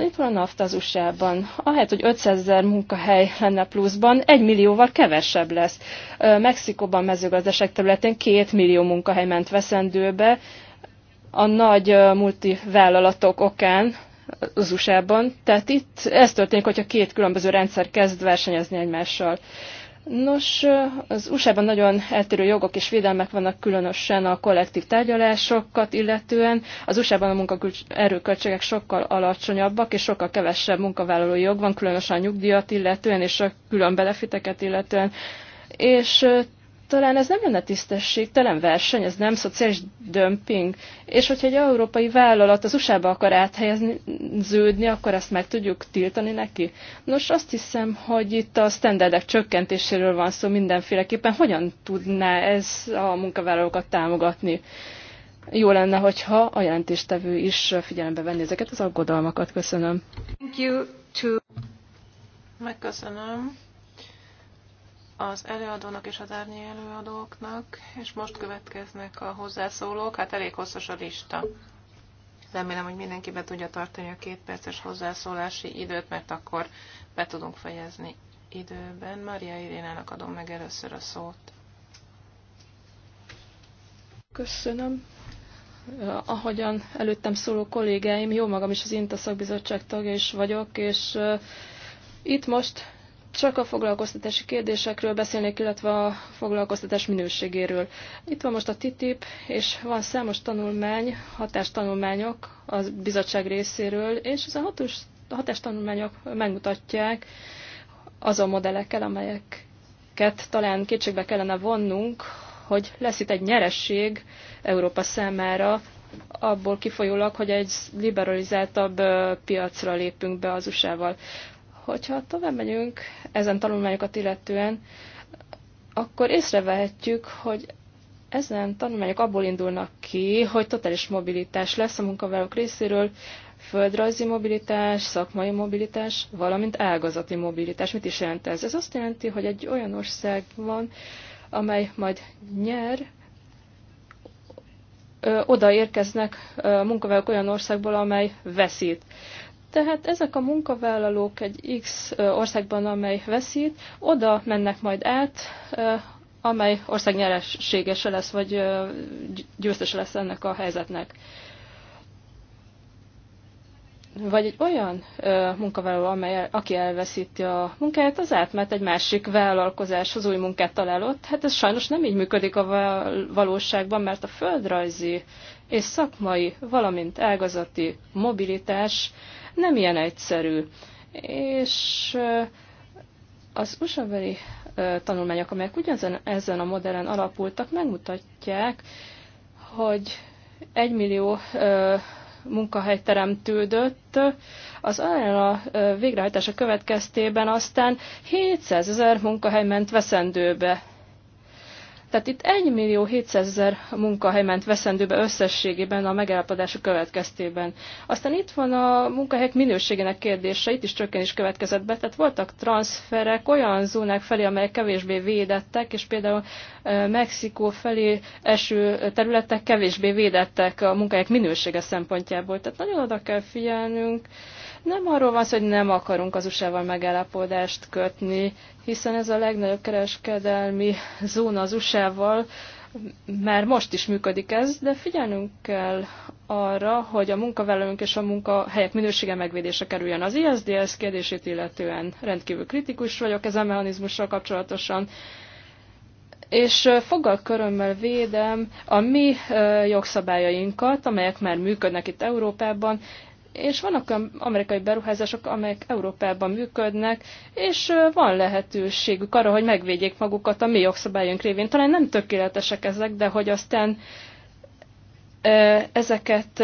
itt van a NAFTA az USA-ban. Ahelyett, hogy 500 ezer munkahely lenne pluszban, egy millióval kevesebb lesz. Mexikóban mezőgazdaság területén két millió munkahely ment veszendőbe, a nagy multivállalatok okán az USA-ban. Tehát itt ez történik, hogyha két különböző rendszer kezd versenyezni egymással. Nos, az USA-ban nagyon eltérő jogok és védelmek vannak különösen a kollektív tárgyalásokat illetően. Az USA-ban a munkaerőköltségek sokkal alacsonyabbak, és sokkal kevesebb munkavállalói jog van, különösen a nyugdíjat illetően, és a külön belefiteket illetően. És talán ez nem lenne tisztességtelen verseny, ez nem szociális dömping. És hogyha egy európai vállalat az USA-ba akar áthelyeződni, akkor ezt meg tudjuk tiltani neki. Nos, azt hiszem, hogy itt a standardek csökkentéséről van szó mindenféleképpen. Hogyan tudná ez a munkavállalókat támogatni? Jó lenne, hogyha a jelentéstevő is figyelembe venni ezeket az aggodalmakat. Köszönöm. Thank you to... Megköszönöm az előadónak és az árnyi előadóknak, és most következnek a hozzászólók, hát elég hosszas a lista. Remélem, hogy mindenki be tudja tartani a két perces hozzászólási időt, mert akkor be tudunk fejezni időben. Maria Irénának adom meg először a szót. Köszönöm. Ahogyan előttem szóló kollégáim, jó magam is az INTA szakbizottság tagja is vagyok, és itt most csak a foglalkoztatási kérdésekről beszélnék, illetve a foglalkoztatás minőségéről. Itt van most a TTIP, és van számos tanulmány, hatástanulmányok a bizottság részéről, és a hatós, hatástanulmányok megmutatják az a modellekkel, amelyeket talán kétségbe kellene vonnunk, hogy lesz itt egy nyeresség Európa számára, abból kifolyólag, hogy egy liberalizáltabb piacra lépünk be az USA-val. Hogyha tovább megyünk ezen tanulmányokat illetően, akkor észrevehetjük, hogy ezen tanulmányok abból indulnak ki, hogy totális mobilitás lesz a munkavállalók részéről, földrajzi mobilitás, szakmai mobilitás, valamint ágazati mobilitás. Mit is jelent ez? Ez azt jelenti, hogy egy olyan ország van, amely majd nyer, oda érkeznek munkavállalók olyan országból, amely veszít. Tehát ezek a munkavállalók egy X országban, amely veszít, oda mennek majd át, amely ország nyereségese lesz, vagy győztese lesz ennek a helyzetnek. Vagy egy olyan munkavállaló, amely, aki elveszíti a munkáját, az átmet egy másik vállalkozáshoz új munkát talál ott. Hát ez sajnos nem így működik a valóságban, mert a földrajzi és szakmai, valamint ágazati mobilitás nem ilyen egyszerű. És az usa tanulmányok, amelyek ugyanezen ezen a modellen alapultak, megmutatják, hogy egy millió munkahely teremtődött, az a végrehajtása következtében aztán 700 ezer munkahely ment veszendőbe. Tehát itt 1 millió 700 ezer munkahely ment veszendőbe összességében a megállapodások következtében. Aztán itt van a munkahelyek minőségének kérdése, itt is csökkenés következett be, tehát voltak transferek olyan zónák felé, amelyek kevésbé védettek, és például e, Mexikó felé eső területek kevésbé védettek a munkahelyek minősége szempontjából. Tehát nagyon oda kell figyelnünk, Hát nem arról van szó, hogy nem akarunk az USA-val megállapodást kötni, hiszen ez a legnagyobb kereskedelmi zóna az USA-val, már most is működik ez, de figyelnünk kell arra, hogy a munkavállalónk és a munkahelyek minősége megvédése kerüljön. Az ISDS kérdését illetően rendkívül kritikus vagyok ezen mechanizmussal kapcsolatosan, és foggal körömmel védem a mi jogszabályainkat, amelyek már működnek itt Európában, és vannak olyan amerikai beruházások, amelyek Európában működnek, és van lehetőségük arra, hogy megvédjék magukat a mi jogszabályunk révén. Talán nem tökéletesek ezek, de hogy aztán ezeket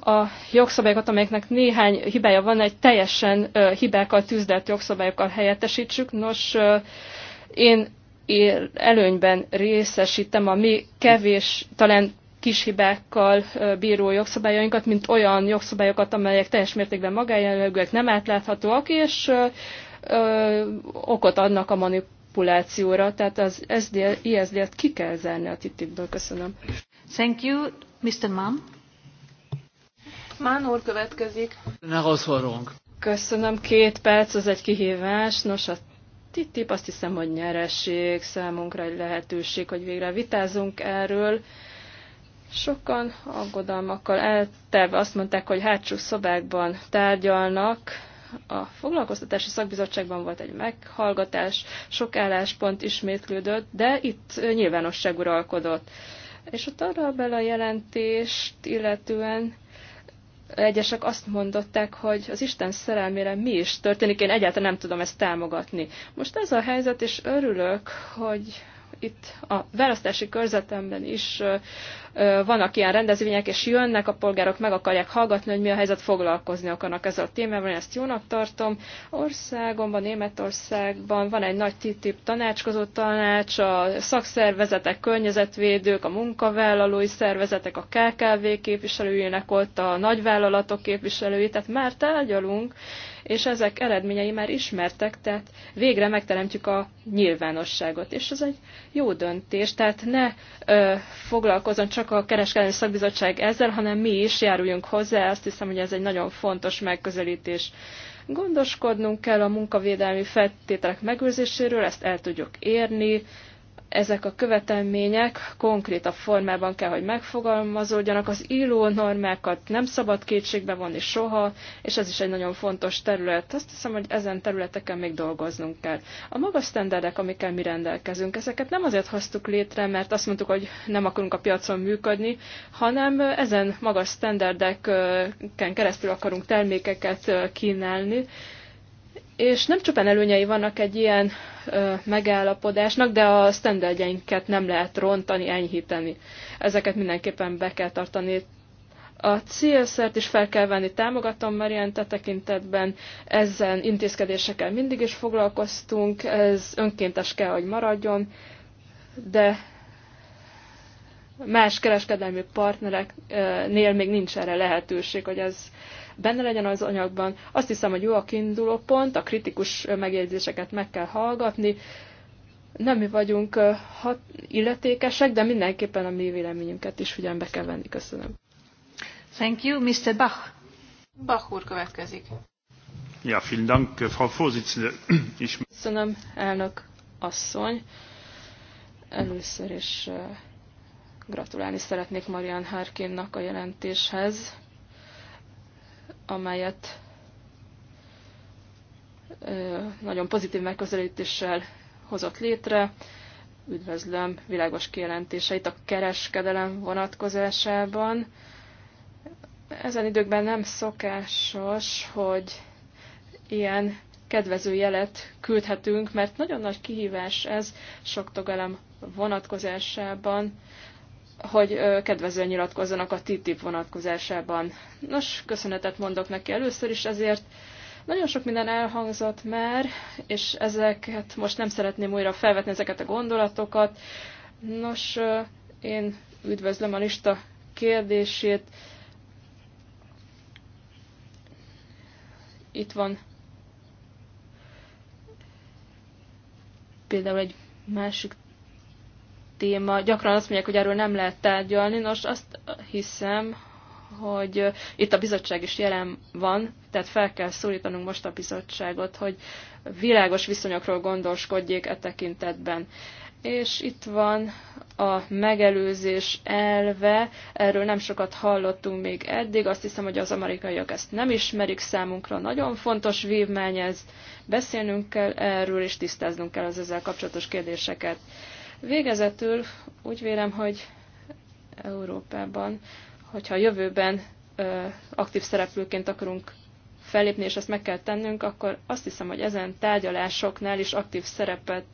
a jogszabályokat, amelyeknek néhány hibája van, egy teljesen hibákkal tűzdelt jogszabályokkal helyettesítsük. Nos, én előnyben részesítem a mi kevés, talán kis hibákkal bíró jogszabályainkat, mint olyan jogszabályokat, amelyek teljes mértékben magájellegűek, nem átláthatóak, és ö, ö, okot adnak a manipulációra. Tehát az SZD, ISD-t ki kell zárni a titikből. Köszönöm. Thank you, Mr. Mann. Mann úr következik. Nehozvarunk. Köszönöm, két perc, az egy kihívás. Nos, a TTIP azt hiszem, hogy nyeresség számunkra egy lehetőség, hogy végre vitázunk erről. Sokan aggodalmakkal eltelve azt mondták, hogy hátsó szobákban tárgyalnak, a foglalkoztatási szakbizottságban volt egy meghallgatás, sok álláspont ismétlődött, de itt nyilvánosság uralkodott. És ott arra a jelentést illetően egyesek azt mondották, hogy az Isten szerelmére mi is történik, én egyáltalán nem tudom ezt támogatni. Most ez a helyzet, és örülök, hogy itt a választási körzetemben is vannak ilyen rendezvények, és jönnek, a polgárok meg akarják hallgatni, hogy mi a helyzet, foglalkozni akarnak ezzel a témával, én ezt jónak tartom. Országomban, Németországban van egy nagy TTIP tanácskozó tanács, a szakszervezetek, környezetvédők, a munkavállalói szervezetek, a KKV képviselőjének ott, a nagyvállalatok képviselői, tehát már tárgyalunk, és ezek eredményei már ismertek, tehát végre megteremtjük a nyilvánosságot, és ez egy jó döntés, tehát ne ö, foglalkozzon csak csak a Kereskedelmi Szakbizottság ezzel, hanem mi is járuljunk hozzá. Azt hiszem, hogy ez egy nagyon fontos megközelítés. Gondoskodnunk kell a munkavédelmi feltételek megőrzéséről, ezt el tudjuk érni, ezek a követelmények konkrétabb formában kell, hogy megfogalmazódjanak. Az illó normákat nem szabad kétségbe vonni soha, és ez is egy nagyon fontos terület. Azt hiszem, hogy ezen területeken még dolgoznunk kell. A magas sztenderdek, amikkel mi rendelkezünk, ezeket nem azért hoztuk létre, mert azt mondtuk, hogy nem akarunk a piacon működni, hanem ezen magas sztenderdeken keresztül akarunk termékeket kínálni, és nem csupán előnyei vannak egy ilyen ö, megállapodásnak, de a standardjainket nem lehet rontani, enyhíteni. Ezeket mindenképpen be kell tartani. A célszert is fel kell venni, támogatom már ilyen te tekintetben, ezen intézkedésekkel mindig is foglalkoztunk, ez önkéntes kell, hogy maradjon, de más kereskedelmi partnereknél még nincs erre lehetőség, hogy ez benne legyen az anyagban. Azt hiszem, hogy jó a kiinduló pont, a kritikus megjegyzéseket meg kell hallgatni. Nem mi vagyunk hat illetékesek, de mindenképpen a mi véleményünket is figyelembe kell venni. Köszönöm. Thank you, Mr. Bach. Bach úr következik. Ja, vielen Dank, äh, Frau Vorsitzende. Ich... Köszönöm, elnök asszony. Először is gratulálni szeretnék Marian Harkinnak a jelentéshez amelyet nagyon pozitív megközelítéssel hozott létre. Üdvözlöm világos kijelentéseit a kereskedelem vonatkozásában. Ezen időkben nem szokásos, hogy ilyen kedvező jelet küldhetünk, mert nagyon nagy kihívás ez sok togelem vonatkozásában, hogy kedvezően nyilatkozzanak a TTIP vonatkozásában. Nos, köszönetet mondok neki először is ezért. Nagyon sok minden elhangzott már, és ezeket most nem szeretném újra felvetni ezeket a gondolatokat. Nos, én üdvözlöm a lista kérdését. Itt van például egy másik téma. Gyakran azt mondják, hogy erről nem lehet tárgyalni. Nos, azt hiszem, hogy itt a bizottság is jelen van, tehát fel kell szólítanunk most a bizottságot, hogy világos viszonyokról gondoskodjék e tekintetben. És itt van a megelőzés elve, erről nem sokat hallottunk még eddig, azt hiszem, hogy az amerikaiak ezt nem ismerik számunkra, nagyon fontos vívmány ez, beszélnünk kell erről, és tisztáznunk kell az ezzel kapcsolatos kérdéseket. Végezetül úgy vélem, hogy Európában, hogyha a jövőben ö, aktív szereplőként akarunk fellépni, és ezt meg kell tennünk, akkor azt hiszem, hogy ezen tárgyalásoknál is aktív szerepet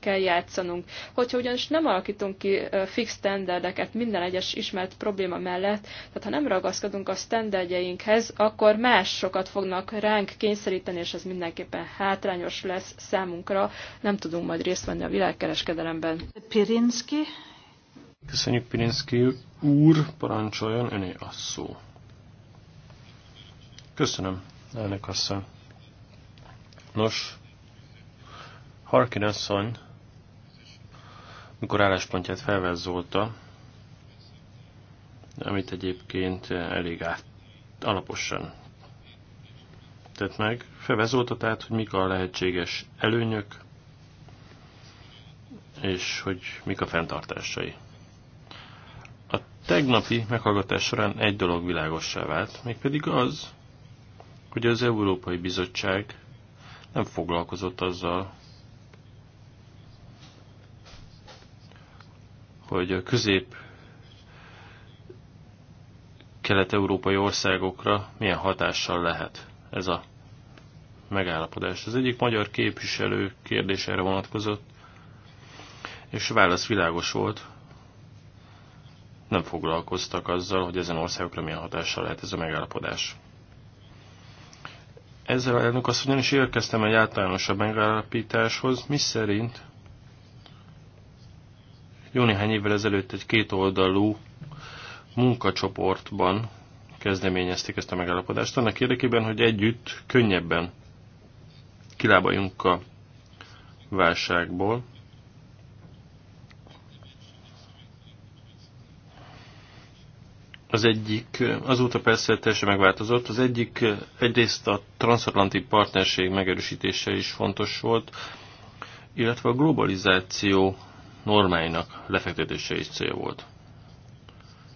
kell játszanunk. Hogyha ugyanis nem alakítunk ki fix standardeket minden egyes ismert probléma mellett, tehát ha nem ragaszkodunk a standardjeinkhez, akkor másokat fognak ránk kényszeríteni, és ez mindenképpen hátrányos lesz számunkra. Nem tudunk majd részt venni a világkereskedelemben. Pirinski. Köszönjük Pirinski úr, parancsoljon öné a szó. Köszönöm, elnök asszony. Nos, Harkin asszony amikor álláspontját felvázolta, amit egyébként elég át, alaposan tett meg, felvázolta tehát, hogy mik a lehetséges előnyök, és hogy mik a fenntartásai. A tegnapi meghallgatás során egy dolog világossá vált, mégpedig az, hogy az Európai Bizottság nem foglalkozott azzal, hogy a közép kelet-európai országokra milyen hatással lehet ez a megállapodás. Az egyik magyar képviselő kérdésére vonatkozott, és a válasz világos volt. Nem foglalkoztak azzal, hogy ezen országokra milyen hatással lehet ez a megállapodás. Ezzel elnök azt, hogy nem is érkeztem egy általánosabb megállapításhoz, mi szerint jó néhány évvel ezelőtt egy kétoldalú munkacsoportban kezdeményezték ezt a megállapodást, annak érdekében, hogy együtt könnyebben kilábaljunk a válságból. Az egyik, azóta persze teljesen megváltozott, az egyik egyrészt a transatlanti partnerség megerősítése is fontos volt, illetve a globalizáció normáinak lefektetése is cél volt.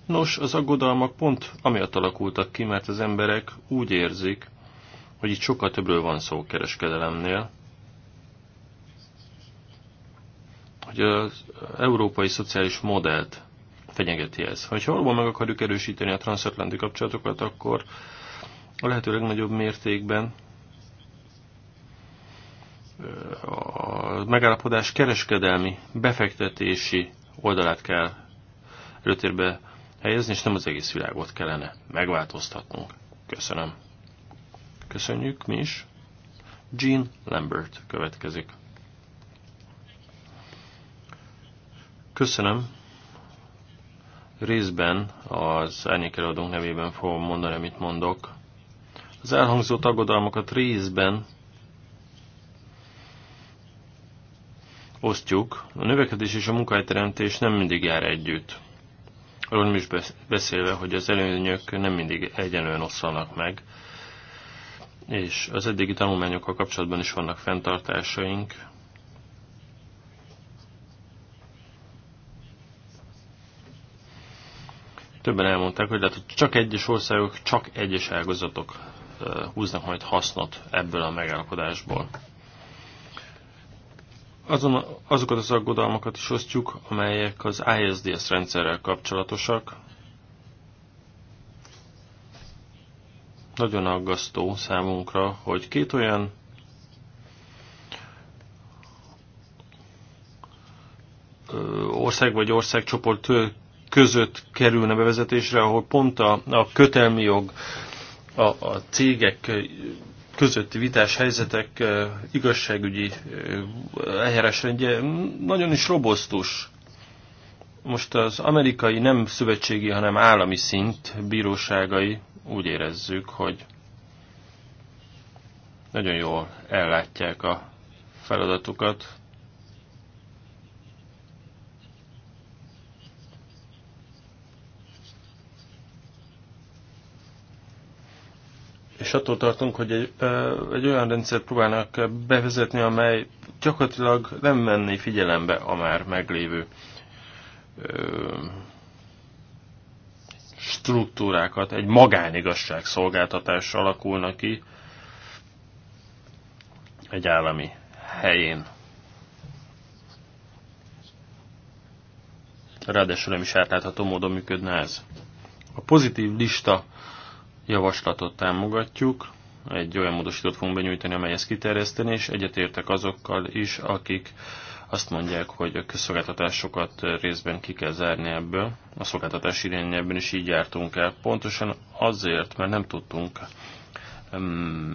Nos, az aggodalmak pont amiatt alakultak ki, mert az emberek úgy érzik, hogy itt sokkal többről van szó kereskedelemnél, hogy az európai szociális modellt fenyegeti ez. Ha valóban meg akarjuk erősíteni a transatlanti kapcsolatokat, akkor a lehető legnagyobb mértékben a megállapodás kereskedelmi, befektetési oldalát kell előtérbe helyezni, és nem az egész világot kellene megváltoztatnunk. Köszönöm. Köszönjük mi is. Jean Lambert következik. Köszönöm. Részben az árnyékelőadónk nevében fogom mondani, amit mondok. Az elhangzott aggodalmakat részben osztjuk, a növekedés és a munkahelyteremtés nem mindig jár együtt. Arról is beszélve, hogy az előnyök nem mindig egyenlően oszlanak meg, és az eddigi tanulmányokkal kapcsolatban is vannak fenntartásaink. Többen elmondták, hogy lehet, hogy csak egyes országok, csak egyes ágazatok húznak majd hasznot ebből a megállapodásból. Azon, azokat az aggodalmakat is osztjuk, amelyek az ISDS rendszerrel kapcsolatosak. Nagyon aggasztó számunkra, hogy két olyan ország vagy országcsoport között kerülne bevezetésre, ahol pont a, a kötelmi jog, a, a cégek közötti vitás helyzetek igazságügyi eljárásrendje nagyon is robosztus. Most az amerikai nem szövetségi, hanem állami szint bíróságai úgy érezzük, hogy nagyon jól ellátják a feladatukat, és attól tartunk, hogy egy, egy olyan rendszer próbálnak bevezetni, amely gyakorlatilag nem menné figyelembe a már meglévő struktúrákat, egy magánigazság szolgáltatás alakulna ki egy állami helyén. Ráadásul nem is átlátható módon működne ez. A pozitív lista javaslatot támogatjuk, egy olyan módosítót fogunk benyújtani, amely ezt kiterjeszteni, és egyetértek azokkal is, akik azt mondják, hogy a közszolgáltatásokat részben ki kell zárni ebből. A szolgáltatás irányában is így jártunk el. Pontosan azért, mert nem tudtunk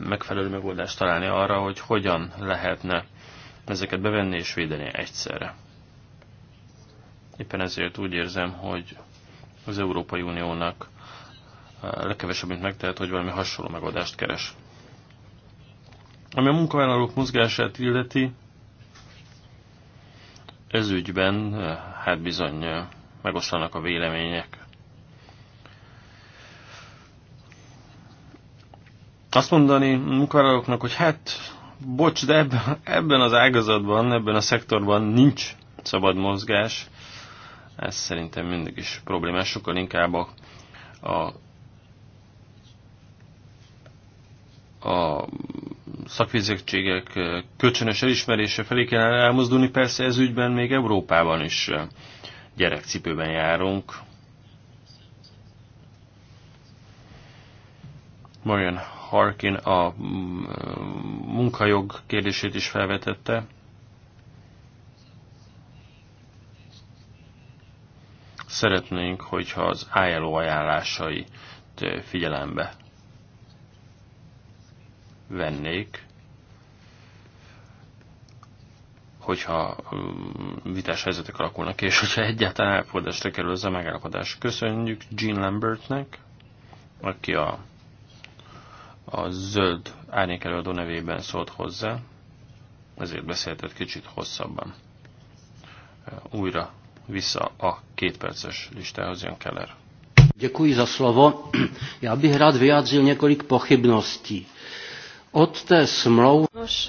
megfelelő megoldást találni arra, hogy hogyan lehetne ezeket bevenni és védeni egyszerre. Éppen ezért úgy érzem, hogy az Európai Uniónak legkevesebb, mint megtehet, hogy valami hasonló megoldást keres. Ami a munkavállalók mozgását illeti, ez ügyben eh, hát bizony eh, megoszlanak a vélemények. Azt mondani munkavállalóknak, hogy hát bocs, de ebben az ágazatban, ebben a szektorban nincs szabad mozgás, ez szerintem mindig is problémás, sokkal inkább a, a a szakvizettségek kölcsönös elismerése felé kell elmozdulni, persze ez ügyben még Európában is gyerekcipőben járunk. Marian Harkin a munkajog kérdését is felvetette. Szeretnénk, hogyha az ILO ajánlásait figyelembe vennék, hogyha um, vitás helyzetek alakulnak, és hogyha egyáltalán elfogadásra kerül ez a megállapodás. Köszönjük Gene Lambertnek, aki a, a zöld árnyékelőadó nevében szólt hozzá, ezért beszéltett kicsit hosszabban. Uh, újra vissza a kétperces listához jön Keller. Děkuji za slovo. Já bych rád vyjádřil několik pochybností. Ott tesz mlau. Nos,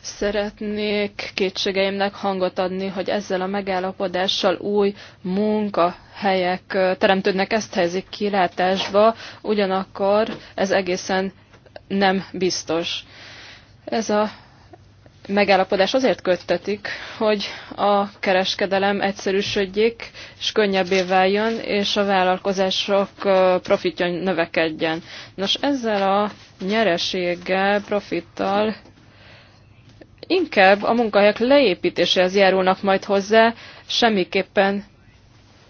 szeretnék kétségeimnek hangot adni, hogy ezzel a megállapodással új munkahelyek teremtődnek, ezt helyezik kilátásba, ugyanakkor ez egészen nem biztos. Ez a megállapodás azért köttetik, hogy a kereskedelem egyszerűsödjék, és könnyebbé váljon, és a vállalkozások profitja növekedjen. Nos, ezzel a nyereséggel, profittal inkább a munkahelyek leépítéséhez járulnak majd hozzá, semmiképpen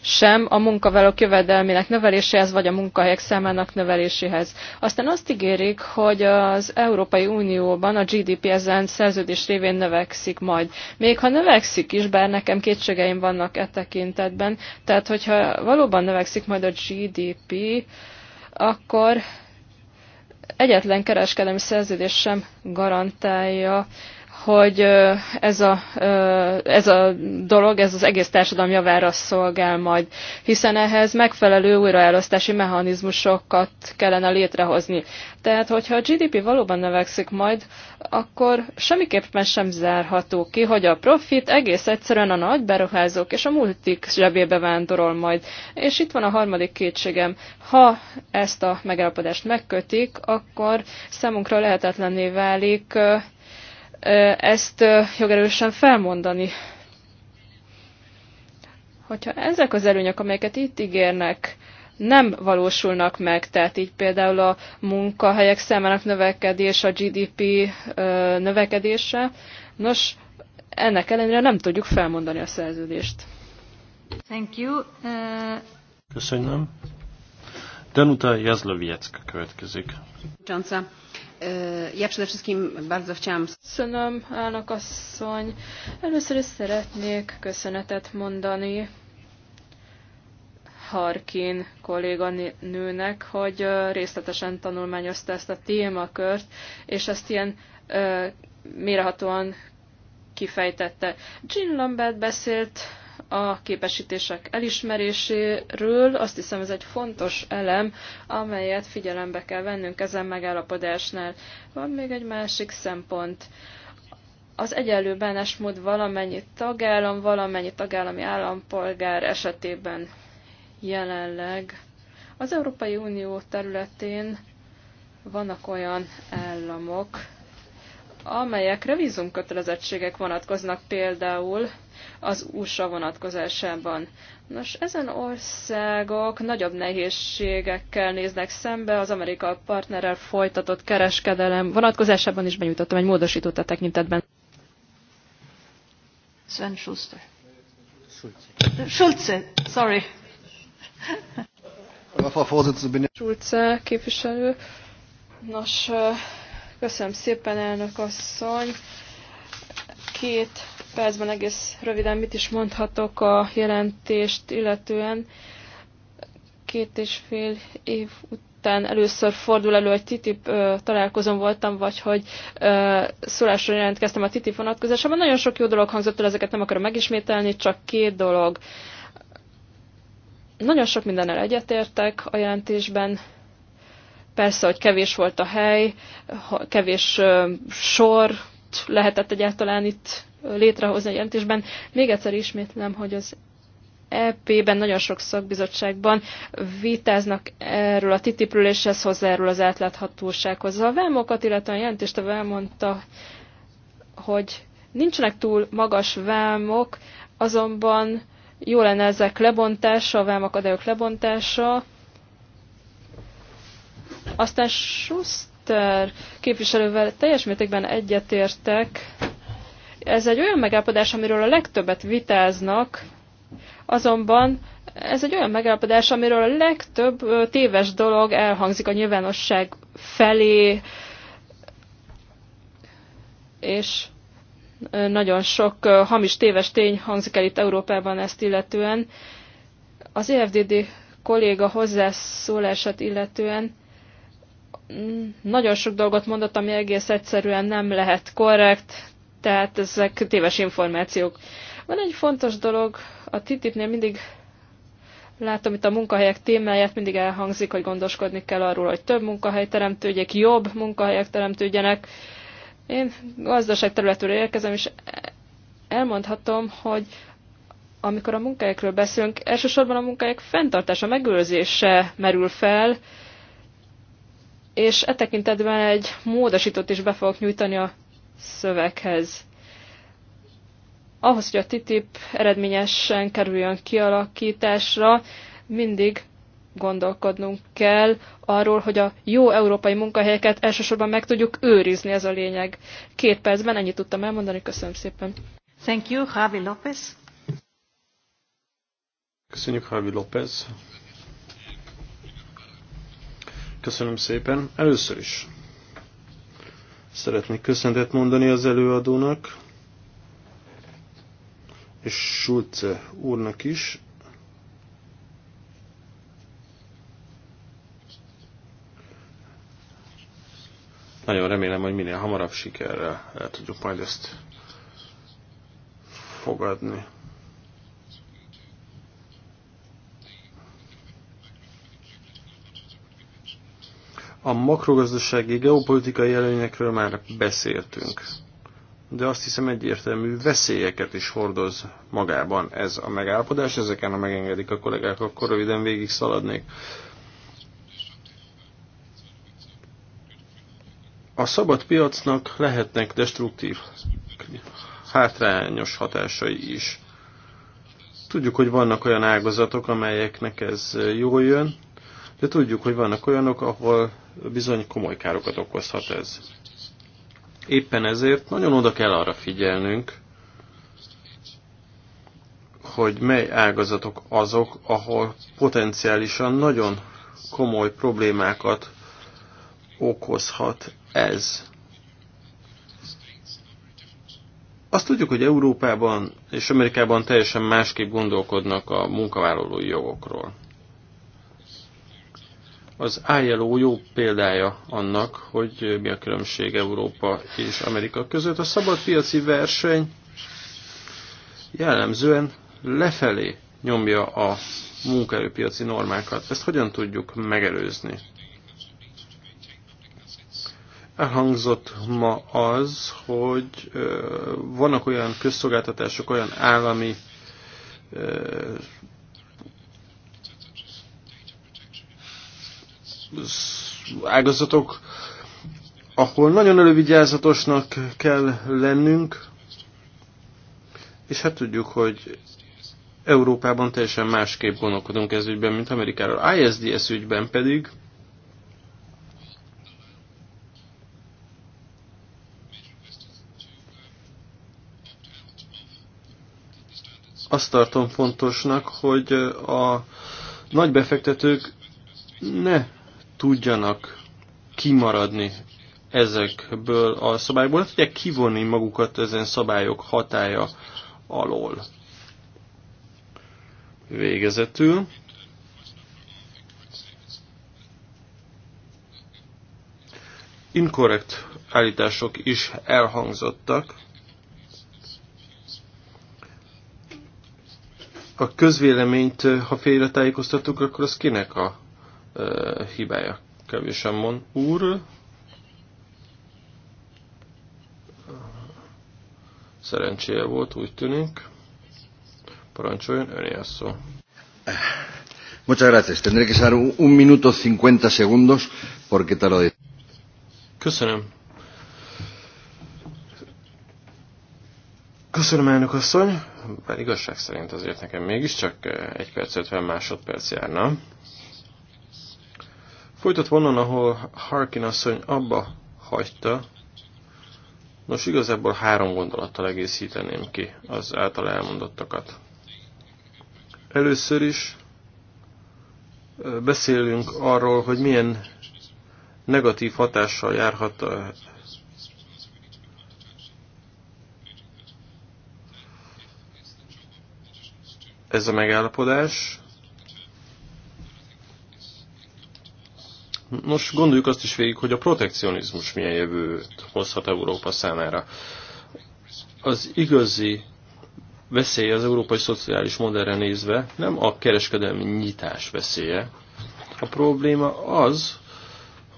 sem a munkavállalók jövedelmének növeléséhez, vagy a munkahelyek számának növeléséhez. Aztán azt ígérik, hogy az Európai Unióban a GDP ezen szerződés révén növekszik majd. Még ha növekszik is, bár nekem kétségeim vannak e tekintetben, tehát hogyha valóban növekszik majd a GDP, akkor egyetlen kereskedelmi szerződés sem garantálja hogy ez a, ez a dolog, ez az egész társadalom javára szolgál majd, hiszen ehhez megfelelő újraelosztási mechanizmusokat kellene létrehozni. Tehát, hogyha a GDP valóban növekszik majd, akkor semmiképpen sem zárható ki, hogy a profit egész egyszerűen a nagy beruházók és a multik zsebébe vándorol majd. És itt van a harmadik kétségem. Ha ezt a megállapodást megkötik, akkor számunkra lehetetlenné válik ezt jogerősen felmondani. Hogyha ezek az előnyök, amelyeket itt ígérnek, nem valósulnak meg, tehát így például a munkahelyek számának növekedése, a GDP növekedése, nos, ennek ellenére nem tudjuk felmondani a szerződést. Thank you. Uh... Köszönöm. Danuta Jazlowiecka következik. Johnson. E, ja przede wszystkim bardzo chciałam... Köszönöm, elnök Először is szeretnék köszönetet mondani Harkin kolléganőnek, hogy részletesen tanulmányozta ezt a témakört, és ezt ilyen mérehatóan kifejtette. Jean Lambert beszélt a képesítések elismeréséről. Azt hiszem ez egy fontos elem, amelyet figyelembe kell vennünk ezen megállapodásnál. Van még egy másik szempont. Az egyenlő bánásmód valamennyi tagállam, valamennyi tagállami állampolgár esetében jelenleg az Európai Unió területén vannak olyan államok, amelyekre vízumkötelezettségek vonatkoznak például, az USA vonatkozásában. Nos, ezen országok nagyobb nehézségekkel néznek szembe az Amerikai partnerrel folytatott kereskedelem vonatkozásában is benyújtottam egy módosítót a tekintetben. Sven Schuster. Schulze, sorry. Schulze képviselő. Nos, köszönöm szépen, elnök asszony két percben egész röviden mit is mondhatok a jelentést, illetően két és fél év után először fordul elő, hogy TTIP találkozom voltam, vagy hogy ö, szólásra jelentkeztem a TTIP vonatkozásában. Nagyon sok jó dolog hangzott el, ezeket nem akarom megismételni, csak két dolog. Nagyon sok mindennel egyetértek a jelentésben, persze, hogy kevés volt a hely, kevés sor, lehetett egyáltalán itt létrehozni a jelentésben. Még egyszer ismétlem, hogy az EP-ben nagyon sok szakbizottságban vitáznak erről a titipről, és ez az átláthatósághoz. A vámokat, illetve a jelentéstevő elmondta, hogy nincsenek túl magas vámok, azonban jó lenne ezek lebontása, a vámakadályok lebontása. Aztán Schuster Péter képviselővel teljes mértékben egyetértek. Ez egy olyan megállapodás, amiről a legtöbbet vitáznak, azonban ez egy olyan megállapodás, amiről a legtöbb téves dolog elhangzik a nyilvánosság felé, és nagyon sok hamis téves tény hangzik el itt Európában ezt illetően. Az EFDD kolléga hozzászólását illetően nagyon sok dolgot mondott, ami egész egyszerűen nem lehet korrekt, tehát ezek téves információk. Van egy fontos dolog, a TTIP-nél mindig látom itt a munkahelyek témáját, mindig elhangzik, hogy gondoskodni kell arról, hogy több munkahely teremtődjék, jobb munkahelyek teremtődjenek. Én gazdaság területről érkezem, és elmondhatom, hogy amikor a munkahelyekről beszélünk, elsősorban a munkahelyek fenntartása, megőrzése merül fel, és e tekintetben egy módosítót is be fogok nyújtani a szöveghez. Ahhoz, hogy a TTIP eredményesen kerüljön kialakításra, mindig gondolkodnunk kell arról, hogy a jó európai munkahelyeket elsősorban meg tudjuk őrizni, ez a lényeg. Két percben ennyit tudtam elmondani, köszönöm szépen. Thank you, Javi López. Köszönjük, Javi López. Köszönöm szépen. Először is szeretnék köszöntet mondani az előadónak, és Schulze úrnak is. Nagyon remélem, hogy minél hamarabb sikerrel el tudjuk majd ezt fogadni. A makrogazdasági geopolitikai előnyekről már beszéltünk, de azt hiszem egyértelmű veszélyeket is hordoz magában ez a megállapodás. Ezeken, ha megengedik a kollégák, akkor röviden végig szaladnék. A szabad piacnak lehetnek destruktív, hátrányos hatásai is. Tudjuk, hogy vannak olyan ágazatok, amelyeknek ez jól jön, de tudjuk, hogy vannak olyanok, ahol bizony komoly károkat okozhat ez. Éppen ezért nagyon oda kell arra figyelnünk, hogy mely ágazatok azok, ahol potenciálisan nagyon komoly problémákat okozhat ez. Azt tudjuk, hogy Európában és Amerikában teljesen másképp gondolkodnak a munkavállalói jogokról. Az ILO jó példája annak, hogy mi a különbség Európa és Amerika között. A szabadpiaci verseny jellemzően lefelé nyomja a munkaerőpiaci normákat. Ezt hogyan tudjuk megelőzni? Elhangzott ma az, hogy vannak olyan közszolgáltatások, olyan állami ágazatok, ahol nagyon elővigyázatosnak kell lennünk, és hát tudjuk, hogy Európában teljesen másképp gondolkodunk ez ügyben, mint Amerikáról. ISDS ügyben pedig azt tartom fontosnak, hogy a nagy befektetők ne tudjanak kimaradni ezekből a szabályokból, nem tudják kivonni magukat ezen szabályok hatája alól. Végezetül. Inkorrekt állítások is elhangzottak. A közvéleményt, ha félretájékoztattuk, akkor az kinek a hibája. Kevésen mond. Úr, szerencséje volt, úgy tűnik. Parancsoljon, öné a szó. Muchas gracias. Tendré que ser un minuto 50 segundos porque te lo Köszönöm. Köszönöm, elnök asszony. Bár igazság szerint azért nekem mégiscsak egy perc 50 másodperc járna. Folytat onnan, ahol Harkin asszony abba hagyta. Nos, igazából három gondolattal egészíteném ki az által elmondottakat. Először is beszélünk arról, hogy milyen negatív hatással járhat a ez a megállapodás. Nos, gondoljuk azt is végig, hogy a protekcionizmus milyen jövőt hozhat Európa számára. Az igazi veszélye az európai szociális modellre nézve nem a kereskedelmi nyitás veszélye. A probléma az,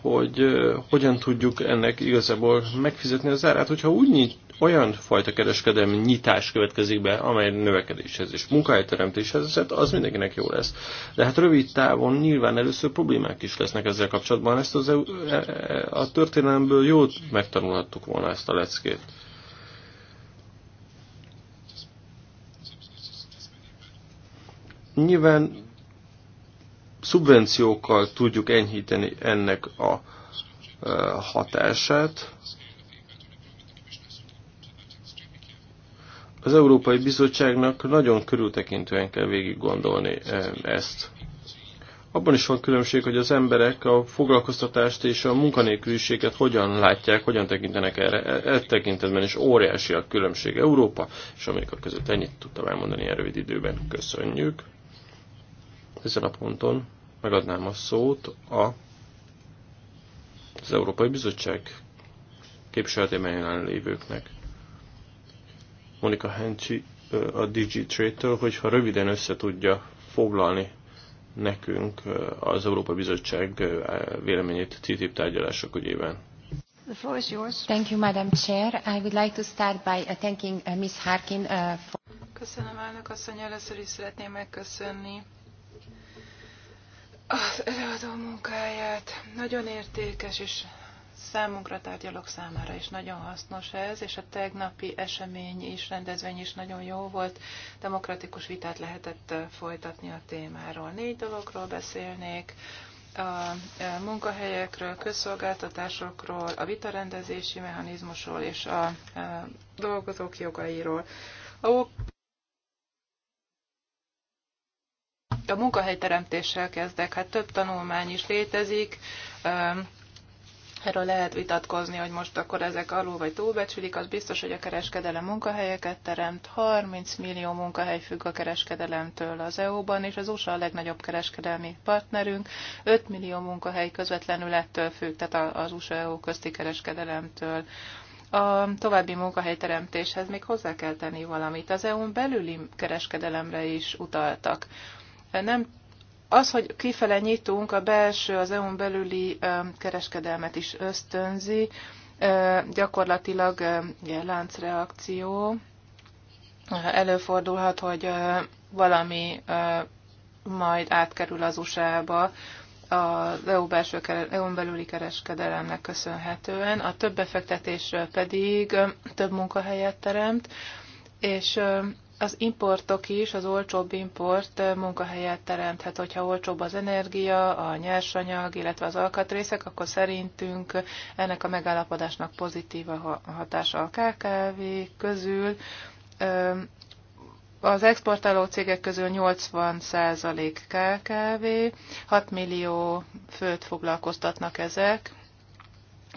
hogy hogyan tudjuk ennek igazából megfizetni az árát, hogyha úgy nyit, olyan fajta kereskedelmi nyitás következik be, amely növekedéshez és munkahelyteremtéshez vezet, az mindenkinek jó lesz. De hát rövid távon nyilván először problémák is lesznek ezzel kapcsolatban. Ezt az, e, e, a történelemből jót megtanulhattuk volna ezt a leckét. Nyilván szubvenciókkal tudjuk enyhíteni ennek a e, hatását. Az Európai Bizottságnak nagyon körültekintően kell végig gondolni e, ezt. Abban is van különbség, hogy az emberek a foglalkoztatást és a munkanélküliséget hogyan látják, hogyan tekintenek erre. E, e tekintetben is óriási a különbség Európa és Amerika között. Ennyit tudtam elmondani ilyen rövid időben. Köszönjük! ezen a ponton megadnám a szót a, az Európai Bizottság képviseletében jelenlévőknek. Monika Hentsi a DigiTrade-től, hogyha röviden össze tudja foglalni nekünk az Európai Bizottság véleményét TTIP tárgyalások ügyében. The floor is yours. Thank you, Madam Chair. I would like to start by uh, thanking uh, Ms. Harkin uh, for... Köszönöm, elnök asszony. Először is szeretném megköszönni az előadó munkáját. Nagyon értékes, és számunkra tárgyalok számára is nagyon hasznos ez, és a tegnapi esemény is, rendezvény is nagyon jó volt. Demokratikus vitát lehetett folytatni a témáról. Négy dologról beszélnék a munkahelyekről, közszolgáltatásokról, a vitarendezési mechanizmusról és a dolgozók jogairól. A A munkahelyteremtéssel kezdek. Hát több tanulmány is létezik. Erről lehet vitatkozni, hogy most akkor ezek alul vagy túlbecsülik, az biztos, hogy a kereskedelem munkahelyeket teremt. 30 millió munkahely függ a kereskedelemtől az EU-ban, és az USA a legnagyobb kereskedelmi partnerünk. 5 millió munkahely közvetlenül ettől függ, tehát az USA-EU e közti kereskedelemtől. A további munkahelyteremtéshez még hozzá kell tenni valamit. Az EU-n belüli kereskedelemre is utaltak nem az, hogy kifele nyitunk, a belső, az EU-n belüli kereskedelmet is ösztönzi, gyakorlatilag ilyen láncreakció. Előfordulhat, hogy valami majd átkerül az USA-ba, az EU belső, EU-n e belüli kereskedelemnek köszönhetően, a több befektetés pedig több munkahelyet teremt, és az importok is, az olcsóbb import munkahelyet teremthet. Hogyha olcsóbb az energia, a nyersanyag, illetve az alkatrészek, akkor szerintünk ennek a megállapodásnak pozitív a hatása a KKV közül. Az exportáló cégek közül 80 KKV, 6 millió főt foglalkoztatnak ezek,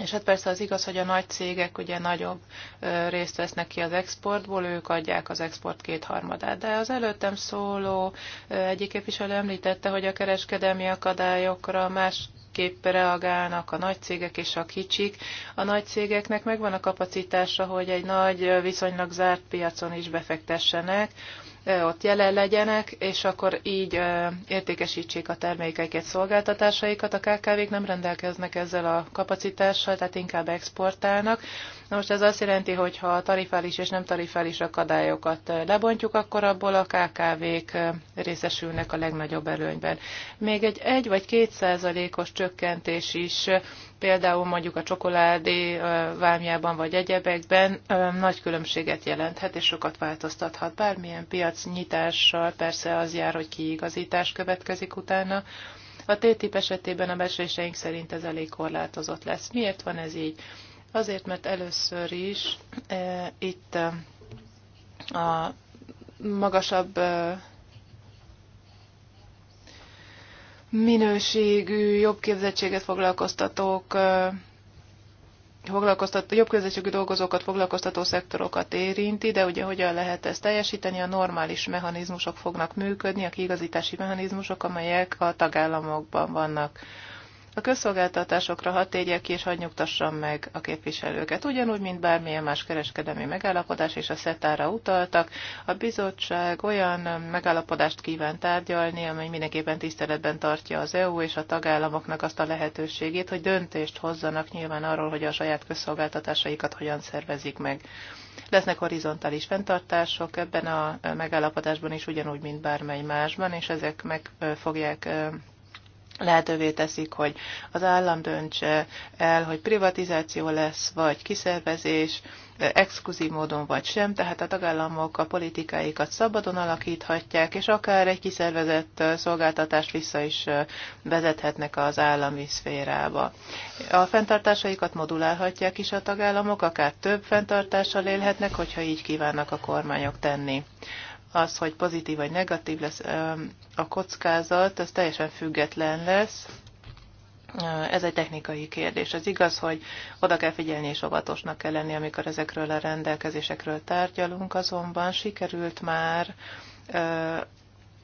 és hát persze az igaz, hogy a nagy cégek ugye nagyobb részt vesznek ki az exportból, ők adják az export kétharmadát. De az előttem szóló egyik képviselő említette, hogy a kereskedelmi akadályokra más kép reagálnak a nagy cégek és a kicsik. A nagy cégeknek megvan a kapacitása, hogy egy nagy, viszonylag zárt piacon is befektessenek, ott jelen legyenek, és akkor így értékesítsék a termékeiket, szolgáltatásaikat. A KKV-k nem rendelkeznek ezzel a kapacitással, tehát inkább exportálnak. Na most ez azt jelenti, hogy ha tarifális és nem tarifális akadályokat lebontjuk, akkor abból a KKV-k részesülnek a legnagyobb előnyben. Még egy 1 vagy 2 százalékos csökkentés is például mondjuk a csokoládé vámjában vagy egyebekben nagy különbséget jelenthet, és sokat változtathat. Bármilyen piac nyitással persze az jár, hogy kiigazítás következik utána. A TTIP esetében a becsléseink szerint ez elég korlátozott lesz. Miért van ez így? Azért, mert először is e, itt a magasabb e, minőségű, jobb képzettséget foglalkoztatók, foglalkoztat, jobb képzettségű dolgozókat foglalkoztató szektorokat érinti, de ugye hogyan lehet ezt teljesíteni, a normális mechanizmusok fognak működni, a kiigazítási mechanizmusok, amelyek a tagállamokban vannak. A közszolgáltatásokra hat térjek ki, és hadd nyugtassam meg a képviselőket. Ugyanúgy, mint bármilyen más kereskedelmi megállapodás, és a szetára utaltak, a bizottság olyan megállapodást kíván tárgyalni, amely mindenképpen tiszteletben tartja az EU és a tagállamoknak azt a lehetőségét, hogy döntést hozzanak nyilván arról, hogy a saját közszolgáltatásaikat hogyan szervezik meg. Lesznek horizontális fenntartások ebben a megállapodásban is, ugyanúgy, mint bármely másban, és ezek meg fogják lehetővé teszik, hogy az állam döntse el, hogy privatizáció lesz, vagy kiszervezés, exkluzív módon vagy sem, tehát a tagállamok a politikáikat szabadon alakíthatják, és akár egy kiszervezett szolgáltatást vissza is vezethetnek az állami szférába. A fenntartásaikat modulálhatják is a tagállamok, akár több fenntartással élhetnek, hogyha így kívánnak a kormányok tenni az, hogy pozitív vagy negatív lesz a kockázat, az teljesen független lesz. Ez egy technikai kérdés. Az igaz, hogy oda kell figyelni és óvatosnak kell lenni, amikor ezekről a rendelkezésekről tárgyalunk, azonban sikerült már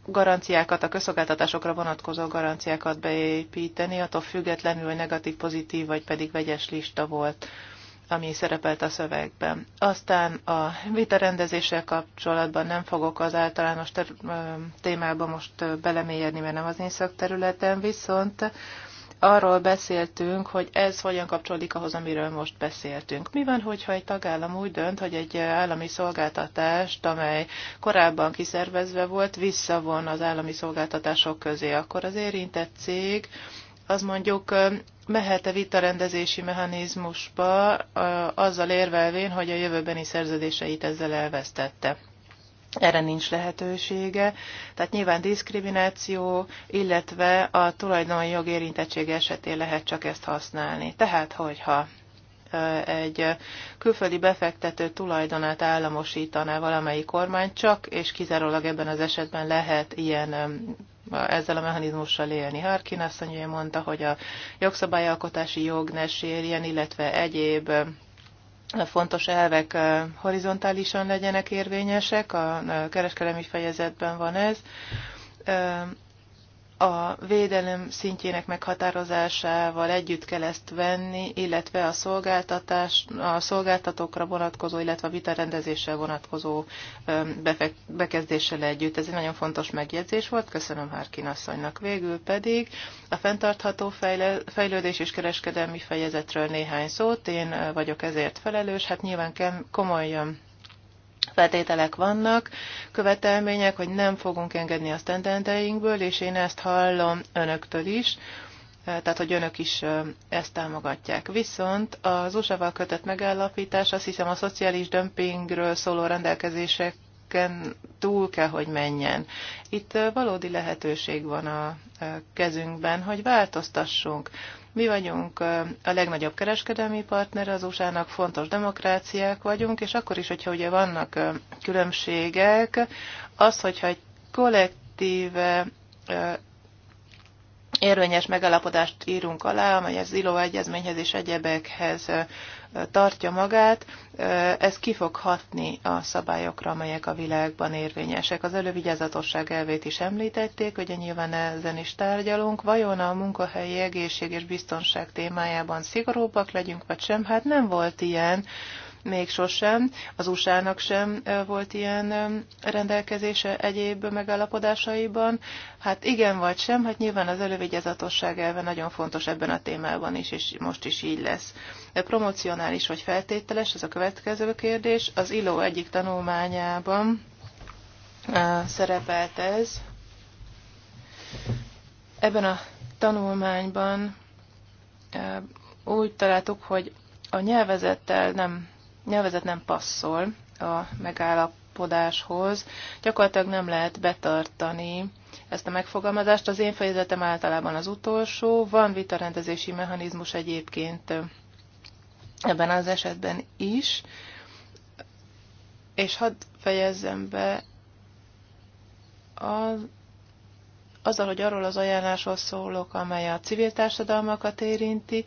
garanciákat, a közszolgáltatásokra vonatkozó garanciákat beépíteni, attól függetlenül, hogy negatív, pozitív, vagy pedig vegyes lista volt ami szerepelt a szövegben. Aztán a vitarendezéssel kapcsolatban nem fogok az általános témába most belemélyedni, mert nem az én szakterületem, viszont arról beszéltünk, hogy ez hogyan kapcsolódik ahhoz, amiről most beszéltünk. Mi van, hogyha egy tagállam úgy dönt, hogy egy állami szolgáltatást, amely korábban kiszervezve volt, visszavon az állami szolgáltatások közé, akkor az érintett cég az mondjuk mehet-e vitarendezési mechanizmusba azzal érvelvén, hogy a jövőbeni szerződéseit ezzel elvesztette. Erre nincs lehetősége. Tehát nyilván diszkrimináció, illetve a tulajdonjog érintettsége esetén lehet csak ezt használni. Tehát, hogyha egy külföldi befektető tulajdonát államosítaná valamelyik kormány, csak és kizárólag ebben az esetben lehet ilyen ezzel a mechanizmussal élni. Harkin asszony mondta, hogy a jogszabályalkotási jog ne sérjen, illetve egyéb fontos elvek horizontálisan legyenek érvényesek, a kereskedelmi fejezetben van ez a védelem szintjének meghatározásával együtt kell ezt venni, illetve a, szolgáltatás, a szolgáltatókra vonatkozó, illetve a vitarendezéssel vonatkozó bekezdéssel együtt. Ez egy nagyon fontos megjegyzés volt, köszönöm Hárkin asszonynak. Végül pedig a fenntartható fejlődés és kereskedelmi fejezetről néhány szót. Én vagyok ezért felelős, hát nyilván komolyan feltételek vannak, követelmények, hogy nem fogunk engedni a standardeinkből, és én ezt hallom önöktől is, tehát hogy önök is ezt támogatják. Viszont az USA-val kötött megállapítás, azt hiszem a szociális dömpingről szóló rendelkezések túl kell, hogy menjen. Itt valódi lehetőség van a kezünkben, hogy változtassunk. Mi vagyunk a legnagyobb kereskedelmi partner az USA-nak, fontos demokráciák vagyunk, és akkor is, hogyha ugye vannak különbségek, az, hogyha egy kollektíve érvényes megalapodást írunk alá, amely az ILO egyezményhez és egyebekhez tartja magát, ez ki fog hatni a szabályokra, amelyek a világban érvényesek. Az elővigyázatosság elvét is említették, ugye nyilván ezen is tárgyalunk. Vajon a munkahelyi egészség és biztonság témájában szigorúbbak legyünk, vagy sem? Hát nem volt ilyen még sosem, az USA-nak sem volt ilyen rendelkezése egyéb megállapodásaiban. Hát igen vagy sem, hát nyilván az elővigyázatosság elve nagyon fontos ebben a témában is, és most is így lesz. Promocionális vagy feltételes, ez a következő kérdés. Az ILO egyik tanulmányában szerepelt ez. Ebben a tanulmányban úgy találtuk, hogy a nyelvezettel nem nyelvezet nem passzol a megállapodáshoz. Gyakorlatilag nem lehet betartani ezt a megfogalmazást. Az én fejezetem általában az utolsó. Van vitarendezési mechanizmus egyébként ebben az esetben is. És hadd fejezzem be az, azzal, hogy arról az ajánlásról szólok, amely a civil társadalmakat érinti,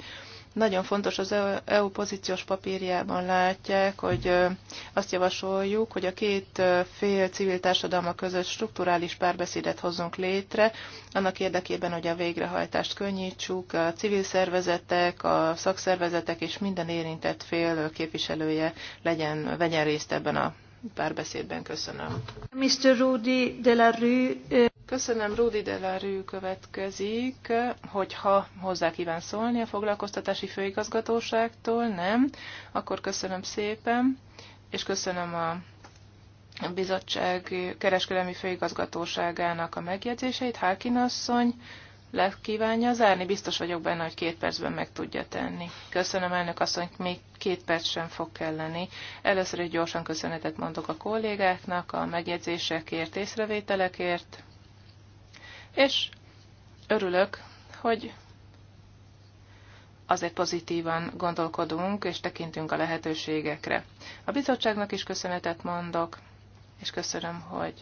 nagyon fontos az EU e pozíciós papírjában látják, hogy azt javasoljuk, hogy a két fél civil társadalma között strukturális párbeszédet hozzunk létre, annak érdekében, hogy a végrehajtást könnyítsük, a civil szervezetek, a szakszervezetek és minden érintett fél képviselője legyen, vegyen részt ebben a párbeszédben. Köszönöm. Mr. Rudy de la Rue, Köszönöm, Rudi Delarű következik, hogyha hozzá kíván szólni a foglalkoztatási főigazgatóságtól, nem, akkor köszönöm szépen, és köszönöm a bizottság kereskedelmi főigazgatóságának a megjegyzéseit. Hárkin asszony le kívánja zárni, biztos vagyok benne, hogy két percben meg tudja tenni. Köszönöm elnök asszony, még két perc sem fog kelleni. Először egy gyorsan köszönetet mondok a kollégáknak a megjegyzésekért, észrevételekért és örülök, hogy azért pozitívan gondolkodunk és tekintünk a lehetőségekre. A bizottságnak is köszönetet mondok, és köszönöm, hogy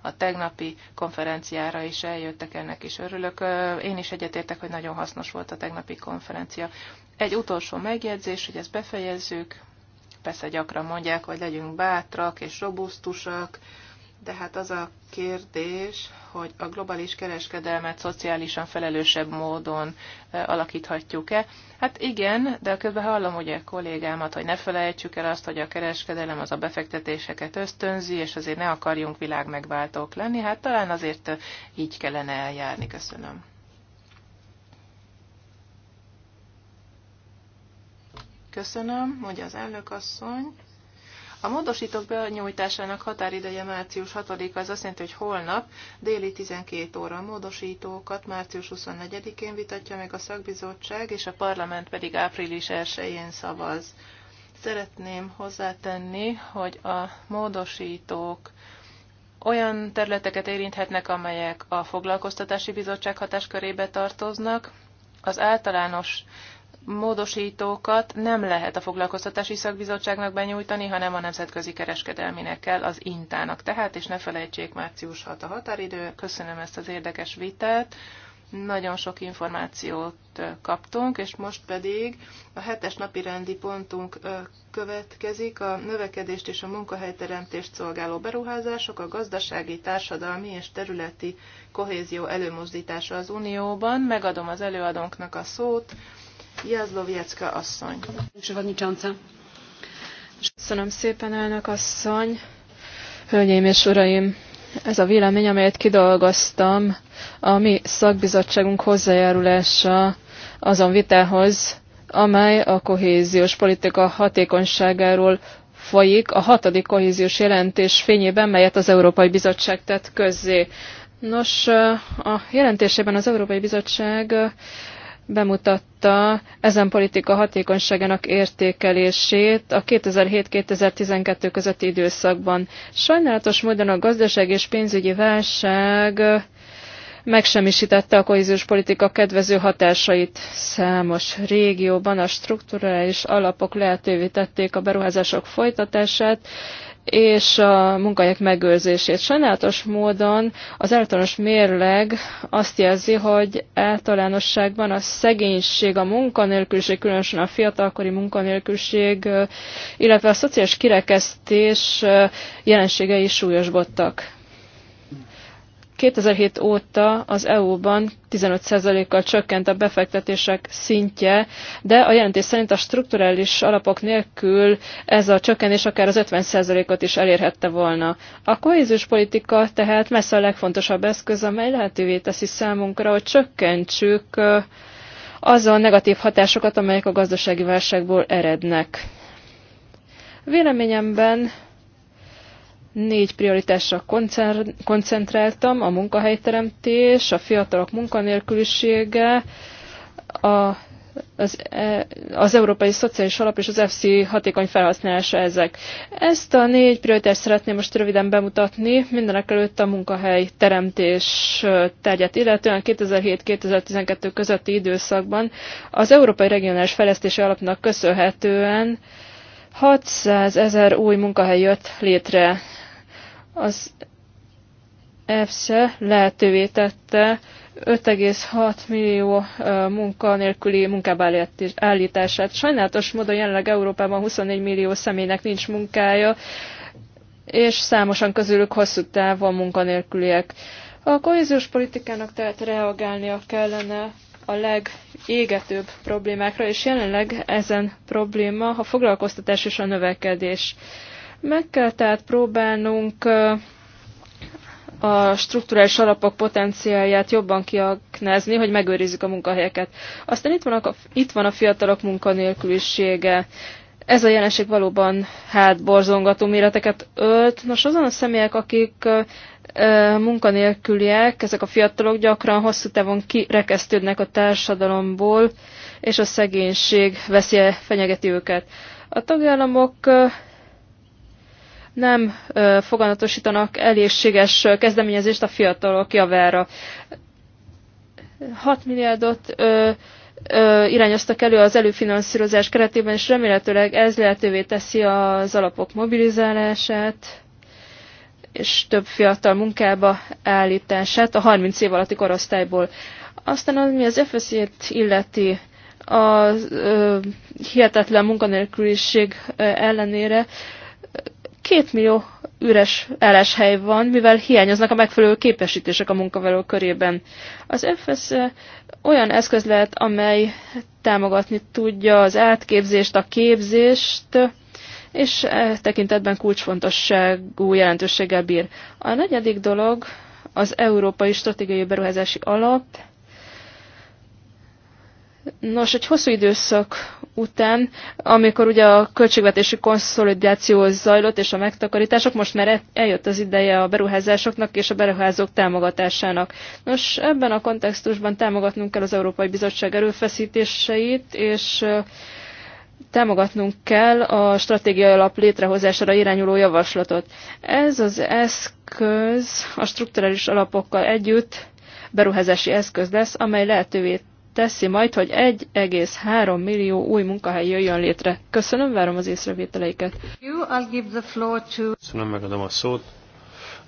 a tegnapi konferenciára is eljöttek, ennek is örülök. Én is egyetértek, hogy nagyon hasznos volt a tegnapi konferencia. Egy utolsó megjegyzés, hogy ezt befejezzük. Persze gyakran mondják, hogy legyünk bátrak és robusztusak, tehát az a kérdés, hogy a globális kereskedelmet szociálisan felelősebb módon e, alakíthatjuk-e. Hát igen, de közben hallom ugye kollégámat, hogy ne felejtsük el azt, hogy a kereskedelem az a befektetéseket ösztönzi, és azért ne akarjunk világ megváltók lenni. Hát talán azért e, így kellene eljárni. Köszönöm. Köszönöm, mondja az elnök asszony. A módosítók benyújtásának határideje március 6-a, az azt jelenti, hogy holnap déli 12 óra a módosítókat március 24-én vitatja meg a szakbizottság, és a parlament pedig április 1-én szavaz. Szeretném hozzátenni, hogy a módosítók olyan területeket érinthetnek, amelyek a foglalkoztatási bizottság hatáskörébe tartoznak, az általános módosítókat nem lehet a foglalkoztatási szakbizottságnak benyújtani, hanem a nemzetközi kereskedelminek kell, az intának. Tehát, és ne felejtsék, március 6 a határidő. Köszönöm ezt az érdekes vitát. Nagyon sok információt kaptunk, és most pedig a hetes napi rendi pontunk következik, a növekedést és a munkahelyteremtést szolgáló beruházások, a gazdasági, társadalmi és területi kohézió előmozdítása az Unióban. Megadom az előadónknak a szót Jazlowiecka asszony. Köszönöm szépen, elnök asszony. Hölgyeim és uraim, ez a vélemény, amelyet kidolgoztam, a mi szakbizottságunk hozzájárulása azon vitához, amely a kohéziós politika hatékonyságáról folyik a hatodik kohéziós jelentés fényében, melyet az Európai Bizottság tett közzé. Nos, a jelentésében az Európai Bizottság bemutatta ezen politika hatékonyságának értékelését a 2007-2012 közötti időszakban. Sajnálatos módon a gazdaság és pénzügyi válság megsemmisítette a kohéziós politika kedvező hatásait. Számos régióban a strukturális alapok lehetővé tették a beruházások folytatását, és a munkahelyek megőrzését. Sajnálatos módon az általános mérleg azt jelzi, hogy általánosságban a szegénység, a munkanélküliség, különösen a fiatalkori munkanélküliség, illetve a szociális kirekesztés jelenségei súlyosbodtak. 2007 óta az EU-ban 15%-kal csökkent a befektetések szintje, de a jelentés szerint a strukturális alapok nélkül ez a csökkenés akár az 50%-ot is elérhette volna. A kohéziós politika tehát messze a legfontosabb eszköz, amely lehetővé teszi számunkra, hogy csökkentsük uh, azon negatív hatásokat, amelyek a gazdasági válságból erednek. Véleményemben Négy prioritásra koncentráltam, a munkahelyteremtés, a fiatalok munkanélkülisége, a az, e, az Európai Szociális Alap és az FC hatékony felhasználása ezek. Ezt a négy prioritást szeretném most röviden bemutatni. Mindenek előtt a munkahely teremtés tárgyát, illetően 2007-2012 közötti időszakban az Európai Regionális Fejlesztési Alapnak köszönhetően 600 ezer új munkahely jött létre. Az EFSE lehetővé tette 5,6 millió munkanélküli munkába állítását. Sajnálatos módon jelenleg Európában 24 millió személynek nincs munkája, és számosan közülük hosszú távon munkanélküliek. A kohéziós politikának tehát reagálnia kellene a legégetőbb problémákra, és jelenleg ezen probléma a foglalkoztatás és a növekedés. Meg kell tehát próbálnunk a strukturális alapok potenciáját jobban kiaknázni, hogy megőrizzük a munkahelyeket. Aztán itt van a, itt van a fiatalok munkanélkülisége. Ez a jelenség valóban hát borzongató méreteket ölt. Nos, azon a személyek, akik munkanélküliek, ezek a fiatalok gyakran hosszú távon kirekesztődnek a társadalomból, és a szegénység veszélye fenyegeti őket. A tagállamok nem foganatosítanak elégséges kezdeményezést a fiatalok javára. 6 milliárdot ö, ö, irányoztak elő az előfinanszírozás keretében, és remélhetőleg ez lehetővé teszi az alapok mobilizálását és több fiatal munkába állítását a 30 év alatti korosztályból. Aztán ami az fsz ét illeti a ö, hihetetlen munkanélküliség ellenére, Két millió üres hely van, mivel hiányoznak a megfelelő képesítések a munkavelő körében. Az FSZ eh, olyan eszköz lehet, amely támogatni tudja az átképzést, a képzést, és e tekintetben kulcsfontosságú jelentőséggel bír. A negyedik dolog az Európai Stratégiai Beruházási Alap, Nos, egy hosszú időszak után, amikor ugye a költségvetési konszolidáció zajlott, és a megtakarítások, most már eljött az ideje a beruházásoknak és a beruházók támogatásának. Nos, ebben a kontextusban támogatnunk kell az Európai Bizottság erőfeszítéseit, és támogatnunk kell a stratégiai alap létrehozására irányuló javaslatot. Ez az eszköz a strukturális alapokkal együtt beruházási eszköz lesz, amely lehetővé teszi majd, hogy 1,3 millió új munkahely jöjjön létre. Köszönöm, várom az észrevételeiket. Köszönöm, megadom a szót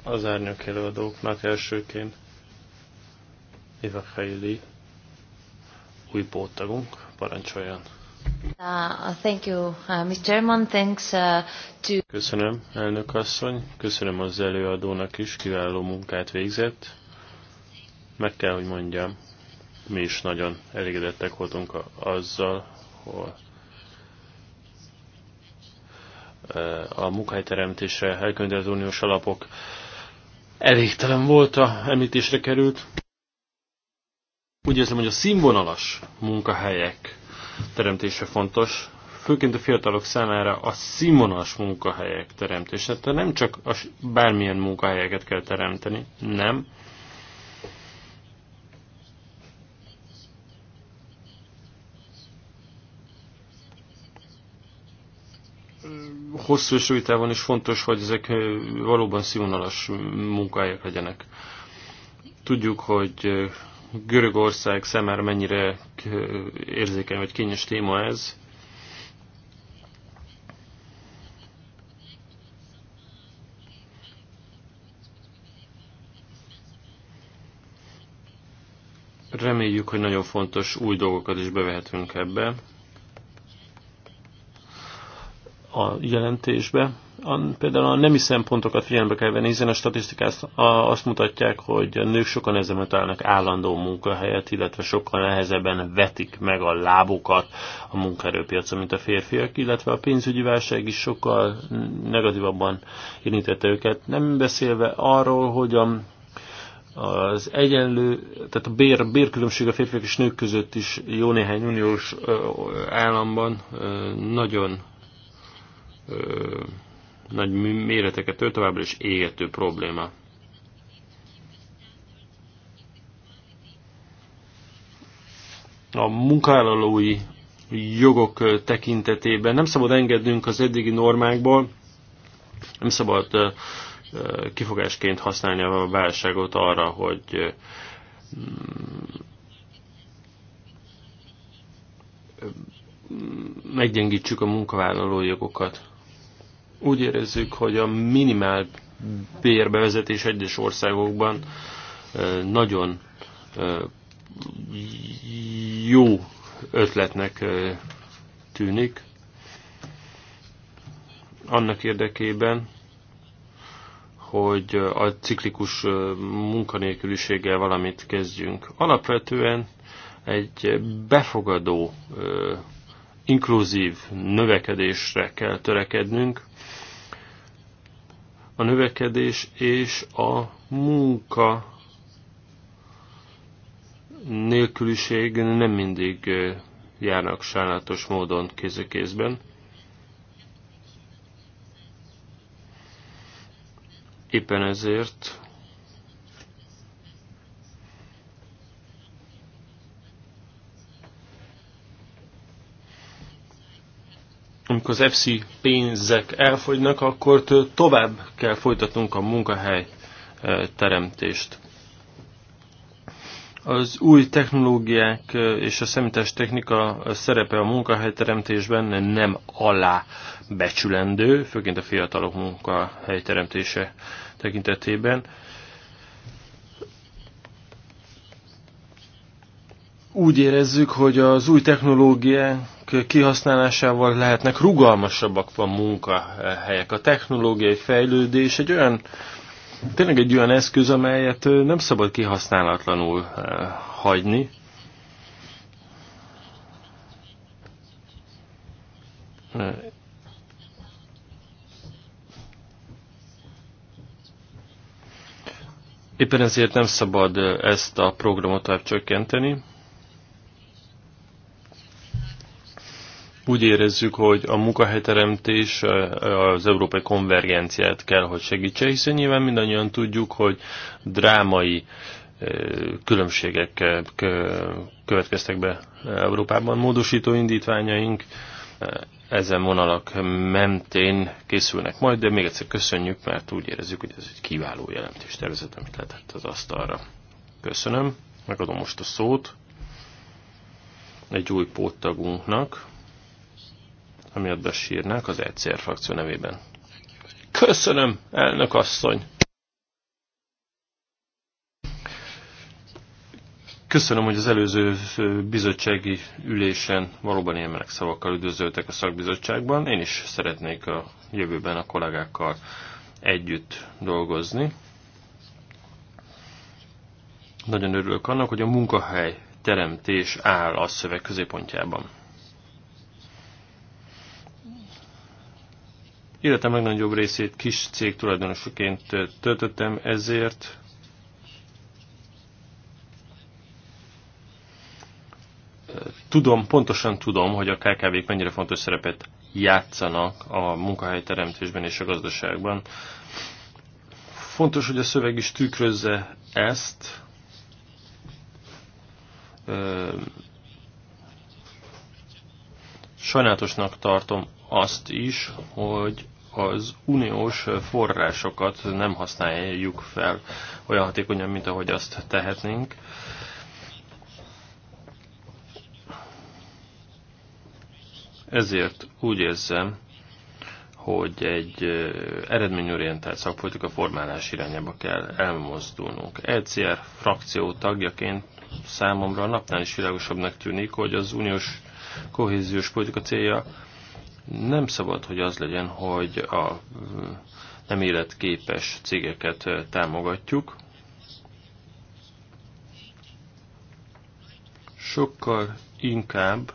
az árnyok előadóknak elsőként. Éva Fejli, új póttagunk, parancsoljon. Uh, thank you, uh, Mr. Chairman. Thanks uh, to... Köszönöm, elnök asszony. Köszönöm az előadónak is, kiváló munkát végzett. Meg kell, hogy mondjam, mi is nagyon elégedettek voltunk azzal, hogy a munkahelyteremtésre elkönyvelt uniós alapok elégtelen volt a említésre került. Úgy érzem, hogy a színvonalas munkahelyek teremtése fontos, főként a fiatalok számára a színvonalas munkahelyek teremtése. Tehát nem csak a bármilyen munkahelyeket kell teremteni, nem, hosszú és rövid távon is fontos, hogy ezek valóban színvonalas munkahelyek legyenek. Tudjuk, hogy Görögország számára mennyire érzékeny vagy kényes téma ez. Reméljük, hogy nagyon fontos új dolgokat is bevehetünk ebbe a jelentésbe. Például a nemi szempontokat figyelembe kell venni, hiszen a statisztikák azt mutatják, hogy a nők sokan nehezebben találnak állandó munkahelyet, illetve sokkal nehezebben vetik meg a lábukat a munkaerőpiacon, mint a férfiak, illetve a pénzügyi válság is sokkal negatívabban érintette őket. Nem beszélve arról, hogy a az egyenlő, tehát a bér, bérkülönbség a férfiak és nők között is jó néhány uniós államban nagyon nagy méreteket ölt, továbbra is égető probléma. A munkavállalói jogok tekintetében nem szabad engednünk az eddigi normákból, nem szabad kifogásként használni a válságot arra, hogy meggyengítsük a munkavállalói jogokat. Úgy érezzük, hogy a minimál bérbevezetés egyes országokban nagyon jó ötletnek tűnik. Annak érdekében, hogy a ciklikus munkanélküliséggel valamit kezdjünk. Alapvetően egy befogadó, inkluzív növekedésre kell törekednünk, a növekedés és a munka nélküliség nem mindig járnak sajnálatos módon kéz Éppen ezért amikor az FC pénzek elfogynak, akkor tovább kell folytatnunk a munkahely e, teremtést. Az új technológiák e, és a szemítes technika szerepe a munkahelyteremtésben nem alá becsülendő, főként a fiatalok munkahelyteremtése tekintetében. Úgy érezzük, hogy az új technológiák kihasználásával lehetnek rugalmasabbak a munkahelyek. A technológiai fejlődés egy olyan, tényleg egy olyan eszköz, amelyet nem szabad kihasználatlanul hagyni. Éppen ezért nem szabad ezt a programot csökkenteni. Úgy érezzük, hogy a munkahelyteremtés az európai konvergenciát kell, hogy segítse, hiszen nyilván mindannyian tudjuk, hogy drámai különbségek következtek be Európában. Módosító indítványaink ezen vonalak mentén készülnek majd, de még egyszer köszönjük, mert úgy érezzük, hogy ez egy kiváló jelentés tervezet, amit letett az asztalra. Köszönöm, megadom most a szót egy új póttagunknak, amiatt besírnák az ECR frakció nevében. Köszönöm, elnök asszony! Köszönöm, hogy az előző bizottsági ülésen valóban ilyen meleg szavakkal üdvözöltek a szakbizottságban. Én is szeretnék a jövőben a kollégákkal együtt dolgozni. Nagyon örülök annak, hogy a munkahely teremtés áll a szöveg középpontjában. Életem legnagyobb részét kis cég tulajdonosoként töltöttem, ezért tudom, pontosan tudom, hogy a KKV-k mennyire fontos szerepet játszanak a munkahelyteremtésben és a gazdaságban. Fontos, hogy a szöveg is tükrözze ezt. Sajnálatosnak tartom azt is, hogy az uniós forrásokat nem használjuk fel olyan hatékonyan, mint ahogy azt tehetnénk. Ezért úgy érzem, hogy egy eredményorientált szakpolitika formálás irányába kell elmozdulnunk. ECR frakció tagjaként számomra a napnál is világosabbnak tűnik, hogy az uniós kohéziós politika célja nem szabad, hogy az legyen, hogy a nem életképes cégeket támogatjuk. Sokkal inkább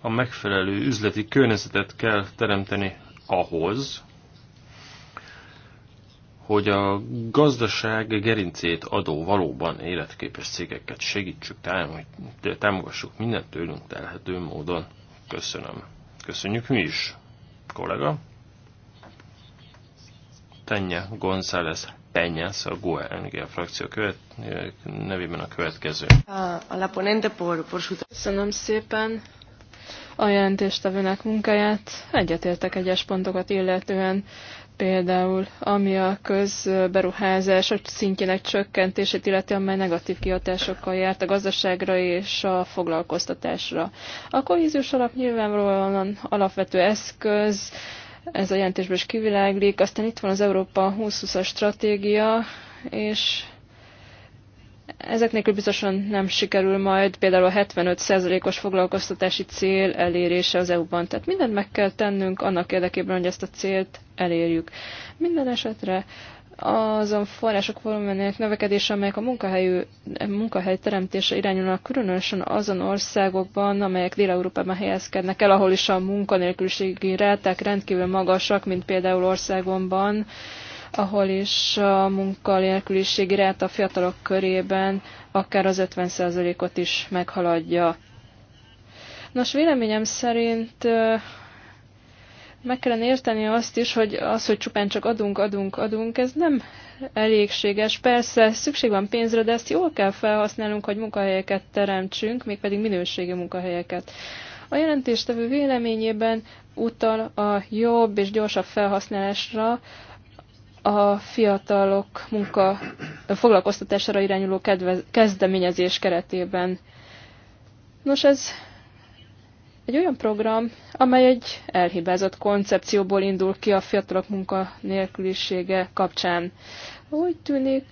a megfelelő üzleti környezetet kell teremteni ahhoz, hogy a gazdaság gerincét adó valóban életképes cégeket segítsük, támogassuk mindent tőlünk telhető módon. Köszönöm. Köszönjük mi is, kollega. Tenye González Peñas, a gue NG frakció követ, nevében a következő. A la por, por su... Köszönöm szépen a jelentéstevőnek munkáját. Egyetértek egyes pontokat illetően például ami a közberuházások szintjének csökkentését illeti, amely negatív kihatásokkal járt a gazdaságra és a foglalkoztatásra. A kohéziós alap nyilvánvalóan alapvető eszköz, ez a jelentésből is kiviláglik, aztán itt van az Európa 2020-as stratégia, és ezek nélkül biztosan nem sikerül majd például a 75%-os foglalkoztatási cél elérése az EU-ban. Tehát mindent meg kell tennünk annak érdekében, hogy ezt a célt elérjük. Minden esetre azon források volumenének növekedése, amelyek a munkahely, munkahely teremtése irányulnak, különösen azon országokban, amelyek Dél-Európában helyezkednek el, ahol is a munkanélküliségi ráták rendkívül magasak, mint például országomban, ahol is a munkanélküliség iránt a fiatalok körében akár az 50%-ot is meghaladja. Nos, véleményem szerint meg kellene érteni azt is, hogy az, hogy csupán csak adunk, adunk, adunk, ez nem elégséges. Persze szükség van pénzre, de ezt jól kell felhasználnunk, hogy munkahelyeket teremtsünk, mégpedig minőségi munkahelyeket. A jelentéstevő véleményében utal a jobb és gyorsabb felhasználásra, a fiatalok munka foglalkoztatására irányuló kedvez, kezdeményezés keretében. Nos, ez egy olyan program, amely egy elhibázott koncepcióból indul ki a fiatalok munkanélkülisége kapcsán. Úgy tűnik,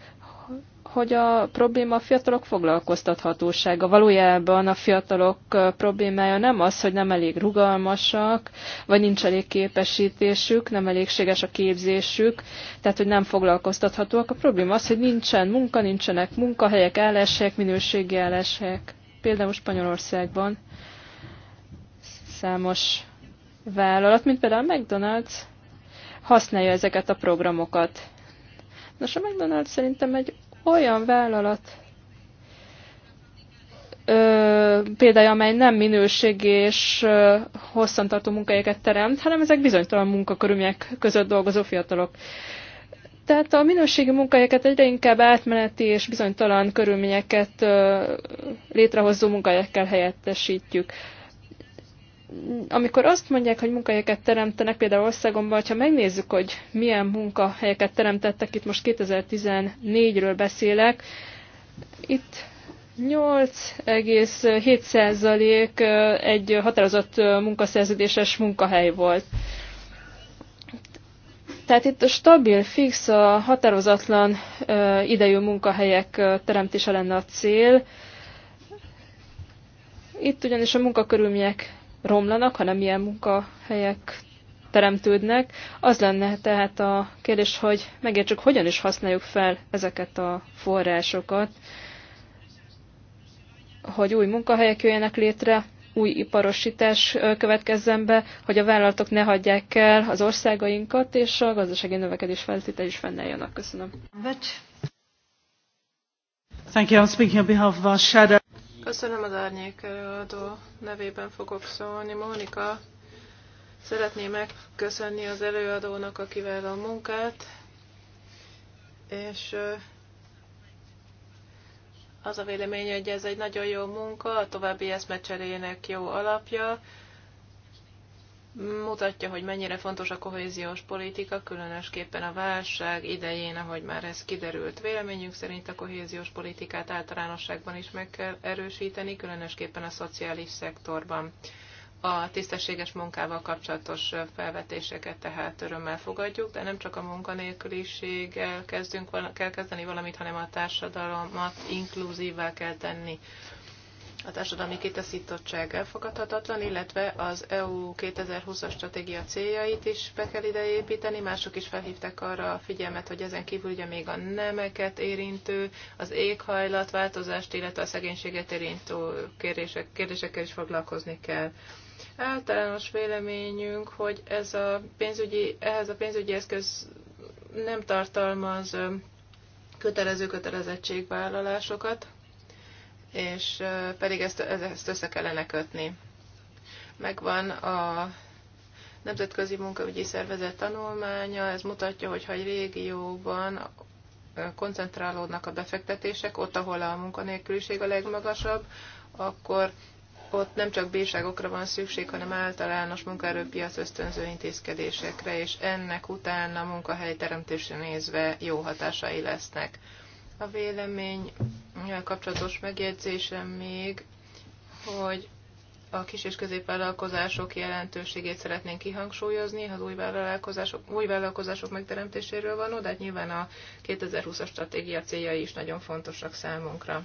hogy a probléma a fiatalok foglalkoztathatósága. Valójában a fiatalok problémája nem az, hogy nem elég rugalmasak, vagy nincs elég képesítésük, nem elégséges a képzésük, tehát hogy nem foglalkoztathatóak. A probléma az, hogy nincsen munka, nincsenek munkahelyek, álláshelyek, minőségi álláshelyek. Például Spanyolországban számos vállalat, mint például a McDonald's, használja ezeket a programokat. Nos, a McDonald's szerintem egy olyan vállalat ö, például amely nem minőségi és ö, hosszantartó munkahelyeket teremt, hanem ezek bizonytalan munkakörülmények között dolgozó fiatalok. Tehát a minőségi munkahelyeket egyre inkább átmeneti és bizonytalan körülményeket létrehozó munkahelyekkel helyettesítjük amikor azt mondják, hogy munkahelyeket teremtenek, például országomban, ha megnézzük, hogy milyen munkahelyeket teremtettek, itt most 2014-ről beszélek, itt 8,7% egy határozott munkaszerződéses munkahely volt. Tehát itt a stabil, fix, a határozatlan idejű munkahelyek teremtése lenne a cél. Itt ugyanis a munkakörülmények romlanak, hanem ilyen munkahelyek teremtődnek. Az lenne tehát a kérdés, hogy megértsük, hogyan is használjuk fel ezeket a forrásokat, hogy új munkahelyek jöjjenek létre, új iparosítás következzen be, hogy a vállalatok ne hagyják el az országainkat, és a gazdasági növekedés feltéte is fennálljanak. Köszönöm. Thank you. I'm speaking on behalf of our shadow. Köszönöm az árnyék adó nevében fogok szólni. Mónika, szeretném megköszönni az előadónak a munkát, és az a vélemény, hogy ez egy nagyon jó munka, a további eszmecserének jó alapja mutatja, hogy mennyire fontos a kohéziós politika, különösképpen a válság idején, ahogy már ez kiderült. Véleményünk szerint a kohéziós politikát általánosságban is meg kell erősíteni, különösképpen a szociális szektorban. A tisztességes munkával kapcsolatos felvetéseket tehát örömmel fogadjuk, de nem csak a munkanélküliséggel kezdünk, kell kezdeni valamit, hanem a társadalmat inkluzívvá kell tenni a társadalmi kitaszítottság elfogadhatatlan, illetve az EU 2020-as stratégia céljait is be kell ide építeni. Mások is felhívták arra a figyelmet, hogy ezen kívül ugye még a nemeket érintő, az éghajlatváltozást, illetve a szegénységet érintő kérdések, kérdésekkel is foglalkozni kell. Általános véleményünk, hogy ez a pénzügyi, ehhez a pénzügyi eszköz nem tartalmaz kötelező kötelezettségvállalásokat, és pedig ezt, ezt össze kellene kötni. Megvan a Nemzetközi Munkaügyi Szervezet tanulmánya, ez mutatja, hogy ha egy régióban koncentrálódnak a befektetések, ott, ahol a munkanélküliség a legmagasabb, akkor ott nem csak bírságokra van szükség, hanem általános munkaerőpiac ösztönző intézkedésekre, és ennek utána munkahelyteremtésre nézve jó hatásai lesznek. A vélemény kapcsolatos megjegyzésem még, hogy a kis és középvállalkozások jelentőségét szeretnénk kihangsúlyozni, az új vállalkozások, új vállalkozások megteremtéséről van, de hát nyilván a 2020-as stratégia céljai is nagyon fontosak számunkra.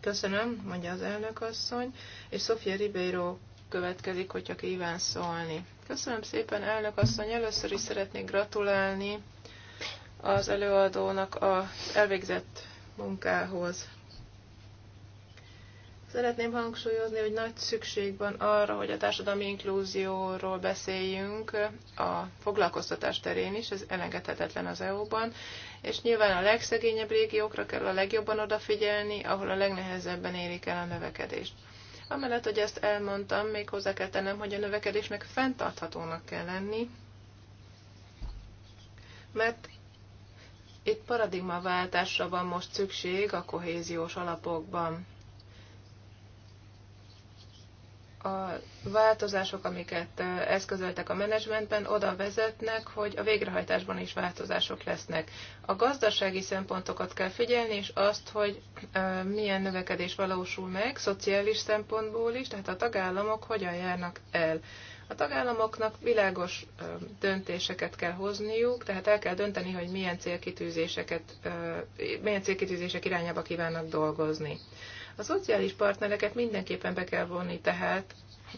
Köszönöm, mondja az elnök asszony, és Sofia Ribeiro következik, hogyha kíván szólni. Köszönöm szépen, elnök asszony, először is szeretnék gratulálni az előadónak az elvégzett munkához. Szeretném hangsúlyozni, hogy nagy szükség van arra, hogy a társadalmi inklúzióról beszéljünk a foglalkoztatás terén is, ez elengedhetetlen az EU-ban, és nyilván a legszegényebb régiókra kell a legjobban odafigyelni, ahol a legnehezebben érik el a növekedést. Amellett, hogy ezt elmondtam, még hozzá kell tennem, hogy a növekedésnek fenntarthatónak kell lenni, mert itt paradigmaváltásra van most szükség a kohéziós alapokban. a változások, amiket eszközöltek a menedzsmentben, oda vezetnek, hogy a végrehajtásban is változások lesznek. A gazdasági szempontokat kell figyelni, és azt, hogy milyen növekedés valósul meg, szociális szempontból is, tehát a tagállamok hogyan járnak el. A tagállamoknak világos döntéseket kell hozniuk, tehát el kell dönteni, hogy milyen célkitűzéseket, milyen célkitűzések irányába kívánnak dolgozni. A szociális partnereket mindenképpen be kell vonni tehát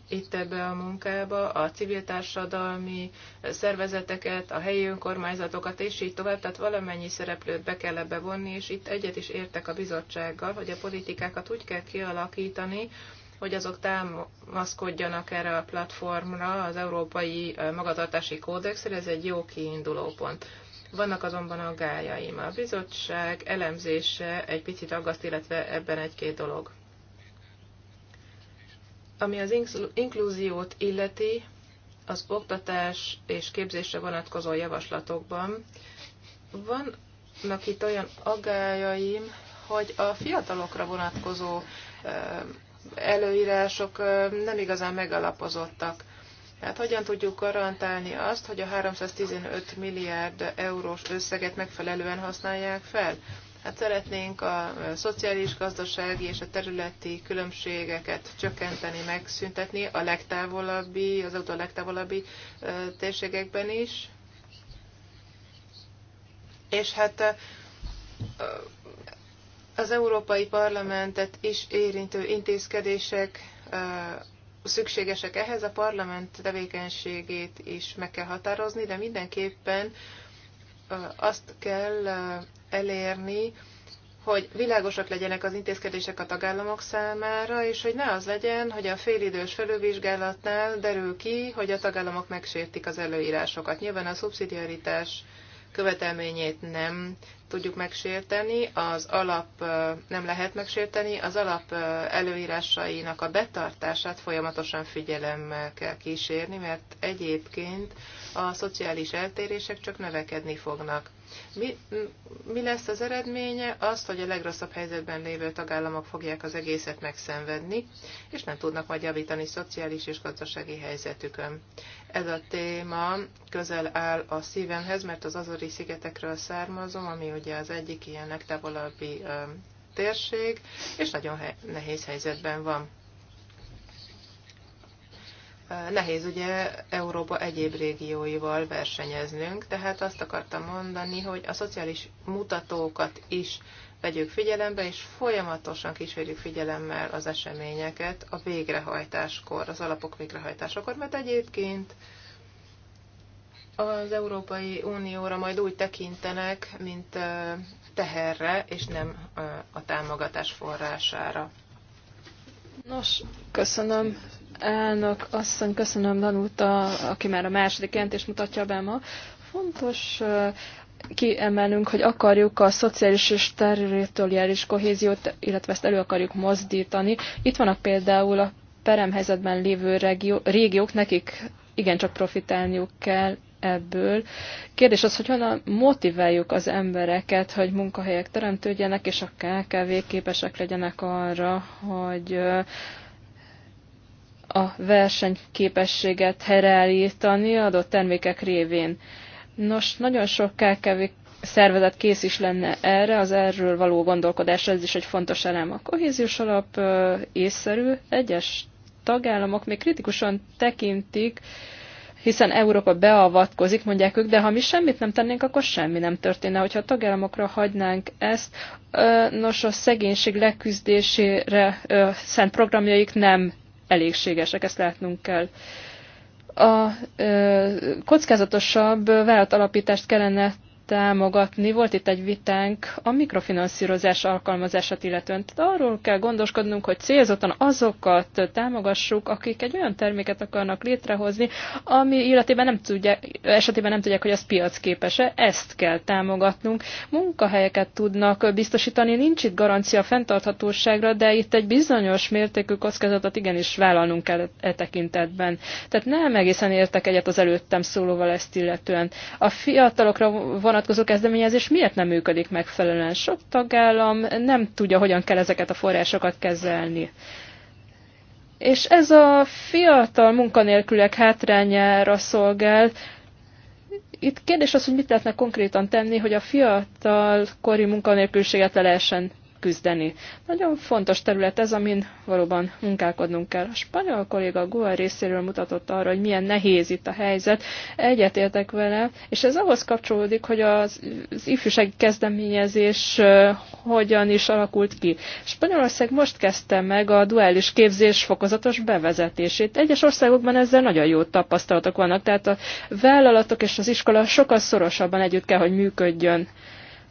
itt ebbe a munkába, a civil társadalmi szervezeteket, a helyi önkormányzatokat, és így tovább, tehát valamennyi szereplőt be kell ebbe vonni, és itt egyet is értek a bizottsággal, hogy a politikákat úgy kell kialakítani, hogy azok támaszkodjanak erre a platformra, az Európai Magatartási Kódexre, ez egy jó kiinduló pont. Vannak azonban aggájaim. A bizottság elemzése egy picit aggaszt, illetve ebben egy-két dolog. Ami az inkluziót illeti, az oktatás és képzésre vonatkozó javaslatokban vannak itt olyan aggájaim, hogy a fiatalokra vonatkozó előírások nem igazán megalapozottak. Tehát hogyan tudjuk garantálni azt, hogy a 315 milliárd eurós összeget megfelelően használják fel? Hát szeretnénk a szociális, gazdasági és a területi különbségeket csökkenteni, megszüntetni a legtávolabbi, az autó legtávolabbi térségekben is. És hát az Európai Parlamentet is érintő intézkedések szükségesek ehhez, a parlament tevékenységét is meg kell határozni, de mindenképpen azt kell elérni, hogy világosak legyenek az intézkedések a tagállamok számára, és hogy ne az legyen, hogy a félidős felülvizsgálatnál derül ki, hogy a tagállamok megsértik az előírásokat. Nyilván a szubszidiaritás követelményét nem tudjuk megsérteni, az alap nem lehet megsérteni, az alap előírásainak a betartását folyamatosan figyelemmel kell kísérni, mert egyébként a szociális eltérések csak növekedni fognak. Mi, mi lesz az eredménye? Azt, hogy a legrosszabb helyzetben lévő tagállamok fogják az egészet megszenvedni, és nem tudnak majd javítani szociális és gazdasági helyzetükön. Ez a téma közel áll a szívemhez, mert az Azori szigetekről származom, ami ugye az egyik ilyen legtávolabbi térség, és nagyon nehéz helyzetben van nehéz ugye Európa egyéb régióival versenyeznünk, tehát azt akartam mondani, hogy a szociális mutatókat is vegyük figyelembe, és folyamatosan kísérjük figyelemmel az eseményeket a végrehajtáskor, az alapok végrehajtásakor, mert egyébként az Európai Unióra majd úgy tekintenek, mint teherre, és nem a támogatás forrására. Nos, köszönöm Elnök asszony, köszönöm Danuta, aki már a második jelentést mutatja be ma. Fontos uh, kiemelnünk, hogy akarjuk a szociális és territoriális kohéziót, illetve ezt elő akarjuk mozdítani. Itt vannak például a peremhelyzetben lévő regió, régiók, nekik igencsak profitálniuk kell ebből. Kérdés az, hogy honnan motiváljuk az embereket, hogy munkahelyek teremtődjenek, és a KKV képesek legyenek arra, hogy uh, a versenyképességet helyreállítani adott termékek révén. Nos, nagyon sok KKV szervezet kész is lenne erre, az erről való gondolkodás, ez is egy fontos elem. A kohéziós alap észszerű, egyes tagállamok még kritikusan tekintik, hiszen Európa beavatkozik, mondják ők, de ha mi semmit nem tennénk, akkor semmi nem történne. Hogyha a tagállamokra hagynánk ezt, nos, a szegénység leküzdésére szent programjaik nem elégségesek, ezt látnunk kell. A ö, kockázatosabb vállalatalapítást kellene támogatni. Volt itt egy vitánk a mikrofinanszírozás alkalmazását illetően. Tehát arról kell gondoskodnunk, hogy célzottan azokat támogassuk, akik egy olyan terméket akarnak létrehozni, ami életében nem tudják, esetében nem tudják, hogy az piacképes-e. Ezt kell támogatnunk. Munkahelyeket tudnak biztosítani. Nincs itt garancia fenntarthatóságra, de itt egy bizonyos mértékű kockázatot igenis vállalnunk kell e tekintetben. Tehát nem egészen értek egyet az előttem szólóval ezt illetően. A fiatalokra van vonatkozó kezdeményezés miért nem működik megfelelően? Sok tagállam nem tudja, hogyan kell ezeket a forrásokat kezelni. És ez a fiatal munkanélkülek hátrányára szolgál. Itt kérdés az, hogy mit lehetne konkrétan tenni, hogy a fiatal kori munkanélkülséget le lehessen küzdeni. Nagyon fontos terület ez, amin valóban munkálkodnunk kell. A spanyol kolléga Goa részéről mutatott arra, hogy milyen nehéz itt a helyzet. Egyetértek vele, és ez ahhoz kapcsolódik, hogy az, az ifjúsági kezdeményezés hogyan is alakult ki. Spanyolország most kezdte meg a duális képzés fokozatos bevezetését. Egyes országokban ezzel nagyon jó tapasztalatok vannak, tehát a vállalatok és az iskola sokkal szorosabban együtt kell, hogy működjön.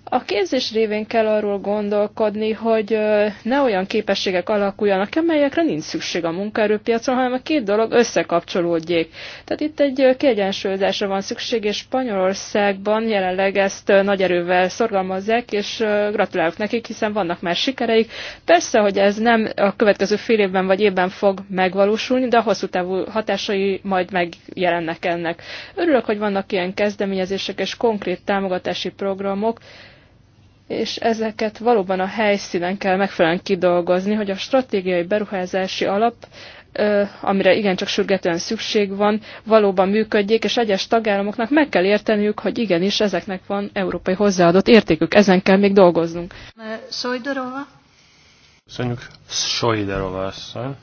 A képzés révén kell arról gondolkodni, hogy ne olyan képességek alakuljanak amelyekre nincs szükség a munkaerőpiacon, hanem a két dolog összekapcsolódjék. Tehát itt egy kiegyensúlyozásra van szükség, és Spanyolországban jelenleg ezt nagy erővel szorgalmazzák, és gratulálok nekik, hiszen vannak már sikereik. Persze, hogy ez nem a következő fél évben vagy évben fog megvalósulni, de a hosszú távú hatásai majd megjelennek ennek. Örülök, hogy vannak ilyen kezdeményezések és konkrét támogatási programok, és ezeket valóban a helyszínen kell megfelelően kidolgozni, hogy a stratégiai beruházási alap, amire igencsak sürgetően szükség van, valóban működjék, és egyes tagállamoknak meg kell érteniük, hogy igenis ezeknek van európai hozzáadott értékük, ezen kell még dolgoznunk. Sojderova? Köszönjük. Sojderova asszony.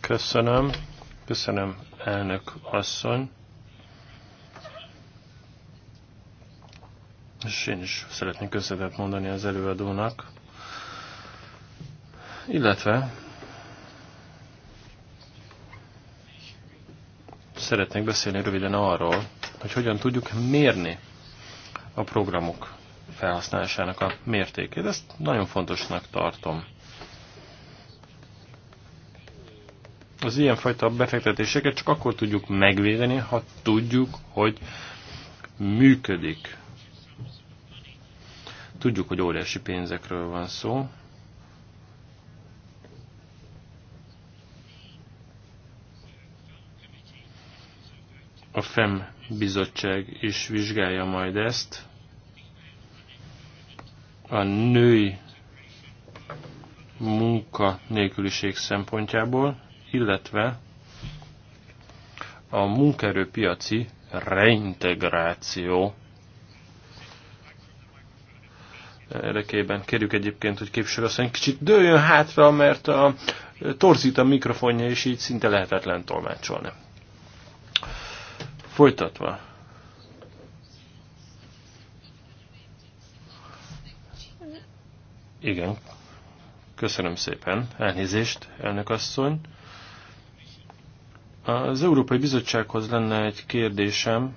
Köszönöm. Köszönöm, elnök asszony. és én is szeretnék köszönetet mondani az előadónak, illetve szeretnék beszélni röviden arról, hogy hogyan tudjuk mérni a programok felhasználásának a mértékét. Ezt nagyon fontosnak tartom. Az ilyenfajta befektetéseket csak akkor tudjuk megvédeni, ha tudjuk, hogy működik Tudjuk, hogy óriási pénzekről van szó. A FEM bizottság is vizsgálja majd ezt. A női munka nélküliség szempontjából, illetve a munkaerőpiaci reintegráció érdekében kérjük egyébként, hogy képviselőasszony kicsit dőljön hátra, mert a, torzít a mikrofonja, és így szinte lehetetlen tolmácsolni. Folytatva. Igen. Köszönöm szépen. Elnézést, elnök asszony. Az Európai Bizottsághoz lenne egy kérdésem.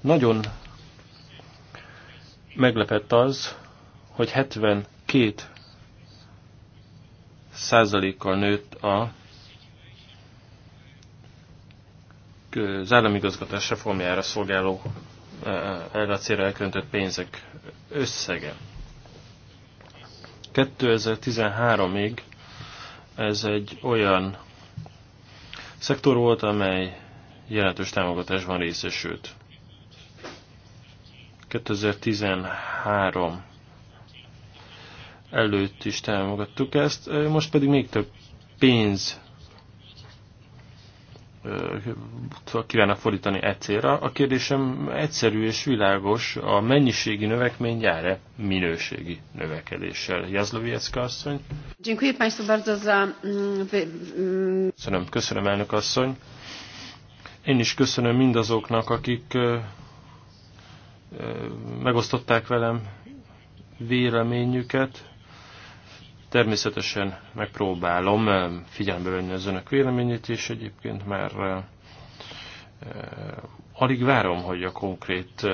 Nagyon meglepett az, hogy 72 százalékkal nőtt a az államigazgatás reformjára szolgáló erre a célra elköntött pénzek összege. 2013-ig ez egy olyan szektor volt, amely jelentős támogatásban részesült. 2013 előtt is támogattuk ezt, most pedig még több pénz kívánok fordítani e célra. A kérdésem egyszerű és világos, a mennyiségi növekmény jár-e minőségi növekedéssel? Jazloviecka asszony. Mm, mm, köszönöm, köszönöm elnök asszony. Én is köszönöm mindazoknak, akik megosztották velem véleményüket. Természetesen megpróbálom eh, figyelembe venni az önök véleményét, és egyébként mert eh, eh, alig várom, hogy a konkrét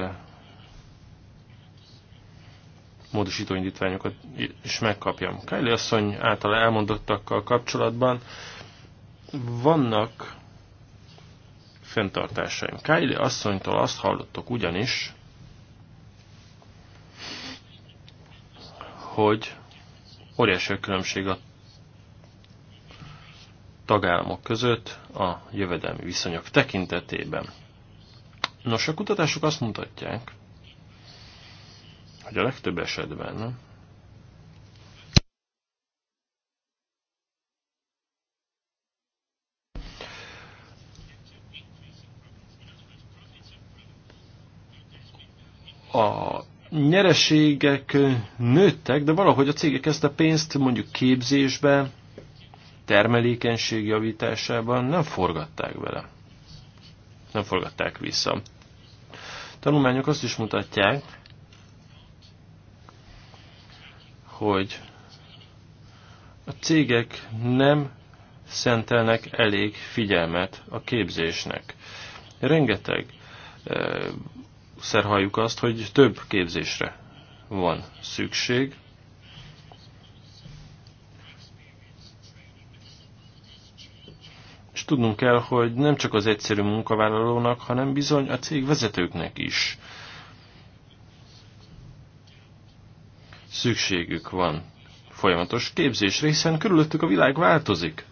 módosítóindítványokat is megkapjam. Kelly asszony által elmondottakkal kapcsolatban vannak fenntartásaim. Kelly asszonytól azt hallottok ugyanis, hogy óriási a különbség a tagállamok között a jövedelmi viszonyok tekintetében. Nos, a kutatások azt mutatják, hogy a legtöbb esetben a nyereségek nőttek, de valahogy a cégek ezt a pénzt mondjuk képzésbe, termelékenység javításában nem forgatták vele. Nem forgatták vissza. Tanulmányok azt is mutatják, hogy a cégek nem szentelnek elég figyelmet a képzésnek. Rengeteg eh, szer halljuk azt, hogy több képzésre van szükség. És tudnunk kell, hogy nem csak az egyszerű munkavállalónak, hanem bizony a cég vezetőknek is szükségük van folyamatos képzésre, hiszen körülöttük a világ változik.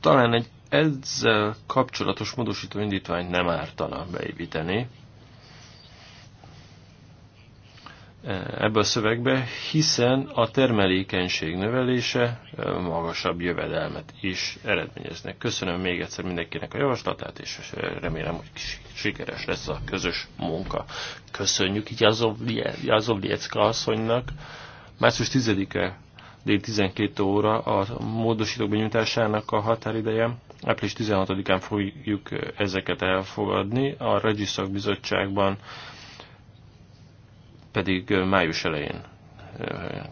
Talán egy ezzel kapcsolatos módosító indítvány nem ártana beépíteni e, ebbe a szövegbe, hiszen a termelékenység növelése e, magasabb jövedelmet is eredményeznek. Köszönöm még egyszer mindenkinek a javaslatát, és remélem, hogy sikeres lesz a közös munka. Köszönjük így Jazovliecka asszonynak. Március 10-e dél 12 óra a módosítók benyújtásának a határideje április 16-án fogjuk ezeket elfogadni, a Regiszak Bizottságban pedig május elején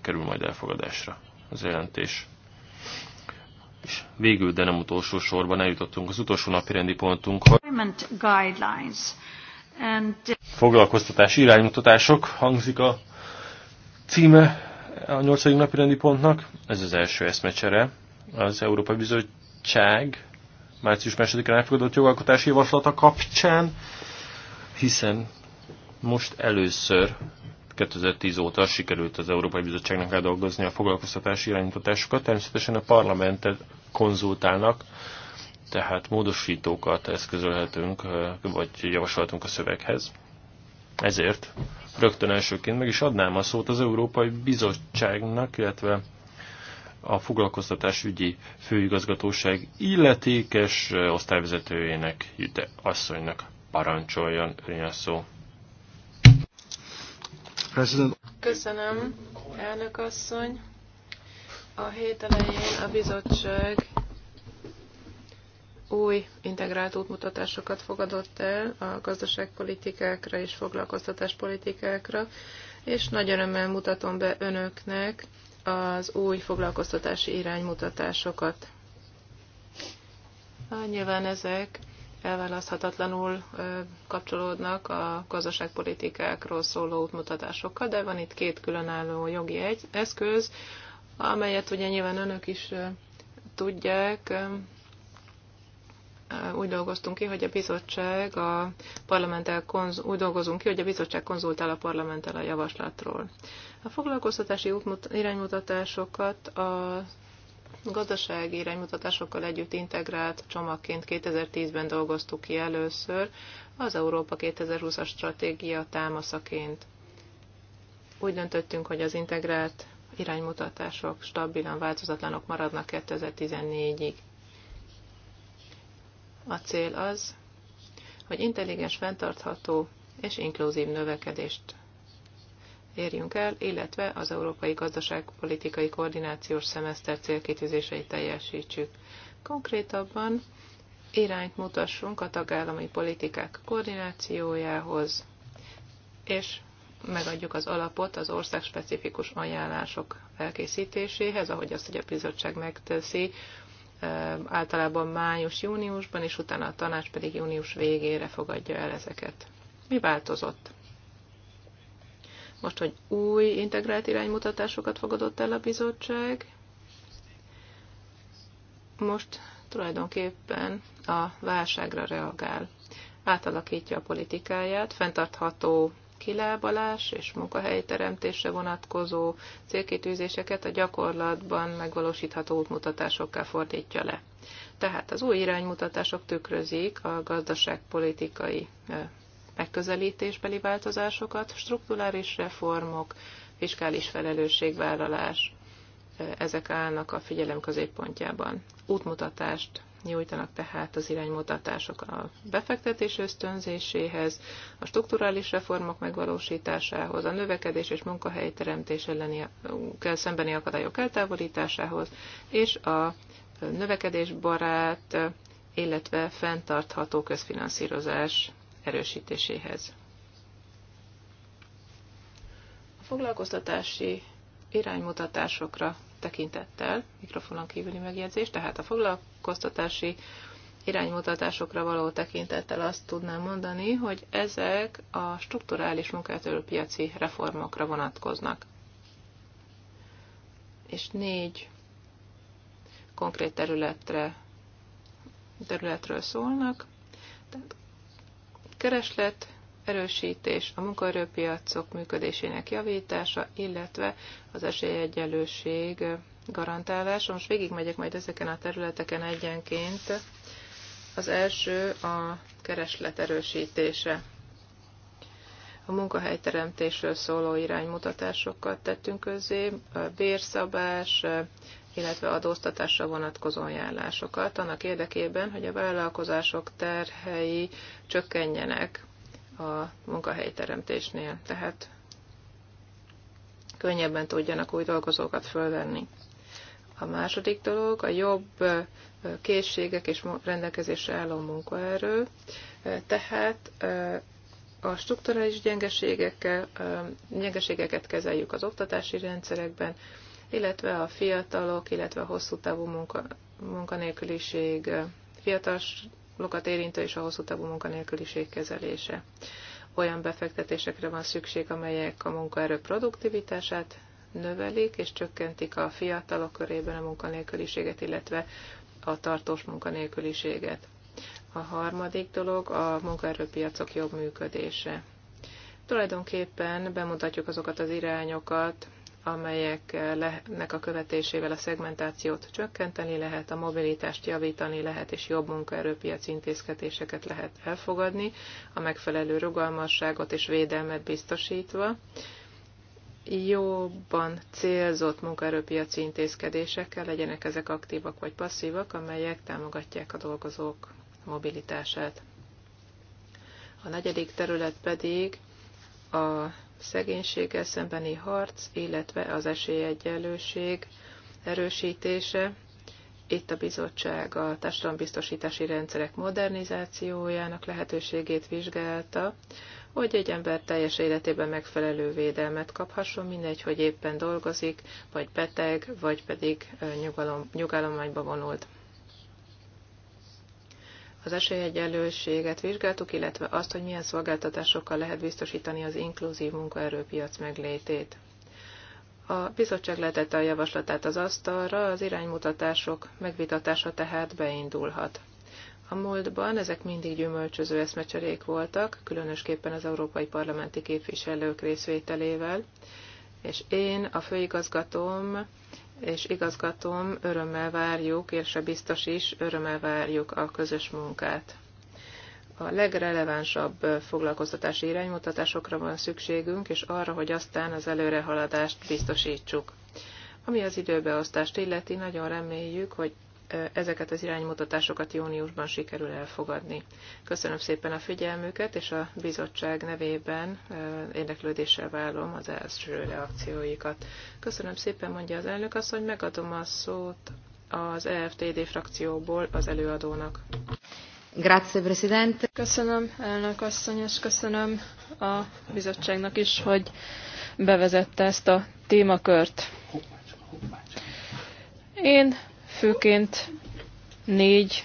kerül majd elfogadásra az jelentés. És végül, de nem utolsó sorban eljutottunk az utolsó napi rendi pontunkhoz. Uh, Foglalkoztatási iránymutatások hangzik a címe a nyolcadik napi rendi pontnak. Ez az első eszmecsere. Az Európai Bizottság március 2-án elfogadott jogalkotási javaslata kapcsán, hiszen most először 2010 óta sikerült az Európai Bizottságnak eldolgozni a foglalkoztatási irányítatásokat. Természetesen a parlamentet konzultálnak, tehát módosítókat eszközölhetünk, vagy javasolhatunk a szöveghez. Ezért rögtön elsőként meg is adnám a szót az Európai Bizottságnak, illetve a foglalkoztatásügyi főigazgatóság illetékes osztályvezetőjének, Jüte asszonynak parancsoljon ön a szó. Köszönöm, elnök asszony. A hét elején a bizottság új integrált útmutatásokat fogadott el a gazdaságpolitikákra és foglalkoztatáspolitikákra, és nagy örömmel mutatom be önöknek, az új foglalkoztatási iránymutatásokat. Ah, nyilván ezek elválaszthatatlanul kapcsolódnak a gazdaságpolitikákról szóló útmutatásokkal, de van itt két különálló jogi eszköz, amelyet ugye nyilván önök is tudják, úgy dolgoztunk ki, hogy a bizottság a parlamenttel konz, úgy dolgozunk ki, hogy a bizottság konzultál a parlamenttel a javaslatról. A foglalkoztatási iránymutatásokat a gazdasági iránymutatásokkal együtt integrált csomagként 2010-ben dolgoztuk ki először az Európa 2020-as stratégia támaszaként. Úgy döntöttünk, hogy az integrált iránymutatások stabilan változatlanok maradnak 2014-ig. A cél az, hogy intelligens, fenntartható és inkluzív növekedést érjünk el, illetve az európai gazdaságpolitikai koordinációs szemeszter célkitűzéseit teljesítsük. Konkrétabban irányt mutassunk a tagállami politikák koordinációjához, és megadjuk az alapot az országspecifikus ajánlások elkészítéséhez, ahogy azt, hogy a bizottság megteszi általában május-júniusban, és utána a tanács pedig június végére fogadja el ezeket. Mi változott? Most, hogy új integrált iránymutatásokat fogadott el a bizottság, most tulajdonképpen a válságra reagál. Átalakítja a politikáját, fenntartható kilábalás és munkahelyteremtésre vonatkozó célkitűzéseket a gyakorlatban megvalósítható útmutatásokkal fordítja le. Tehát az új iránymutatások tükrözik a gazdaságpolitikai megközelítésbeli változásokat, strukturális reformok, fiskális felelősségvállalás, ezek állnak a figyelem középpontjában. Útmutatást nyújtanak tehát az iránymutatások a befektetés ösztönzéséhez, a strukturális reformok megvalósításához, a növekedés és munkahelyteremtés elleni kell szembeni akadályok eltávolításához, és a növekedésbarát, illetve fenntartható közfinanszírozás erősítéséhez. A foglalkoztatási iránymutatásokra tekintettel, mikrofonon kívüli megjegyzés, tehát a foglalkoztatási iránymutatásokra való tekintettel azt tudnám mondani, hogy ezek a strukturális munkátörőpiaci reformokra vonatkoznak. És négy konkrét területre, területről szólnak. Tehát kereslet, erősítés, a munkaerőpiacok működésének javítása, illetve az esélyegyenlőség garantálása. Most végigmegyek majd ezeken a területeken egyenként. Az első a kereslet erősítése. A munkahelyteremtésről szóló iránymutatásokat tettünk közé, a bérszabás, illetve adóztatásra vonatkozó ajánlásokat, annak érdekében, hogy a vállalkozások terhei csökkenjenek a munkahelyteremtésnél, tehát könnyebben tudjanak új dolgozókat fölvenni. A második dolog a jobb készségek és rendelkezésre álló munkaerő, tehát a strukturális gyengeségekkel, gyengeségeket kezeljük az oktatási rendszerekben, illetve a fiatalok, illetve a hosszú távú munka, munkanélküliség, fiatal fiatalokat érintő és a hosszú távú munkanélküliség kezelése. Olyan befektetésekre van szükség, amelyek a munkaerő produktivitását növelik és csökkentik a fiatalok körében a munkanélküliséget, illetve a tartós munkanélküliséget. A harmadik dolog a munkaerőpiacok jobb működése. Tulajdonképpen bemutatjuk azokat az irányokat, amelyeknek a követésével a szegmentációt csökkenteni lehet, a mobilitást javítani lehet, és jobb munkaerőpiaci intézkedéseket lehet elfogadni, a megfelelő rugalmasságot és védelmet biztosítva jobban célzott munkaerőpiaci intézkedésekkel legyenek ezek aktívak vagy passzívak, amelyek támogatják a dolgozók mobilitását. A negyedik terület pedig a szegénységgel szembeni harc, illetve az esélyegyenlőség erősítése. Itt a bizottság a társadalombiztosítási rendszerek modernizációjának lehetőségét vizsgálta, hogy egy ember teljes életében megfelelő védelmet kaphasson, mindegy, hogy éppen dolgozik, vagy beteg, vagy pedig nyugalom, nyugalományba vonult az esélyegyenlőséget vizsgáltuk, illetve azt, hogy milyen szolgáltatásokkal lehet biztosítani az inkluzív munkaerőpiac meglétét. A bizottság letette a javaslatát az asztalra, az iránymutatások megvitatása tehát beindulhat. A múltban ezek mindig gyümölcsöző eszmecserék voltak, különösképpen az európai parlamenti képviselők részvételével, és én, a főigazgatóm és igazgatóm, örömmel várjuk, és a biztos is örömmel várjuk a közös munkát. A legrelevánsabb foglalkoztatási iránymutatásokra van szükségünk, és arra, hogy aztán az előrehaladást biztosítsuk. Ami az időbeosztást illeti, nagyon reméljük, hogy ezeket az iránymutatásokat júniusban sikerül elfogadni. Köszönöm szépen a figyelmüket, és a bizottság nevében érdeklődéssel vállom az első reakcióikat. Köszönöm szépen, mondja az elnök azt, hogy megadom a szót az EFTD frakcióból az előadónak. Grazie, Presidente. Köszönöm, elnök asszony, és köszönöm a bizottságnak is, hogy bevezette ezt a témakört. Én Főként négy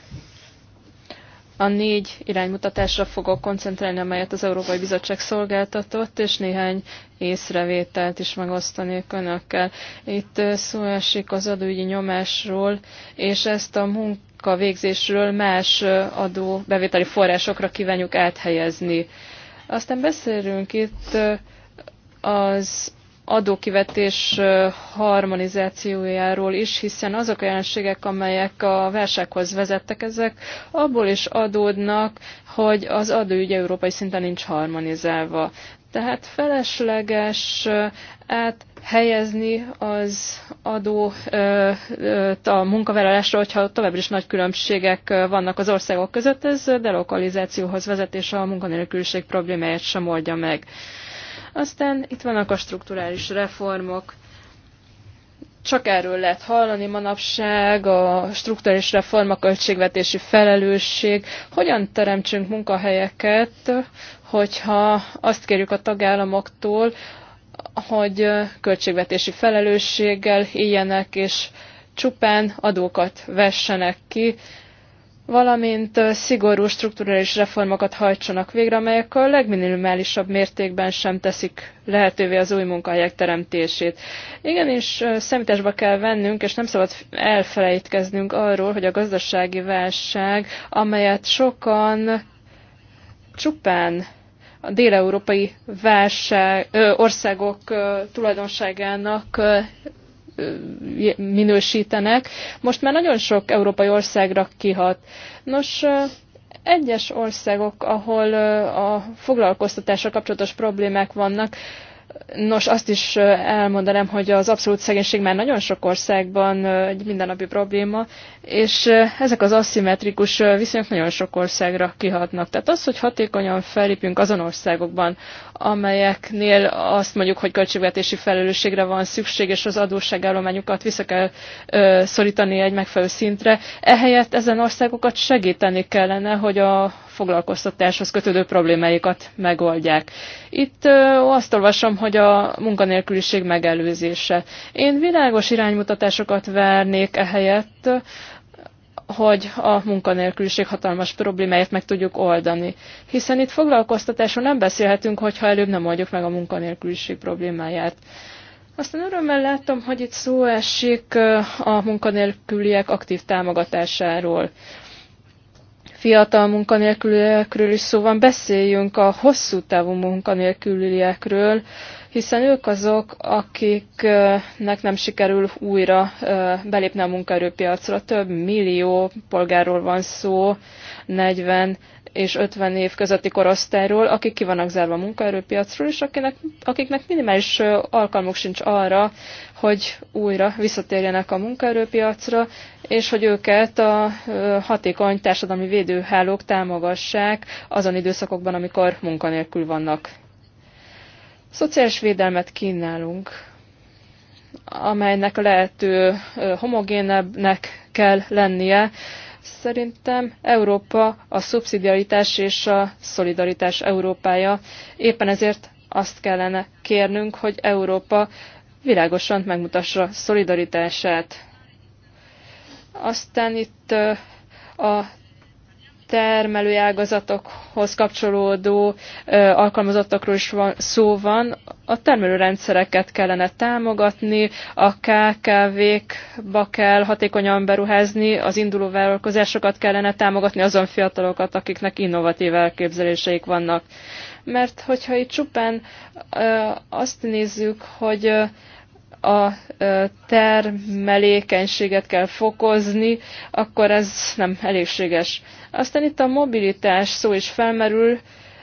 a négy iránymutatásra fogok koncentrálni, amelyet az Európai Bizottság szolgáltatott, és néhány észrevételt is megosztani önökkel. Itt szó esik az adóügyi nyomásról, és ezt a munkavégzésről más adó bevételi forrásokra kívánjuk áthelyezni. Aztán beszélünk itt az adókivetés harmonizációjáról is, hiszen azok a jelenségek, amelyek a válsághoz vezettek, ezek abból is adódnak, hogy az adóügy európai szinten nincs harmonizálva. Tehát felesleges helyezni az adót a munkavállalásra, hogyha továbbra is nagy különbségek vannak az országok között, ez delokalizációhoz vezet, és a munkanélküliség problémáját sem oldja meg. Aztán itt vannak a strukturális reformok. Csak erről lehet hallani manapság, a strukturális reform, a költségvetési felelősség. Hogyan teremtsünk munkahelyeket, hogyha azt kérjük a tagállamoktól, hogy költségvetési felelősséggel éljenek, és csupán adókat vessenek ki, valamint szigorú strukturális reformokat hajtsanak végre, amelyek a legminimálisabb mértékben sem teszik lehetővé az új munkahelyek teremtését. Igenis, szemításba kell vennünk, és nem szabad elfelejtkeznünk arról, hogy a gazdasági válság, amelyet sokan csupán a déleurópai válság, ö, országok ö, tulajdonságának ö, minősítenek, most már nagyon sok európai országra kihat. Nos, egyes országok, ahol a foglalkoztatásra kapcsolatos problémák vannak, Nos, azt is elmondanám, hogy az abszolút szegénység már nagyon sok országban egy mindennapi probléma, és ezek az aszimmetrikus viszonyok nagyon sok országra kihatnak. Tehát az, hogy hatékonyan fellépjünk azon országokban, amelyeknél azt mondjuk, hogy költségvetési felelősségre van szükség, és az adósságállományokat vissza kell ö, szorítani egy megfelelő szintre. Ehelyett ezen országokat segíteni kellene, hogy a foglalkoztatáshoz kötődő problémáikat megoldják. Itt ö, azt olvasom, hogy a munkanélküliség megelőzése. Én világos iránymutatásokat várnék ehelyett, hogy a munkanélküliség hatalmas problémáját meg tudjuk oldani. Hiszen itt foglalkoztatásról nem beszélhetünk, hogyha előbb nem oldjuk meg a munkanélküliség problémáját. Aztán örömmel látom, hogy itt szó esik a munkanélküliek aktív támogatásáról. Fiatal munkanélküliekről is szó van, beszéljünk a hosszú távú munkanélküliekről, hiszen ők azok, akiknek nem sikerül újra belépni a munkaerőpiacra. Több millió polgárról van szó, 40 és 50 év közötti korosztályról, akik ki vannak zárva a munkaerőpiacról, és akinek, akiknek minimális alkalmuk sincs arra, hogy újra visszatérjenek a munkaerőpiacra, és hogy őket a hatékony társadalmi védőhálók támogassák azon időszakokban, amikor munkanélkül vannak. Szociális védelmet kínálunk, amelynek a lehető homogénebbnek kell lennie. Szerintem Európa a szubszidiaritás és a szolidaritás Európája. Éppen ezért azt kellene kérnünk, hogy Európa világosan megmutassa szolidaritását. Aztán itt a termelői ágazatokhoz kapcsolódó alkalmazottakról is van, szó van. A termelőrendszereket kellene támogatni, a KKV-kba kell hatékonyan beruházni, az induló vállalkozásokat kellene támogatni, azon fiatalokat, akiknek innovatív elképzeléseik vannak. Mert hogyha itt csupán azt nézzük, hogy a termelékenységet kell fokozni, akkor ez nem elégséges. Aztán itt a mobilitás szó is felmerül,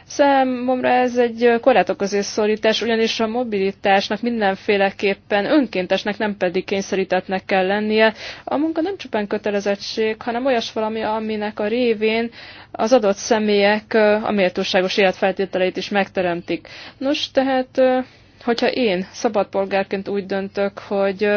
Számomra ez egy korlátokhoz szorítás, ugyanis a mobilitásnak mindenféleképpen önkéntesnek, nem pedig kényszerítetnek kell lennie. A munka nem csupán kötelezettség, hanem olyas valami, aminek a révén az adott személyek a méltóságos életfeltételeit is megteremtik. Nos, tehát Hogyha én szabadpolgárként úgy döntök, hogy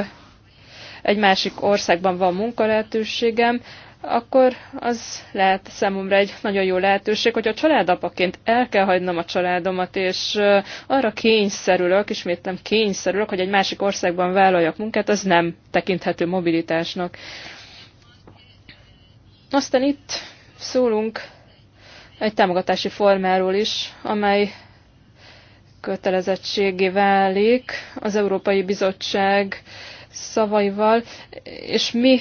egy másik országban van munkalehetőségem, akkor az lehet számomra egy nagyon jó lehetőség, hogy a családapaként el kell hagynom a családomat, és arra kényszerülök, ismétlem kényszerülök, hogy egy másik országban vállaljak munkát, az nem tekinthető mobilitásnak. Aztán itt szólunk egy támogatási formáról is, amely kötelezettségé válik az Európai Bizottság szavaival, és mi,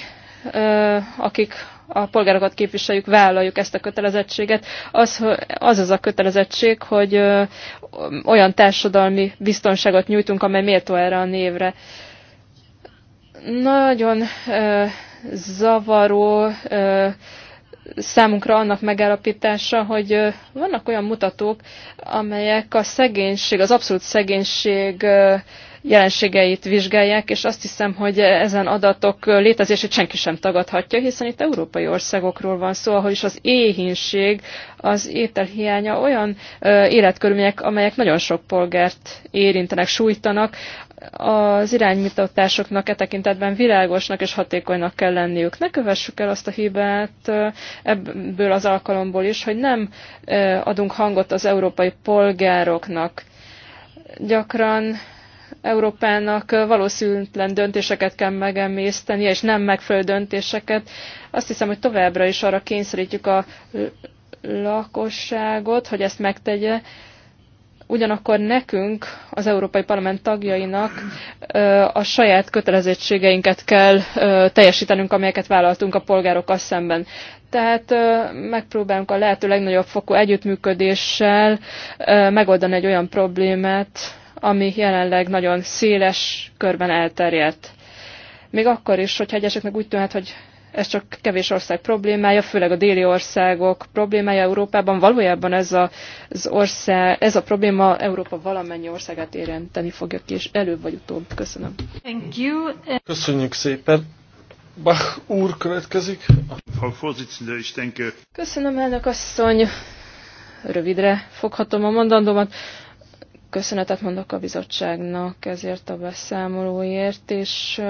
akik a polgárokat képviseljük, vállaljuk ezt a kötelezettséget, az az, az a kötelezettség, hogy olyan társadalmi biztonságot nyújtunk, amely méltó erre a névre. Nagyon zavaró számunkra annak megállapítása, hogy vannak olyan mutatók, amelyek a szegénység, az abszolút szegénység jelenségeit vizsgálják, és azt hiszem, hogy ezen adatok létezését senki sem tagadhatja, hiszen itt európai országokról van szó, ahol is az éhínség, az ételhiánya olyan életkörülmények, amelyek nagyon sok polgárt érintenek, sújtanak, az iránymutatásoknak e tekintetben világosnak és hatékonynak kell lenniük. Ne kövessük el azt a hibát ebből az alkalomból is, hogy nem adunk hangot az európai polgároknak. Gyakran Európának valószínűtlen döntéseket kell megemészteni és nem megfelelő döntéseket. Azt hiszem, hogy továbbra is arra kényszerítjük a lakosságot, hogy ezt megtegye, ugyanakkor nekünk, az Európai Parlament tagjainak a saját kötelezettségeinket kell teljesítenünk, amelyeket vállaltunk a polgárokkal szemben. Tehát megpróbálunk a lehető legnagyobb fokú együttműködéssel megoldani egy olyan problémát, ami jelenleg nagyon széles körben elterjedt. Még akkor is, hogyha egyeseknek úgy tűnhet, hogy ez csak kevés ország problémája, főleg a déli országok problémája Európában. Valójában ez a, az ország, ez a probléma Európa valamennyi országát érinteni fogja ki, és előbb vagy utóbb. Köszönöm. Thank you. Köszönjük szépen. Bach úr következik. Köszönöm, elnök asszony. Rövidre foghatom a mondandómat. Köszönetet mondok a bizottságnak ezért a beszámolóért, és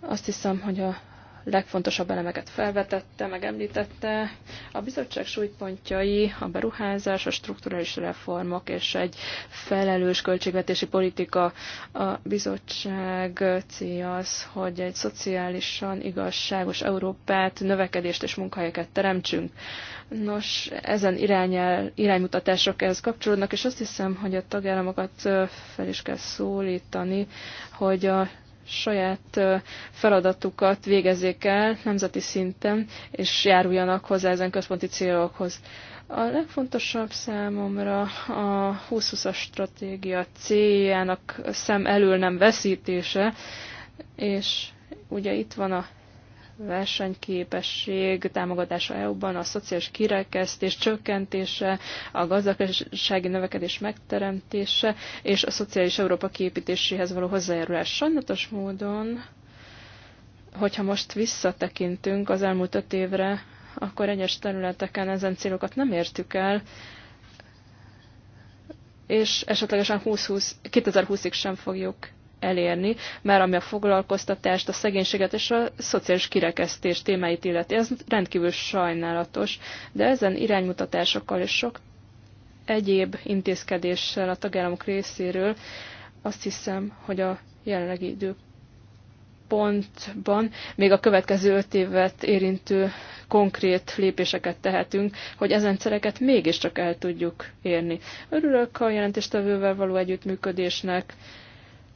azt hiszem, hogy a legfontosabb elemeket felvetette, megemlítette. A bizottság súlypontjai a beruházás, a strukturális reformok és egy felelős költségvetési politika. A bizottság célja az, hogy egy szociálisan igazságos Európát, növekedést és munkahelyeket teremtsünk. Nos, ezen irányel, iránymutatások ez kapcsolódnak, és azt hiszem, hogy a tagállamokat fel is kell szólítani, hogy a saját feladatukat végezzék el nemzeti szinten, és járuljanak hozzá ezen központi célokhoz. A legfontosabb számomra a 20 as stratégia céljának szem elől nem veszítése, és ugye itt van a versenyképesség támogatása EU-ban, a szociális kirekesztés csökkentése, a gazdasági növekedés megteremtése és a szociális Európa kiépítéséhez való hozzájárulás. Sajnálatos módon, hogyha most visszatekintünk az elmúlt öt évre, akkor egyes területeken ezen célokat nem értük el, és esetlegesen 2020, 2020-ig sem fogjuk elérni, mert ami a foglalkoztatást, a szegénységet és a szociális kirekesztés témáit illeti. Ez rendkívül sajnálatos, de ezen iránymutatásokkal és sok egyéb intézkedéssel a tagállamok részéről azt hiszem, hogy a jelenlegi idő pontban még a következő öt évet érintő konkrét lépéseket tehetünk, hogy ezen szereket mégiscsak el tudjuk érni. Örülök a jelentéstevővel való együttműködésnek,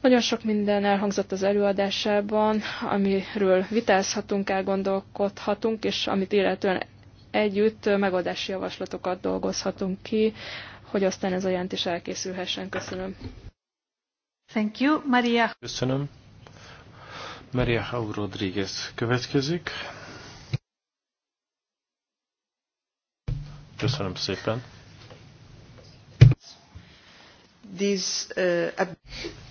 nagyon sok minden elhangzott az előadásában, amiről vitázhatunk, elgondolkodhatunk, és amit illetően együtt megoldási javaslatokat dolgozhatunk ki, hogy aztán ez a jelentés elkészülhessen. Köszönöm. Thank you, Maria. Köszönöm. Maria Hau Rodriguez következik. Köszönöm szépen. Uh,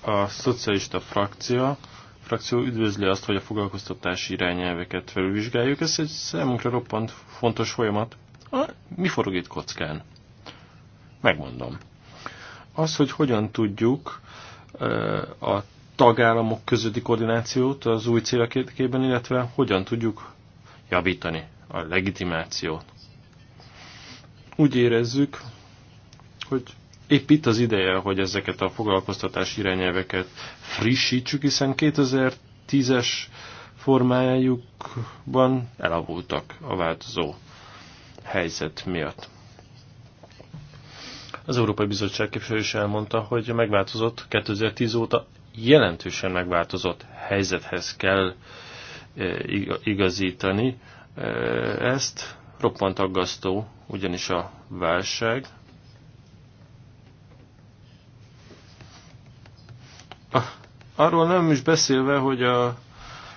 a szocialista frakció frakció üdvözli azt, hogy a foglalkoztatási irányelveket felülvizsgáljuk. Ez egy számunkra roppant fontos folyamat. Mi forog itt kockán? Megmondom. Az, hogy hogyan tudjuk uh, a tagállamok közötti koordinációt az új célok illetve hogyan tudjuk javítani a legitimációt. Úgy érezzük, hogy Épp itt az ideje, hogy ezeket a foglalkoztatási irányelveket frissítsük, hiszen 2010-es formájukban elavultak a változó helyzet miatt. Az Európai Bizottság képviselő is elmondta, hogy megváltozott 2010 óta jelentősen megváltozott helyzethez kell e, igazítani e, ezt. Roppant aggasztó, ugyanis a válság Ah, arról nem is beszélve, hogy a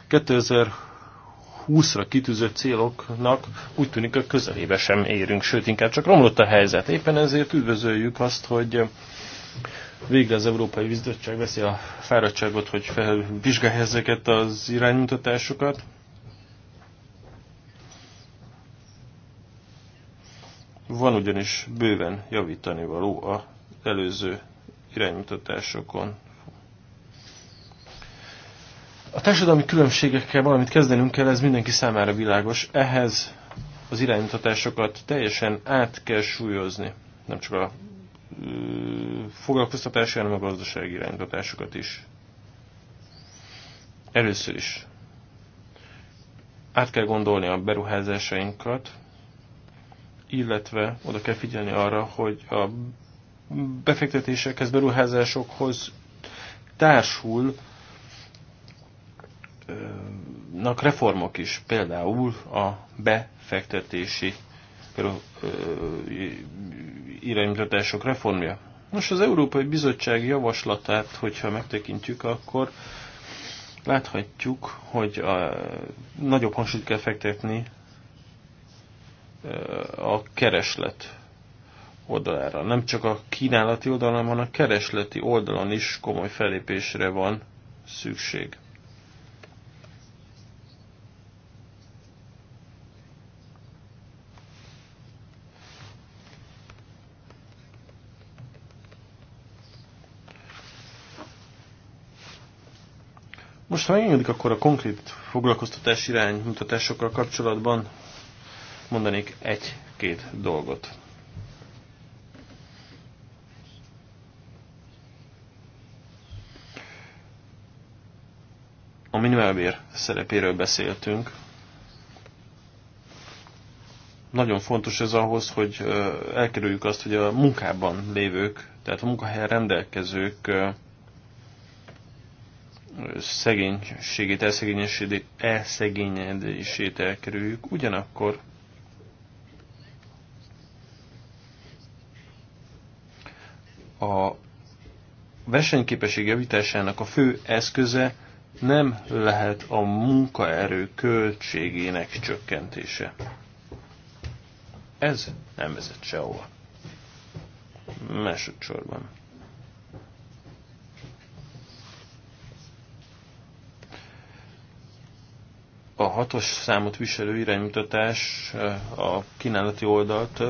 2020-ra kitűzött céloknak úgy tűnik a közelébe sem érünk, sőt inkább csak romlott a helyzet. Éppen ezért üdvözöljük azt, hogy végre az Európai Bizottság veszi a fáradtságot, hogy felvizsgálja ezeket az iránymutatásokat. Van ugyanis bőven javítani való a előző iránymutatásokon. A társadalmi különbségekkel valamit kezdenünk kell, ez mindenki számára világos. Ehhez az iránymutatásokat teljesen át kell súlyozni. Nem csak a foglalkoztatási, hanem a gazdasági iránymutatásokat is. Először is át kell gondolni a beruházásainkat, illetve oda kell figyelni arra, hogy a befektetésekhez, beruházásokhoz társul nak reformok is, például a befektetési iránymutatások reformja. Nos, az Európai Bizottság javaslatát, hogyha megtekintjük, akkor láthatjuk, hogy a, nagyobb hangsúlyt kell fektetni a kereslet oldalára. Nem csak a kínálati oldalon, hanem a keresleti oldalon is komoly felépésre van szükség. Most, ha engedik, akkor a konkrét foglalkoztatás irány, mutatásokkal kapcsolatban mondanék egy-két dolgot. A minimálbér szerepéről beszéltünk. Nagyon fontos ez ahhoz, hogy elkerüljük azt, hogy a munkában lévők, tehát a munkahelyen rendelkezők szegénységét, elszegényedését, elkerüljük, ugyanakkor a versenyképesség javításának a fő eszköze nem lehet a munkaerő költségének csökkentése. Ez nem vezet sehova. Másodszorban. a hatos számot viselő iránymutatás a kínálati oldalt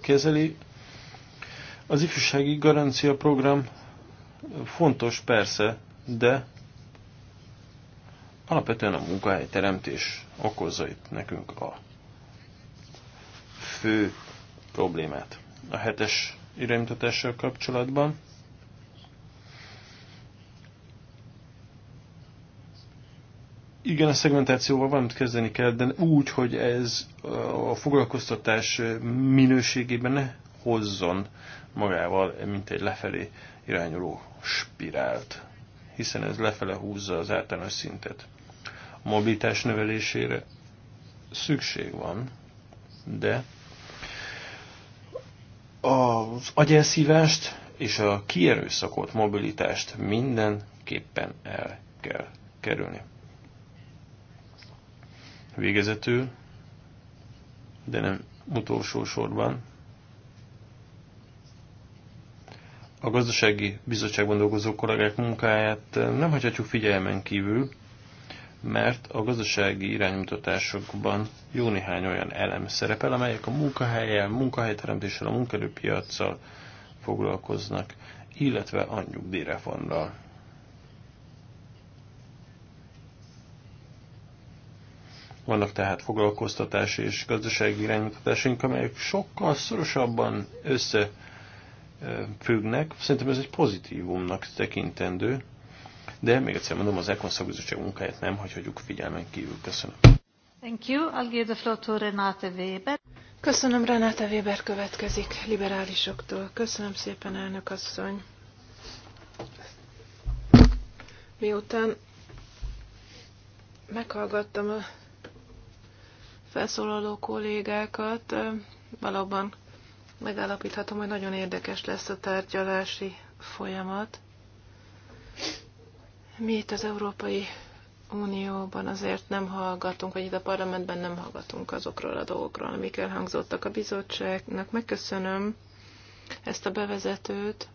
kezeli. Az ifjúsági garancia program fontos persze, de alapvetően a munkahelyteremtés okozza itt nekünk a fő problémát. A hetes iránymutatással kapcsolatban Igen, a szegmentációval valamit kezdeni kell, de úgy, hogy ez a foglalkoztatás minőségében ne hozzon magával, mint egy lefelé irányuló spirált, hiszen ez lefele húzza az általános szintet. A mobilitás növelésére szükség van, de az agyelszívást és a kierőszakot mobilitást mindenképpen el kell kerülni. Végezetül, de nem utolsó sorban, a gazdasági bizottságban dolgozó kollégák munkáját eh, nem hagyhatjuk figyelmen kívül, mert a gazdasági iránymutatásokban jó néhány olyan elem szerepel, amelyek a munkahelyel, munkahelyteremtéssel, a munkerőpiacsal foglalkoznak, illetve a nyugdíjreformral. Vannak tehát foglalkoztatás és gazdasági iránymutatásaink, amelyek sokkal szorosabban összefüggnek. Szerintem ez egy pozitívumnak tekintendő, de még egyszer mondom, az Econ szakbizottság munkáját nem hagyhatjuk figyelmen kívül. Köszönöm. Thank you. I'll give the floor to Renate Weber. Köszönöm, Renate Weber következik liberálisoktól. Köszönöm szépen, elnök asszony. Miután meghallgattam a felszólaló kollégákat. Valóban megállapíthatom, hogy nagyon érdekes lesz a tárgyalási folyamat. Mi itt az Európai Unióban azért nem hallgatunk, vagy itt a parlamentben nem hallgatunk azokról a dolgokról, amik elhangzottak a bizottságnak. Megköszönöm ezt a bevezetőt.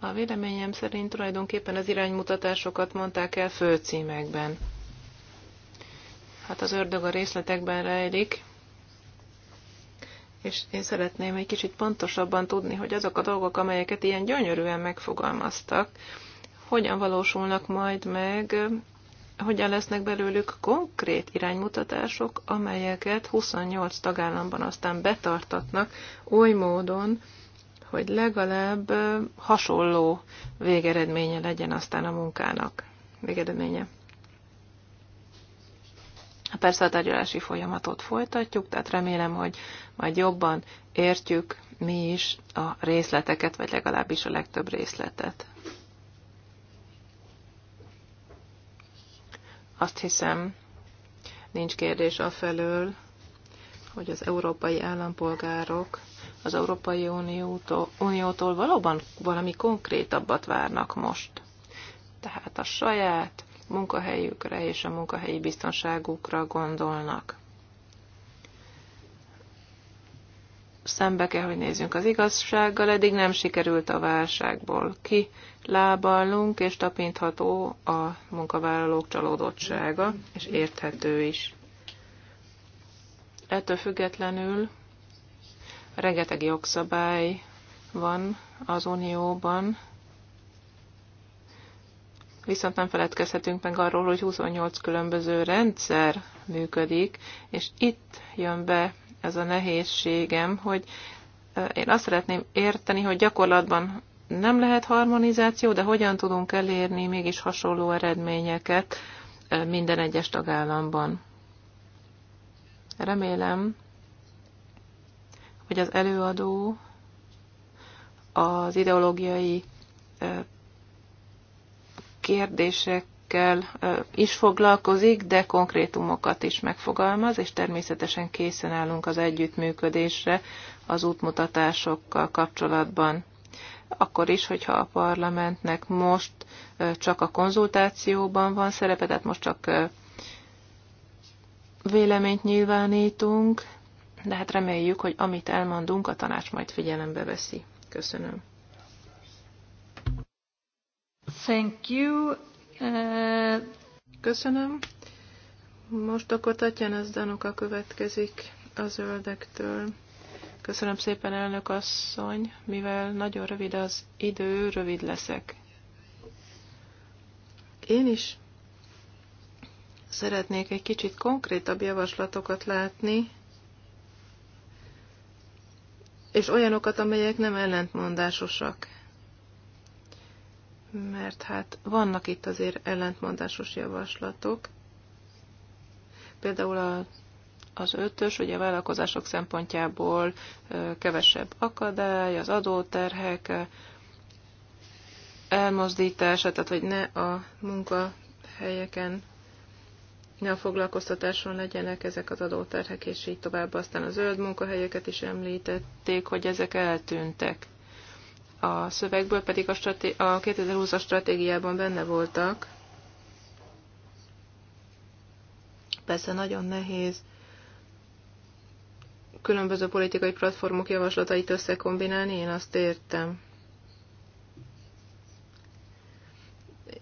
A véleményem szerint tulajdonképpen az iránymutatásokat mondták el főcímekben hát az ördög a részletekben rejlik, és én szeretném egy kicsit pontosabban tudni, hogy azok a dolgok, amelyeket ilyen gyönyörűen megfogalmaztak, hogyan valósulnak majd meg, hogyan lesznek belőlük konkrét iránymutatások, amelyeket 28 tagállamban aztán betartatnak oly módon, hogy legalább hasonló végeredménye legyen aztán a munkának. Végeredménye. Hát persze a tárgyalási folyamatot folytatjuk, tehát remélem, hogy majd jobban értjük mi is a részleteket, vagy legalábbis a legtöbb részletet. Azt hiszem, nincs kérdés afelől, hogy az európai állampolgárok az Európai Uniótól, Uniótól valóban valami konkrétabbat várnak most. Tehát a saját munkahelyükre és a munkahelyi biztonságukra gondolnak. Szembe kell, hogy nézzünk az igazsággal, eddig nem sikerült a válságból ki lábalunk, és tapintható a munkavállalók csalódottsága, és érthető is. Ettől függetlenül rengeteg jogszabály van az Unióban, viszont nem feledkezhetünk meg arról, hogy 28 különböző rendszer működik, és itt jön be ez a nehézségem, hogy én azt szeretném érteni, hogy gyakorlatban nem lehet harmonizáció, de hogyan tudunk elérni mégis hasonló eredményeket minden egyes tagállamban. Remélem, hogy az előadó az ideológiai kérdésekkel is foglalkozik, de konkrétumokat is megfogalmaz, és természetesen készen állunk az együttműködésre az útmutatásokkal kapcsolatban. Akkor is, hogyha a parlamentnek most csak a konzultációban van szerepe, tehát most csak véleményt nyilvánítunk, de hát reméljük, hogy amit elmondunk, a tanács majd figyelembe veszi. Köszönöm. Thank you. Uh, Köszönöm. Most akkor Tatjana Zdanuka következik a zöldektől. Köszönöm szépen, elnök asszony, mivel nagyon rövid az idő, rövid leszek. Én is szeretnék egy kicsit konkrétabb javaslatokat látni, és olyanokat, amelyek nem ellentmondásosak mert hát vannak itt azért ellentmondásos javaslatok. Például a, az ötös, ugye a vállalkozások szempontjából kevesebb akadály, az adóterhek elmozdítása, tehát hogy ne a munkahelyeken ne a foglalkoztatáson legyenek ezek az adóterhek, és így tovább. Aztán a zöld munkahelyeket is említették, hogy ezek eltűntek a szövegből, pedig a, straté- a 2020-as stratégiában benne voltak. Persze nagyon nehéz különböző politikai platformok javaslatait összekombinálni, én azt értem.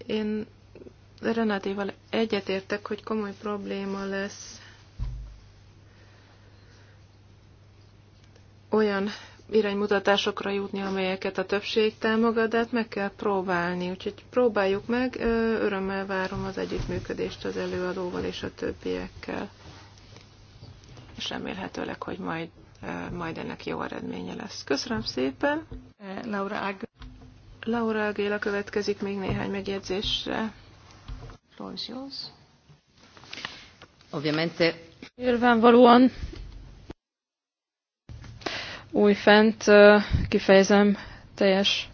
Én Renátéval egyetértek, hogy komoly probléma lesz olyan iránymutatásokra jutni, amelyeket a többség támogat, de hát meg kell próbálni. Úgyhogy próbáljuk meg, örömmel várom az együttműködést az előadóval és a többiekkel. És remélhetőleg, hogy majd, majd ennek jó eredménye lesz. Köszönöm szépen! Laura Ag. Laura Agéla következik még néhány megjegyzésre. Florziós. Obviamente. Nyilvánvalóan újfent kifejezem teljes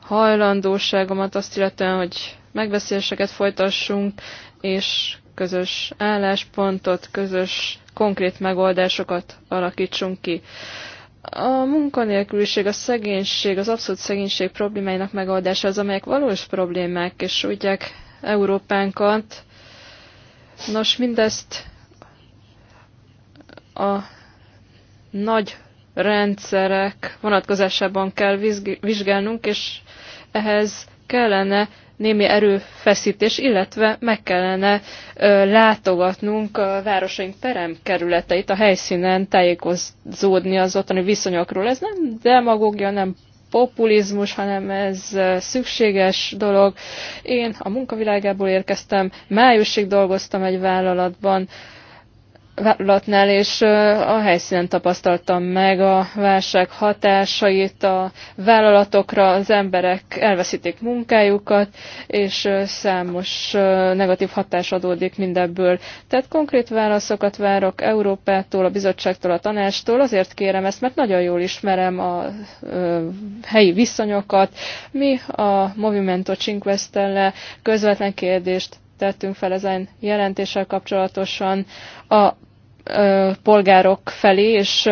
hajlandóságomat azt illetően, hogy megbeszéléseket folytassunk, és közös álláspontot, közös konkrét megoldásokat alakítsunk ki. A munkanélküliség, a szegénység, az abszolút szegénység problémáinak megoldása az, amelyek valós problémák, és sújtják Európánkat. Nos, mindezt a nagy rendszerek vonatkozásában kell vizsgálnunk, és ehhez kellene némi erőfeszítés, illetve meg kellene ö, látogatnunk a városaink peremkerületeit, a helyszínen tájékozódni az ottani viszonyokról. Ez nem demagógia, nem populizmus, hanem ez szükséges dolog. Én a munkavilágából érkeztem, májusig dolgoztam egy vállalatban, vállalatnál, és a helyszínen tapasztaltam meg a válság hatásait a vállalatokra, az emberek elveszítik munkájukat, és számos negatív hatás adódik mindebből. Tehát konkrét válaszokat várok Európától, a bizottságtól, a tanástól, azért kérem ezt, mert nagyon jól ismerem a helyi viszonyokat. Mi a Movimento Cinque Stelle közvetlen kérdést tettünk fel ezen jelentéssel kapcsolatosan a polgárok felé, és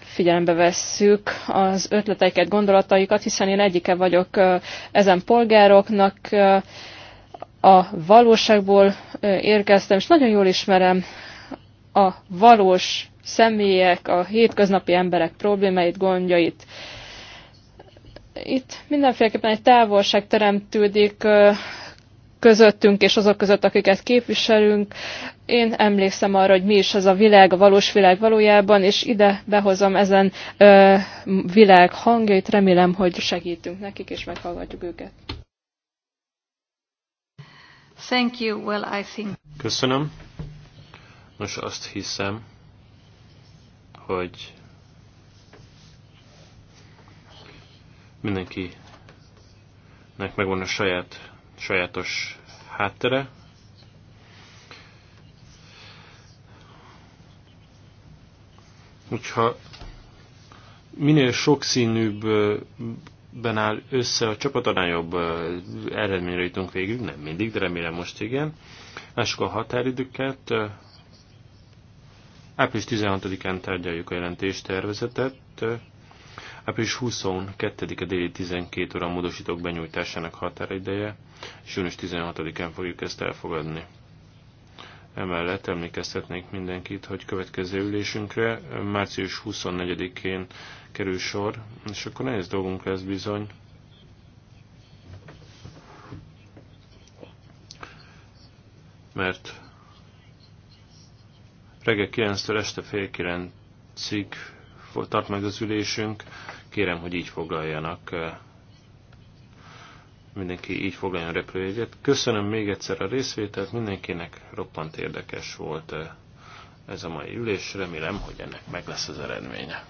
figyelembe vesszük az ötleteiket, gondolataikat, hiszen én egyike vagyok ezen polgároknak, a valóságból érkeztem, és nagyon jól ismerem a valós személyek, a hétköznapi emberek problémáit, gondjait. Itt mindenféleképpen egy távolság teremtődik közöttünk és azok között, akiket képviselünk. Én emlékszem arra, hogy mi is ez a világ, a valós világ valójában, és ide behozom ezen ö, világ hangjait. Remélem, hogy segítünk nekik, és meghallgatjuk őket. Thank you. Well, I think... Köszönöm. Nos, azt hiszem, hogy mindenkinek megvan a saját sajátos háttere. Hogyha minél sokszínűbben áll össze a csapat, annál jobb eredményre jutunk végül, nem mindig, de remélem most igen. Lássuk a határidőket. Április 16-án tárgyaljuk a jelentéstervezetet. Április 22-e déli 12 óra a módosítók benyújtásának határideje és június 16-án fogjuk ezt elfogadni. Emellett emlékeztetnék mindenkit, hogy következő ülésünkre március 24-én kerül sor, és akkor nehéz dolgunk lesz bizony. Mert reggel 9-től este fél 9-ig tart meg az ülésünk, kérem, hogy így foglaljanak mindenki így foglaljon repülőjegyet. Köszönöm még egyszer a részvételt, mindenkinek roppant érdekes volt eh, ez a mai ülés, remélem, hogy ennek meg lesz az eredménye.